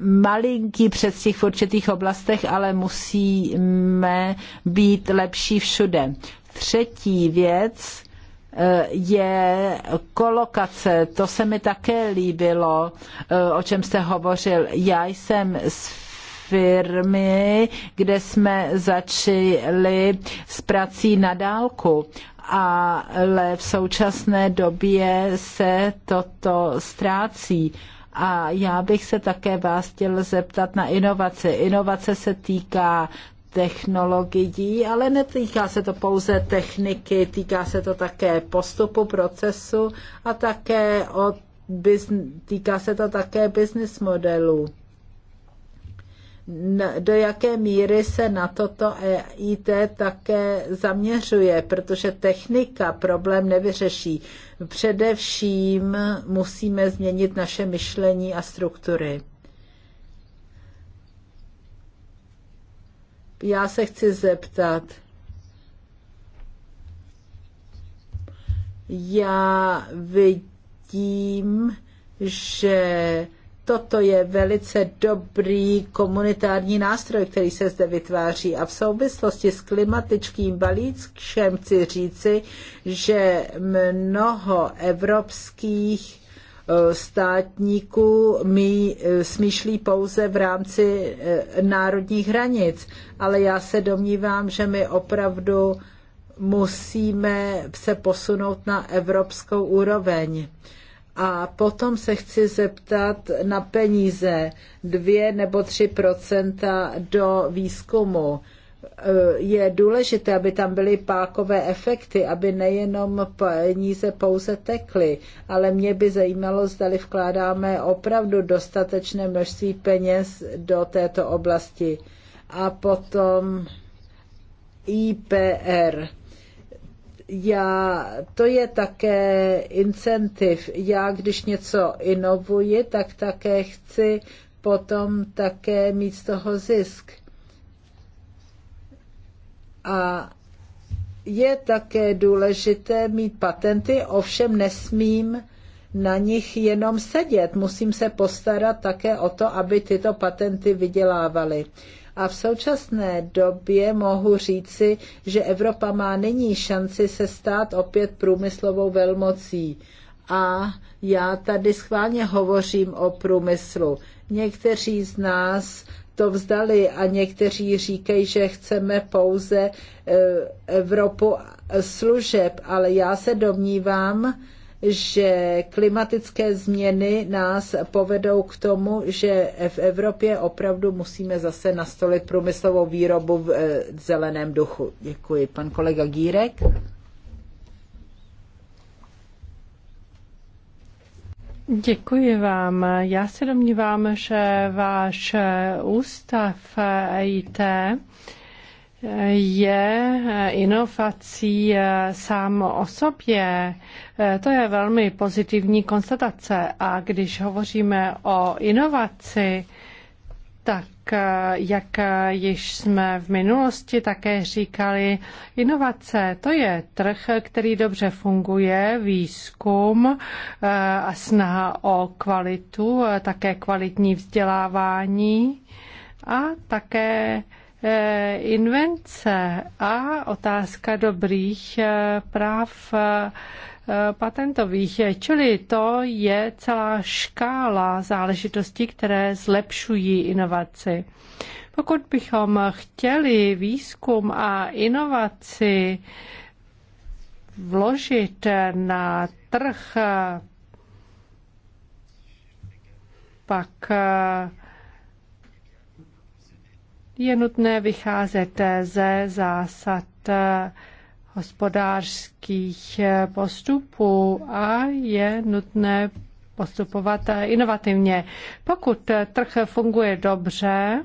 [SPEAKER 1] malinký předstih v určitých oblastech, ale musíme být lepší všude. Třetí věc eh, je kolokace. To se mi také líbilo, eh, o čem jste hovořil. Já jsem z firmy, kde jsme začali s prací na dálku ale v současné době se toto ztrácí. A já bych se také vás chtěl zeptat na inovace. Inovace se týká technologií, ale netýká se to pouze techniky, týká se to také postupu, procesu a také od, týká se to také business modelů do jaké míry se na toto EIT také zaměřuje, protože technika problém nevyřeší. Především musíme změnit naše myšlení a struktury. Já se chci zeptat, já vidím, že Toto je velice dobrý komunitární nástroj, který se zde vytváří. A v souvislosti s klimatickým balíčkem chci říci, že mnoho evropských e, státníků mý, e, smýšlí pouze v rámci e, národních hranic. Ale já se domnívám, že my opravdu musíme se posunout na evropskou úroveň. A potom se chci zeptat na peníze 2 nebo 3 do výzkumu. Eh, je důležité, aby tam byly pákové efekty, aby nejenom peníze pouze tekly, ale mě by zajímalo, zdali vkládáme opravdu dostatečné množství peněz do této oblasti. A potom IPR já, to je také incentiv. Já, když něco inovuji, tak také chci potom také mít z toho zisk. A je také důležité mít patenty, ovšem nesmím na nich jenom sedět. Musím se postarat také o to, aby tyto patenty vydělávaly. A v současné době mohu říci, že Evropa má není šanci se stát opět průmyslovou velmocí. A já tady schválně hovořím o průmyslu. Někteří z nás to vzdali a někteří říkají, že chceme pouze eh, Evropu služeb, ale já se domnívám, že klimatické změny nás povedou k tomu, že v Evropě opravdu musíme zase nastolit průmyslovou výrobu v eh, zeleném duchu. Děkuji. Pan kolega Gírek.
[SPEAKER 2] Děkuji vám. Já se domnívám, že váš ústav EIT eh, e je inovací sám o sobě. To je velmi pozitivní konstatace. A když hovoříme o inovaci, tak jak již jsme v minulosti také říkali, inovace to je trh, který dobře funguje, výzkum eh, a snaha o kvalitu, také kvalitní vzdělávání a také Eh, invence a otázka dobrých eh, práv eh, patentových. Čili to je celá škála záležitostí, které zlepšují inovaci. Pokud bychom chtěli výzkum a inovaci vložit na trh, pak je nutné vycházet ze zásad eh, hospodářských eh, postupů a je nutné postupovat eh, inovativně. Pokud trh funguje dobře,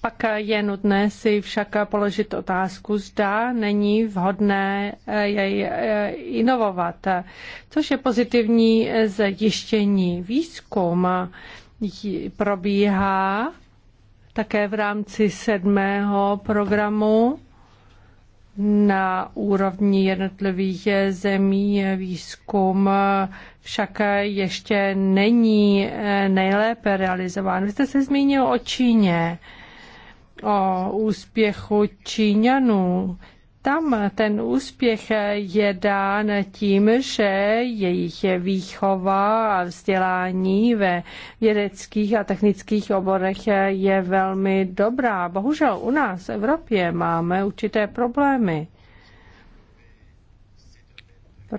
[SPEAKER 2] pak je nutné si však položit otázku, zda není vhodné jej inovovat, což je pozitivní zjištění. Výzkum probíhá také v rámci sedmého programu na úrovni jednotlivých zemí výzkum však ještě není eh, nejlépe realizován. Vy jste se zmínil o Číně, o úspěchu Číňanů tam ten úspěch je dán tím, že jejich výchova a vzdělání ve vědeckých a technických oborech je velmi dobrá. Bohužel u nás v Evropě máme určité problémy.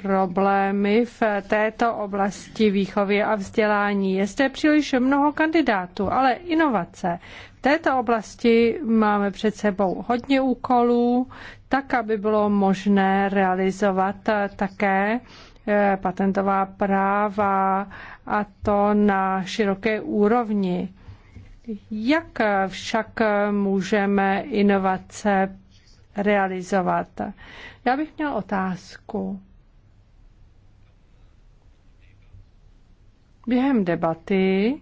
[SPEAKER 2] Problémy v této oblasti výchovy a vzdělání. Je zde příliš mnoho kandidátů, ale inovace, v této oblasti máme před sebou hodně úkolů, tak aby bylo možné realizovat také eh, patentová práva a to na široké úrovni. Jak však můžeme inovace realizovat? Já bych měl otázku. Během debaty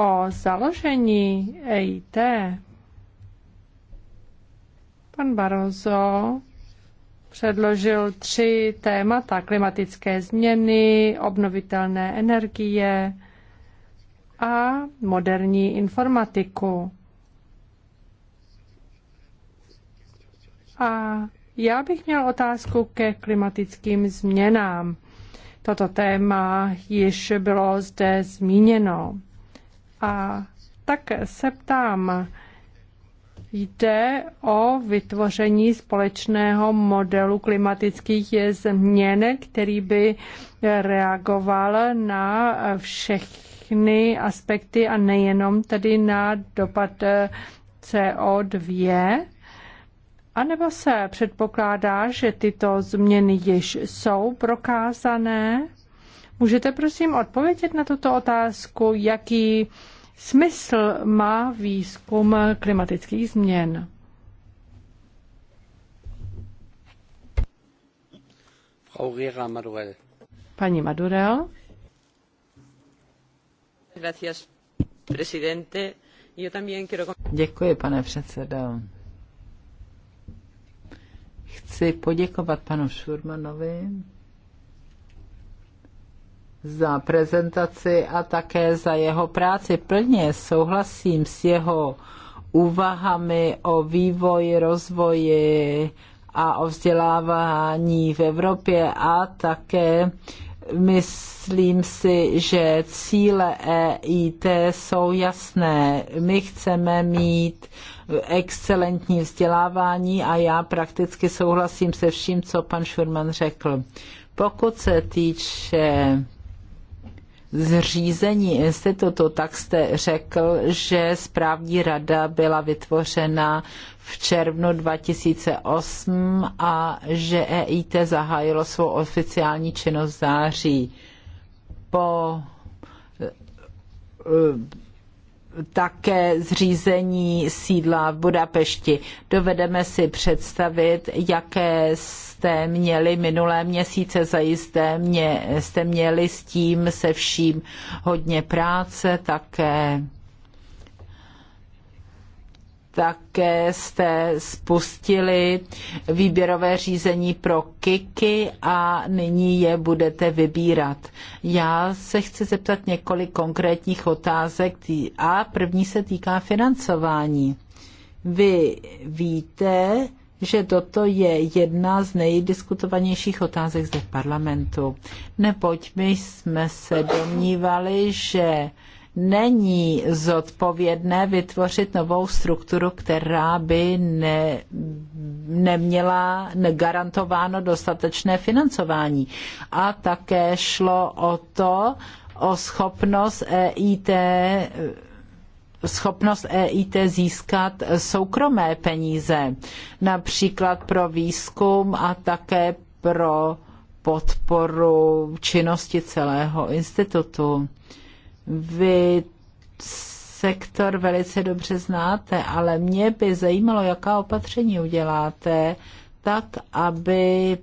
[SPEAKER 2] o založení EIT pan Barroso předložil tři témata klimatické změny, obnovitelné energie a moderní informatiku. A já bych měl otázku ke klimatickým změnám. Toto téma již bylo zde zmíněno. A také se ptám, Jde o vytvoření společného modelu klimatických změn, který by reagoval na všechny aspekty a nejenom tedy na dopad CO2. A nebo se předpokládá, že tyto změny již jsou prokázané? Můžete prosím odpovědět na tuto otázku, jaký smysl má výzkum klimatických změn? Frau Rera Madurell. Paní Madurel. Gracias, presidente. Yo también quiero... Děkuji, pane
[SPEAKER 1] předsedo. Chci poděkovat panu Šurmanovi za prezentaci a také za jeho práci. Plně souhlasím s jeho úvahami o vývoji, rozvoji a o vzdělávání v Evropě a také myslím si, že cíle EIT jsou jasné. My chceme mít excelentní vzdělávání a já prakticky souhlasím se vším, co pan Šurman řekl. Pokud se týče zřízení institutu, tak jste řekl, že správní rada byla vytvořena v červnu 2008 a že EIT zahájilo svou oficiální činnost v září. Po eh, také zřízení sídla v Budapešti. Dovedeme si představit, jaké jste měli minulé měsíce, zajisté mě, jste měli s tím se vším hodně práce, také také jste spustili výběrové řízení pro Kiki a nyní je budete vybírat. Já se chci zeptat několik konkrétních otázek a první se týká financování. Vy víte, že toto je jedna z nejdiskutovanějších otázek zde v parlamentu. Neboť my jsme se domnívali, že není zodpovědné vytvořit novou strukturu, která by ne, neměla garantováno dostatečné financování. A také šlo o to, o schopnost EIT schopnost EIT získat soukromé peníze, například pro výzkum a také pro podporu činnosti celého institutu. Vy sektor velice dobře znáte, ale mě by zajímalo, jaká opatření uděláte, tak aby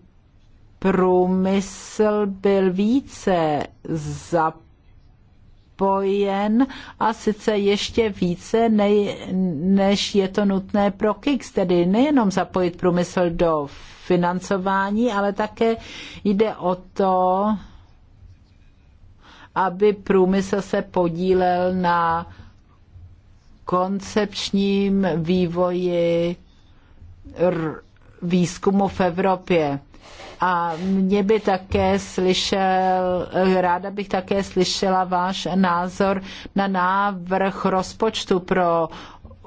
[SPEAKER 1] průmysl byl více zapojen spojen a sice ještě více, nej, než je to nutné pro KIX, tedy nejenom zapojit průmysl do financování, ale také jde o to, aby průmysl se podílel na koncepčním vývoji výzkumu v Evropě. A mě by také slyšel, ráda bych také slyšela váš názor na návrh rozpočtu pro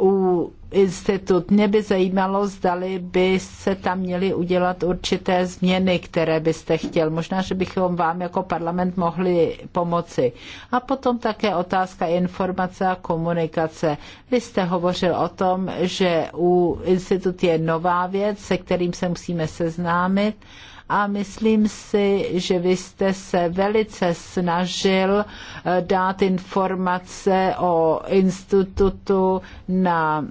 [SPEAKER 1] u institut. Mě by zajímalo, zdali by se tam měly udělat určité změny, které byste chtěl. Možná, že bychom vám jako parlament mohli pomoci. A potom také otázka informace a komunikace. Vy jste hovořil o tom, že u institut je nová věc, se kterým se musíme seznámit a myslím si, že vy jste se velice snažil eh, dát informace o institutu na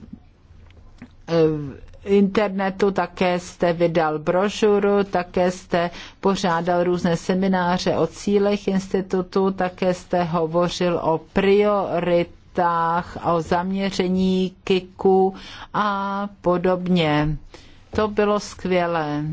[SPEAKER 1] eh, internetu, také jste vydal brožuru, také jste pořádal různé semináře o cílech institutu, také jste hovořil o prioritách, o zaměření KIKu a podobně. To bylo skvělé.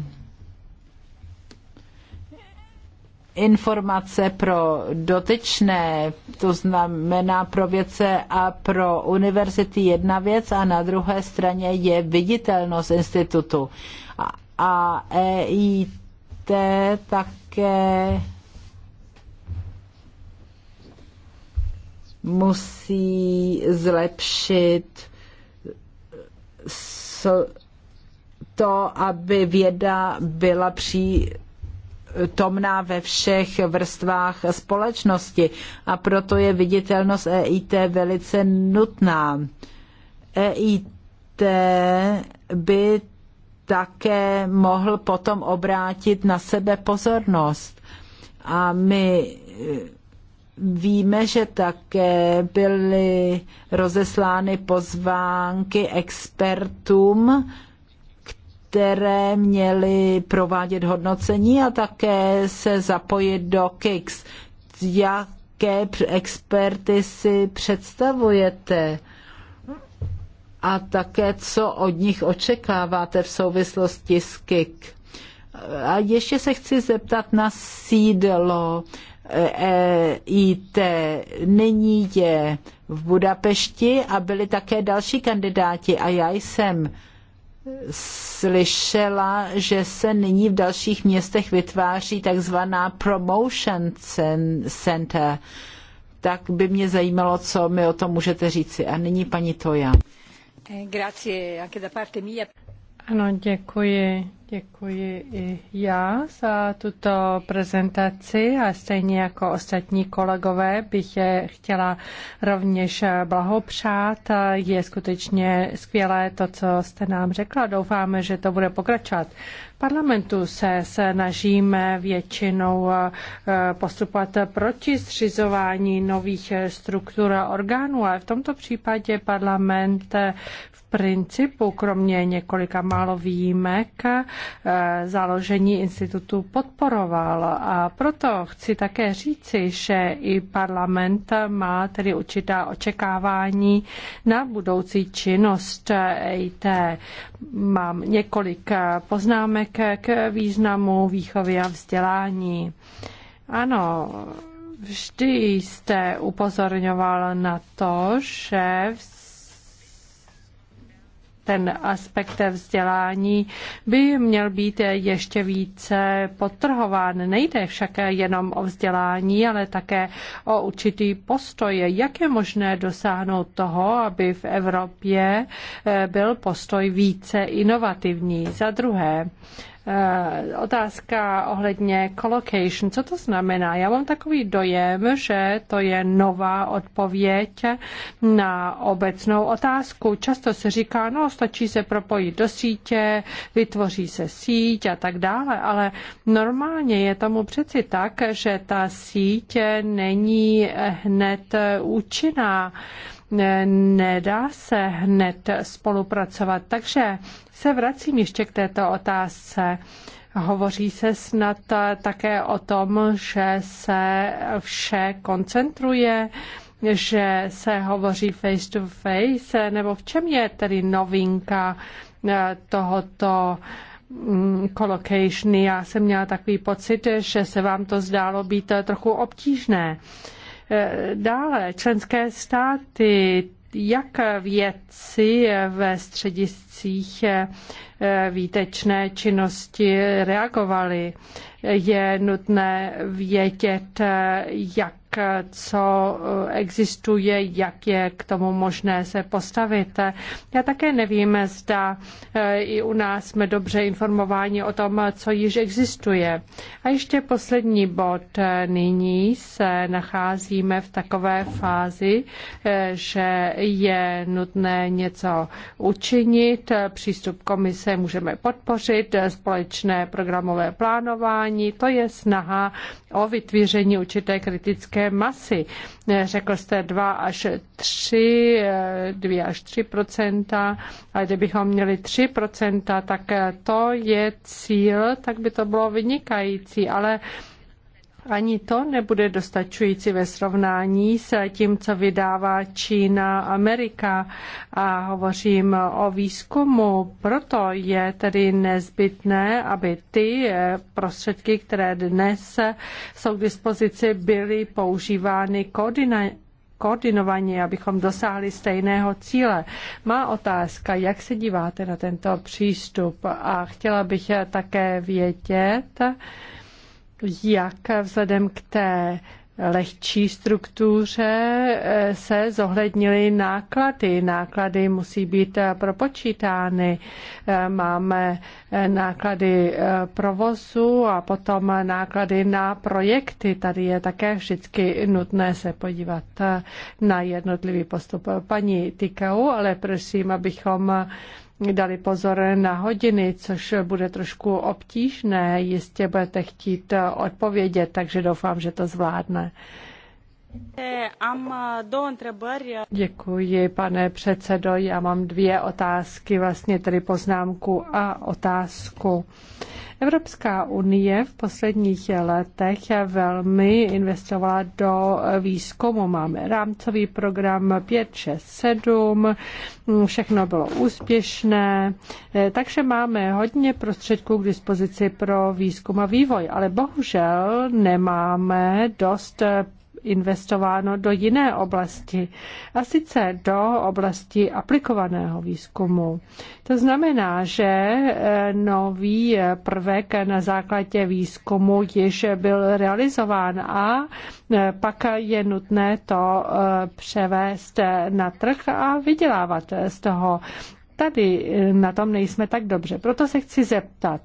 [SPEAKER 1] informace pro dotyčné, to znamená pro vědce a pro univerzity jedna věc a na druhé straně je viditelnost institutu. A, a e EIT také musí zlepšit to, aby věda byla při tomná ve všech vrstvách společnosti a proto je viditelnost EIT velice nutná. EIT by také mohl potom obrátit na sebe pozornost. A my eh, víme, že také byly rozeslány pozvánky expertům, které měly provádět hodnocení a také se zapojit do KIX. Jaké experty si představujete? A také, co od nich očekáváte v souvislosti s KIK? A ještě se chci zeptat na sídlo EIT. Eh, e Nyní je v Budapešti a byli také další kandidáti a já jsem slyšela, že se nyní v dalších městech vytváří takzvaná promotion center. Tak by mě zajímalo, co mi o tom můžete říci. A nyní paní Toja.
[SPEAKER 2] Eh, ano, děkuji. Děkuji i já za tuto prezentaci a stejně jako ostatní kolegové bych je chtěla rovněž blahopřát. Je skutečně skvělé to, co jste nám řekla. Doufáme, že to bude pokračovat parlamentu se snažíme většinou eh, postupovat proti zřizování nových eh, struktur a orgánů, ale v tomto případě parlament eh, v principu, kromě několika málo výjimek, založení institutu podporoval. A proto chci také říci, že i parlament má tedy určitá očekávání na budoucí činnost EIT. Mám několik poznámek k, k významu výchovy a vzdělání. Ano, vždy jste upozorňoval na to, že ten aspekt vzdělání by měl být ještě více potrhován. Nejde však jenom o vzdělání, ale také o určitý postoj. Jak je možné dosáhnout toho, aby v Evropě eh, byl postoj více inovativní? Za druhé, Eh, otázka ohledně collocation, co to znamená? Já mám takový dojem, že to je nová odpověď na obecnou otázku. Často se říká, no stačí se propojit do sítě, vytvoří se síť a tak dále, ale normálně je tomu přeci tak, že ta síť není hned účinná nedá se hned spolupracovat. Takže se vracím ještě k této otázce. Hovoří se snad také o tom, že se vše koncentruje, že se hovoří face to face, nebo v čem je tedy novinka eh, tohoto mm, collocation. Já jsem měla takový pocit, že se vám to zdálo být trochu obtížné. Dále členské státy jak vědci ve střediscích eh, výtečné činnosti reagovali. Je nutné vědět, eh, jak co eh, existuje, jak je k tomu možné se postavit. Já také nevím, zda eh, i u nás jsme dobře informováni o tom, co již existuje. A ještě poslední bod. Nyní se nacházíme v takové fázi, eh, že je nutné něco učinit. Přístup komise můžeme podpořit, společné programové plánování, to je snaha o vytvíření určité kritické masy. Řekl jste 2 až 3, 2 eh, až 3 a kdybychom měli 3 tak to je cíl, tak by to bylo vynikající, ale ani to nebude dostačující ve srovnání s tím, co vydává Čína Amerika. A hovořím o výzkumu. Proto je tedy nezbytné, aby ty eh, prostředky, které dnes jsou k dispozici, byly používány koordinovaně koordinovaně, abychom dosáhli stejného cíle. Má otázka, jak se díváte na tento přístup a chtěla bych také vědět, jak vzhledem k té lehčí struktuře eh, se zohlednily náklady. Náklady musí být eh, propočítány. Eh, máme náklady provozu a potom náklady na projekty. Tady je také vždycky nutné se podívat na jednotlivý postup. Paní Tikau, ale prosím, abychom dali pozor na hodiny, což bude trošku obtížné. Jistě budete chtít odpovědět, takže doufám, že to zvládne. Uh, Děkuji, pane předsedo. Já mám dvě otázky, vlastně tedy poznámku a otázku. Evropská unie v posledních letech velmi investovala do výzkumu. Máme rámcový program 567, všechno bylo úspěšné, takže máme hodně prostředků k dispozici pro výzkum a vývoj, ale bohužel nemáme dost investováno do jiné oblasti, a sice do oblasti aplikovaného výzkumu. To znamená, že e, nový prvek na základě výzkumu již byl realizován a e, pak je nutné to e, převést na trh a vydělávat z toho tady e, na tom nejsme tak dobře. Proto se chci zeptat.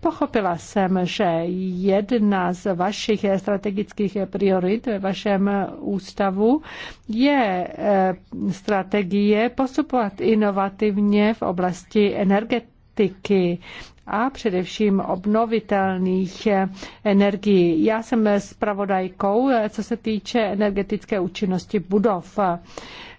[SPEAKER 2] Pochopila jsem, že jedna z vašich strategických priorit ve vašem ústavu je e, strategie postupovat inovativně v oblasti energetiky a především obnovitelných e, energií. Já jsem zpravodajkou, co se týče energetické účinnosti budov.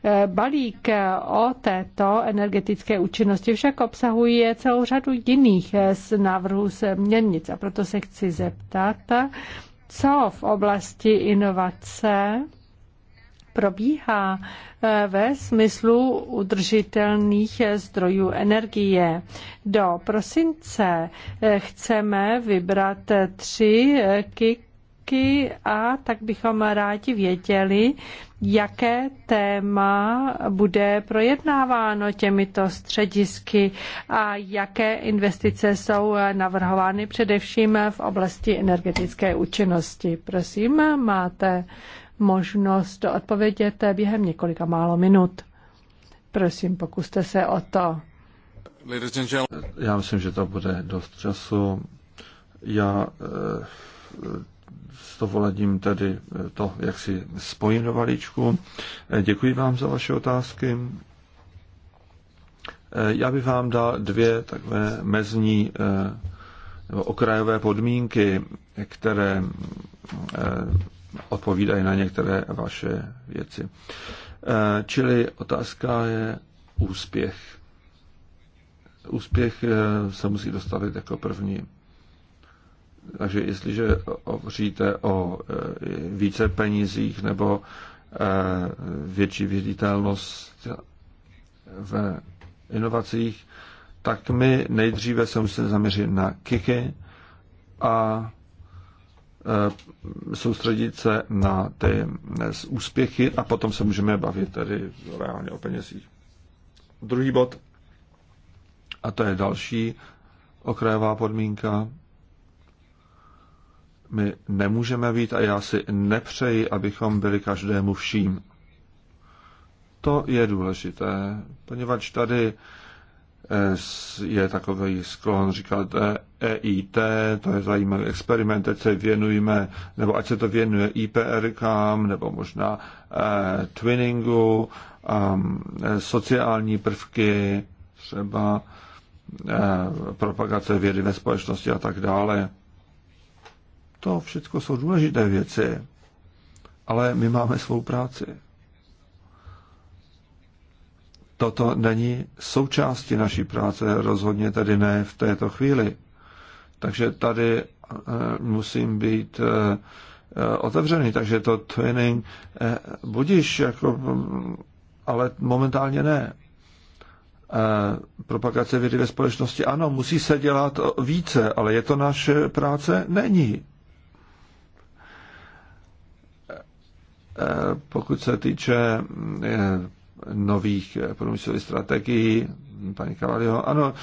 [SPEAKER 2] Eh, balík eh, o této energetické účinnosti však obsahuje celou řadu jiných z eh, návrhů směrnic a proto se chci zeptat, co v oblasti inovace probíhá ve smyslu udržitelných zdrojů energie. Do prosince chceme vybrat tři kiky a tak bychom rádi věděli, jaké téma bude projednáváno těmito středisky a jaké investice jsou navrhovány především v oblasti energetické účinnosti. Prosím, máte možnost odpovědět během několika málo minut. Prosím, pokuste se o to.
[SPEAKER 3] Já myslím, že to bude dost času. Já eh, s dovolením tedy eh, to, jak si spojím do balíčku. Eh, děkuji vám za vaše otázky. Eh, já bych vám dal dvě takové mezní nebo okrajové podmínky, které odpovídají na některé vaše věci. Čili otázka je úspěch. Úspěch se musí dostavit jako první. Takže jestliže hovoříte o e, více penězích nebo e, větší viditelnost v inovacích, tak my nejdříve se musíme zaměřit na kiky a e, soustředit se na ty úspěchy a potom se můžeme bavit tedy reálně o penězích. Druhý bod, a to je další okrajová podmínka, my nemůžeme být a já si nepřeji, abychom byli každému vším. To je důležité, poněvadž tady eh, je takový sklon říkat eh, e EIT, to je zajímavý experiment, teď se věnujeme, nebo ať se to věnuje IPRkám, nebo možná eh, twinningu, um, sociální prvky, třeba eh, propagace vědy ve společnosti a tak dále. To všechno jsou důležité věci, ale my máme svou práci. Toto není součástí naší práce, rozhodně tady ne v této chvíli. Takže tady eh, musím být eh, eh, otevřený, takže to twinning budíš, jako, ale momentálně ne. Propagace vědy ve společnosti, ano, musí se dělat více, ale je to naše práce? Není. Eh, pokud se týče eh, nových eh, průmyslových strategií, paní Kavaliho, ano,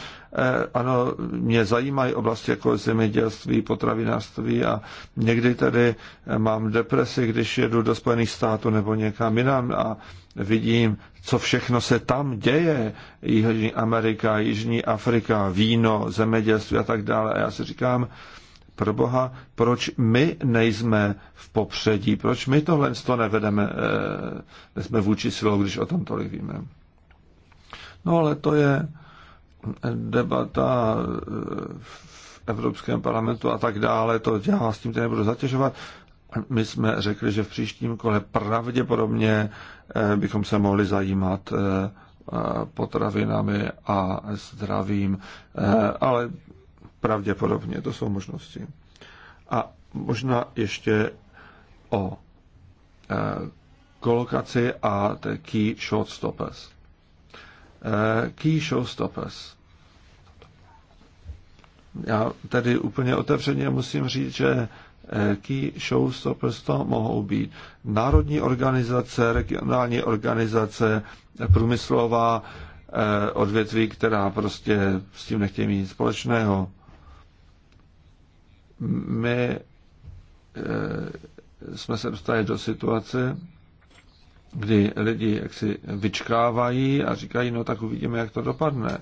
[SPEAKER 3] ano, mě zajímají oblasti jako zemědělství, potravinářství a někdy tady mám depresi, když jedu do Spojených států nebo někam jinam a vidím, co všechno se tam děje. Jižní Amerika, Jižní Afrika, víno, zemědělství a tak dále. A já si říkám, pro Boha, proč my nejsme v popředí, proč my tohle to nevedeme, eh, nejsme vůči silou, když o tom tolik víme. No ale to je debata eh, v Evropském parlamentu a tak dále, to já s tím nebudu zatěžovat. My jsme řekli, že v příštím kole pravděpodobně eh, bychom se mohli zajímat potravinami a zdravím, ale Pravděpodobně, to jsou možnosti. A možná ještě o eh, kolokaci a te key showstoppers. Eh, key showstoppers. Já tady úplně otevřeně musím říct, že eh, key showstoppers to mohou být národní organizace, regionální organizace, průmyslová odvětví, která prostě s tím nechtějí mít nic společného my eh, jsme se dostali do situace, kdy lidi jaksi vyčkávají a říkají, no tak uvidíme, jak to dopadne.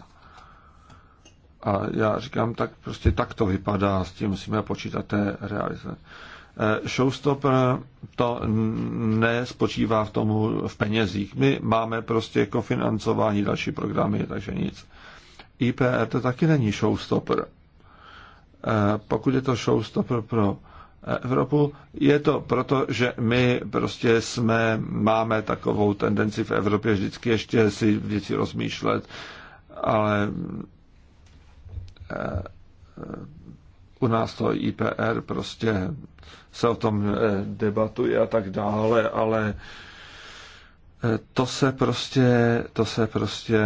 [SPEAKER 3] A já říkám, tak prostě tak to vypadá, s tím musíme počítat té realizace. Eh, showstopper to nespočívá v tomu v penězích. My máme prostě kofinancování další programy, takže nic. IPR to taky není showstopper. Eh, pokud je to showstopper pro Evropu, je to proto, že my prostě jsme, máme takovou tendenci v Evropě vždycky ještě si věci rozmýšlet, ale eh, u nás to IPR prostě se o tom eh, debatuje a tak dále, ale to se prostě, to se prostě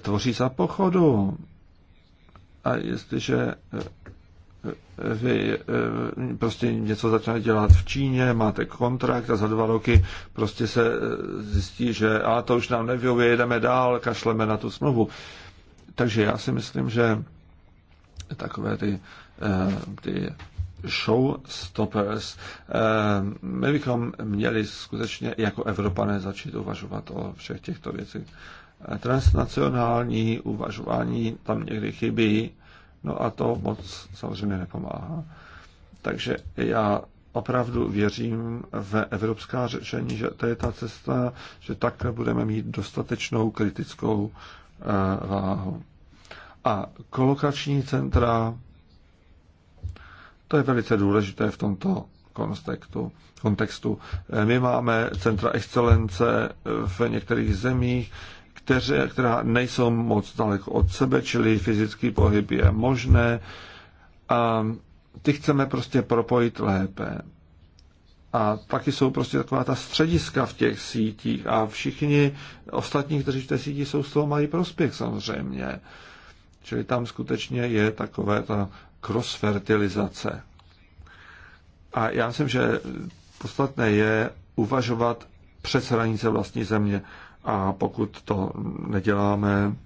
[SPEAKER 3] tvoří za pochodu. A jestliže eh, eh, vy eh, prostě něco začnete dělat v Číně, máte kontrakt a za dva roky prostě se zjistí, že a to už nám nevyhovuje, jedeme dál, kašleme na tu smlouvu. Takže já si myslím, že takové ty, ty show stoppers, my bychom měli skutečně jako Evropané začít uvažovat o všech těchto věcech transnacionální uvažování tam někdy chybí, no a to moc samozřejmě nepomáhá. Takže já opravdu věřím v evropská řešení, že to je ta cesta, že takhle budeme mít dostatečnou kritickou eh, váhu. A kolokační centra, to je velice důležité v tomto kontextu. kontextu. Eh, my máme centra excelence v některých zemích, kteře, která nejsou moc daleko od sebe, čili fyzický pohyb je možné a ty chceme prostě propojit lépe. A taky jsou prostě taková ta střediska v těch sítích a všichni ostatní, kteří v té síti jsou, z toho mají prospěch samozřejmě. Čili tam skutečně je takové ta crossfertilizace. A já myslím, že podstatné je uvažovat přes hranice vlastní země. A pokud to neděláme,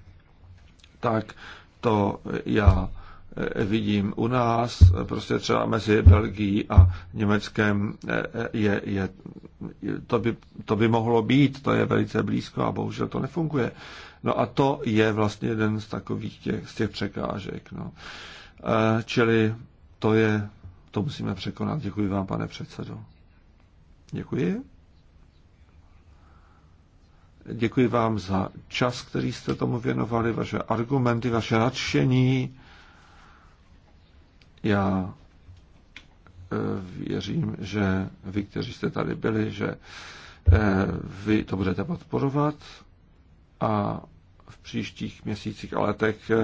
[SPEAKER 3] tak to já eh, vidím u nás, prostě třeba mezi Belgií a Německem eh, je, je to, by, to by mohlo být, to je velice blízko a bohužel to nefunguje. No a to je vlastně jeden z takových těch, z těch překážek. No. Eh, čili to je, to musíme překonat. Děkuji vám, pane předsedo. Děkuji. Děkuji vám za čas, který jste tomu věnovali, vaše argumenty, vaše nadšení. Já eh, věřím, že vy, kteří jste tady byli, že eh, vy to budete podporovat a v příštích měsících a letech eh,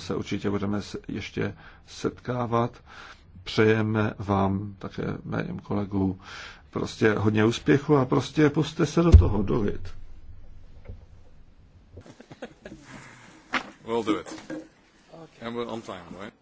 [SPEAKER 3] se určitě budeme ještě setkávat. Přejeme vám také jménem kolegů prostě hodně úspěchu a prostě puste se do toho dovit.
[SPEAKER 4] We'll do it. Okay. And we're on time, right?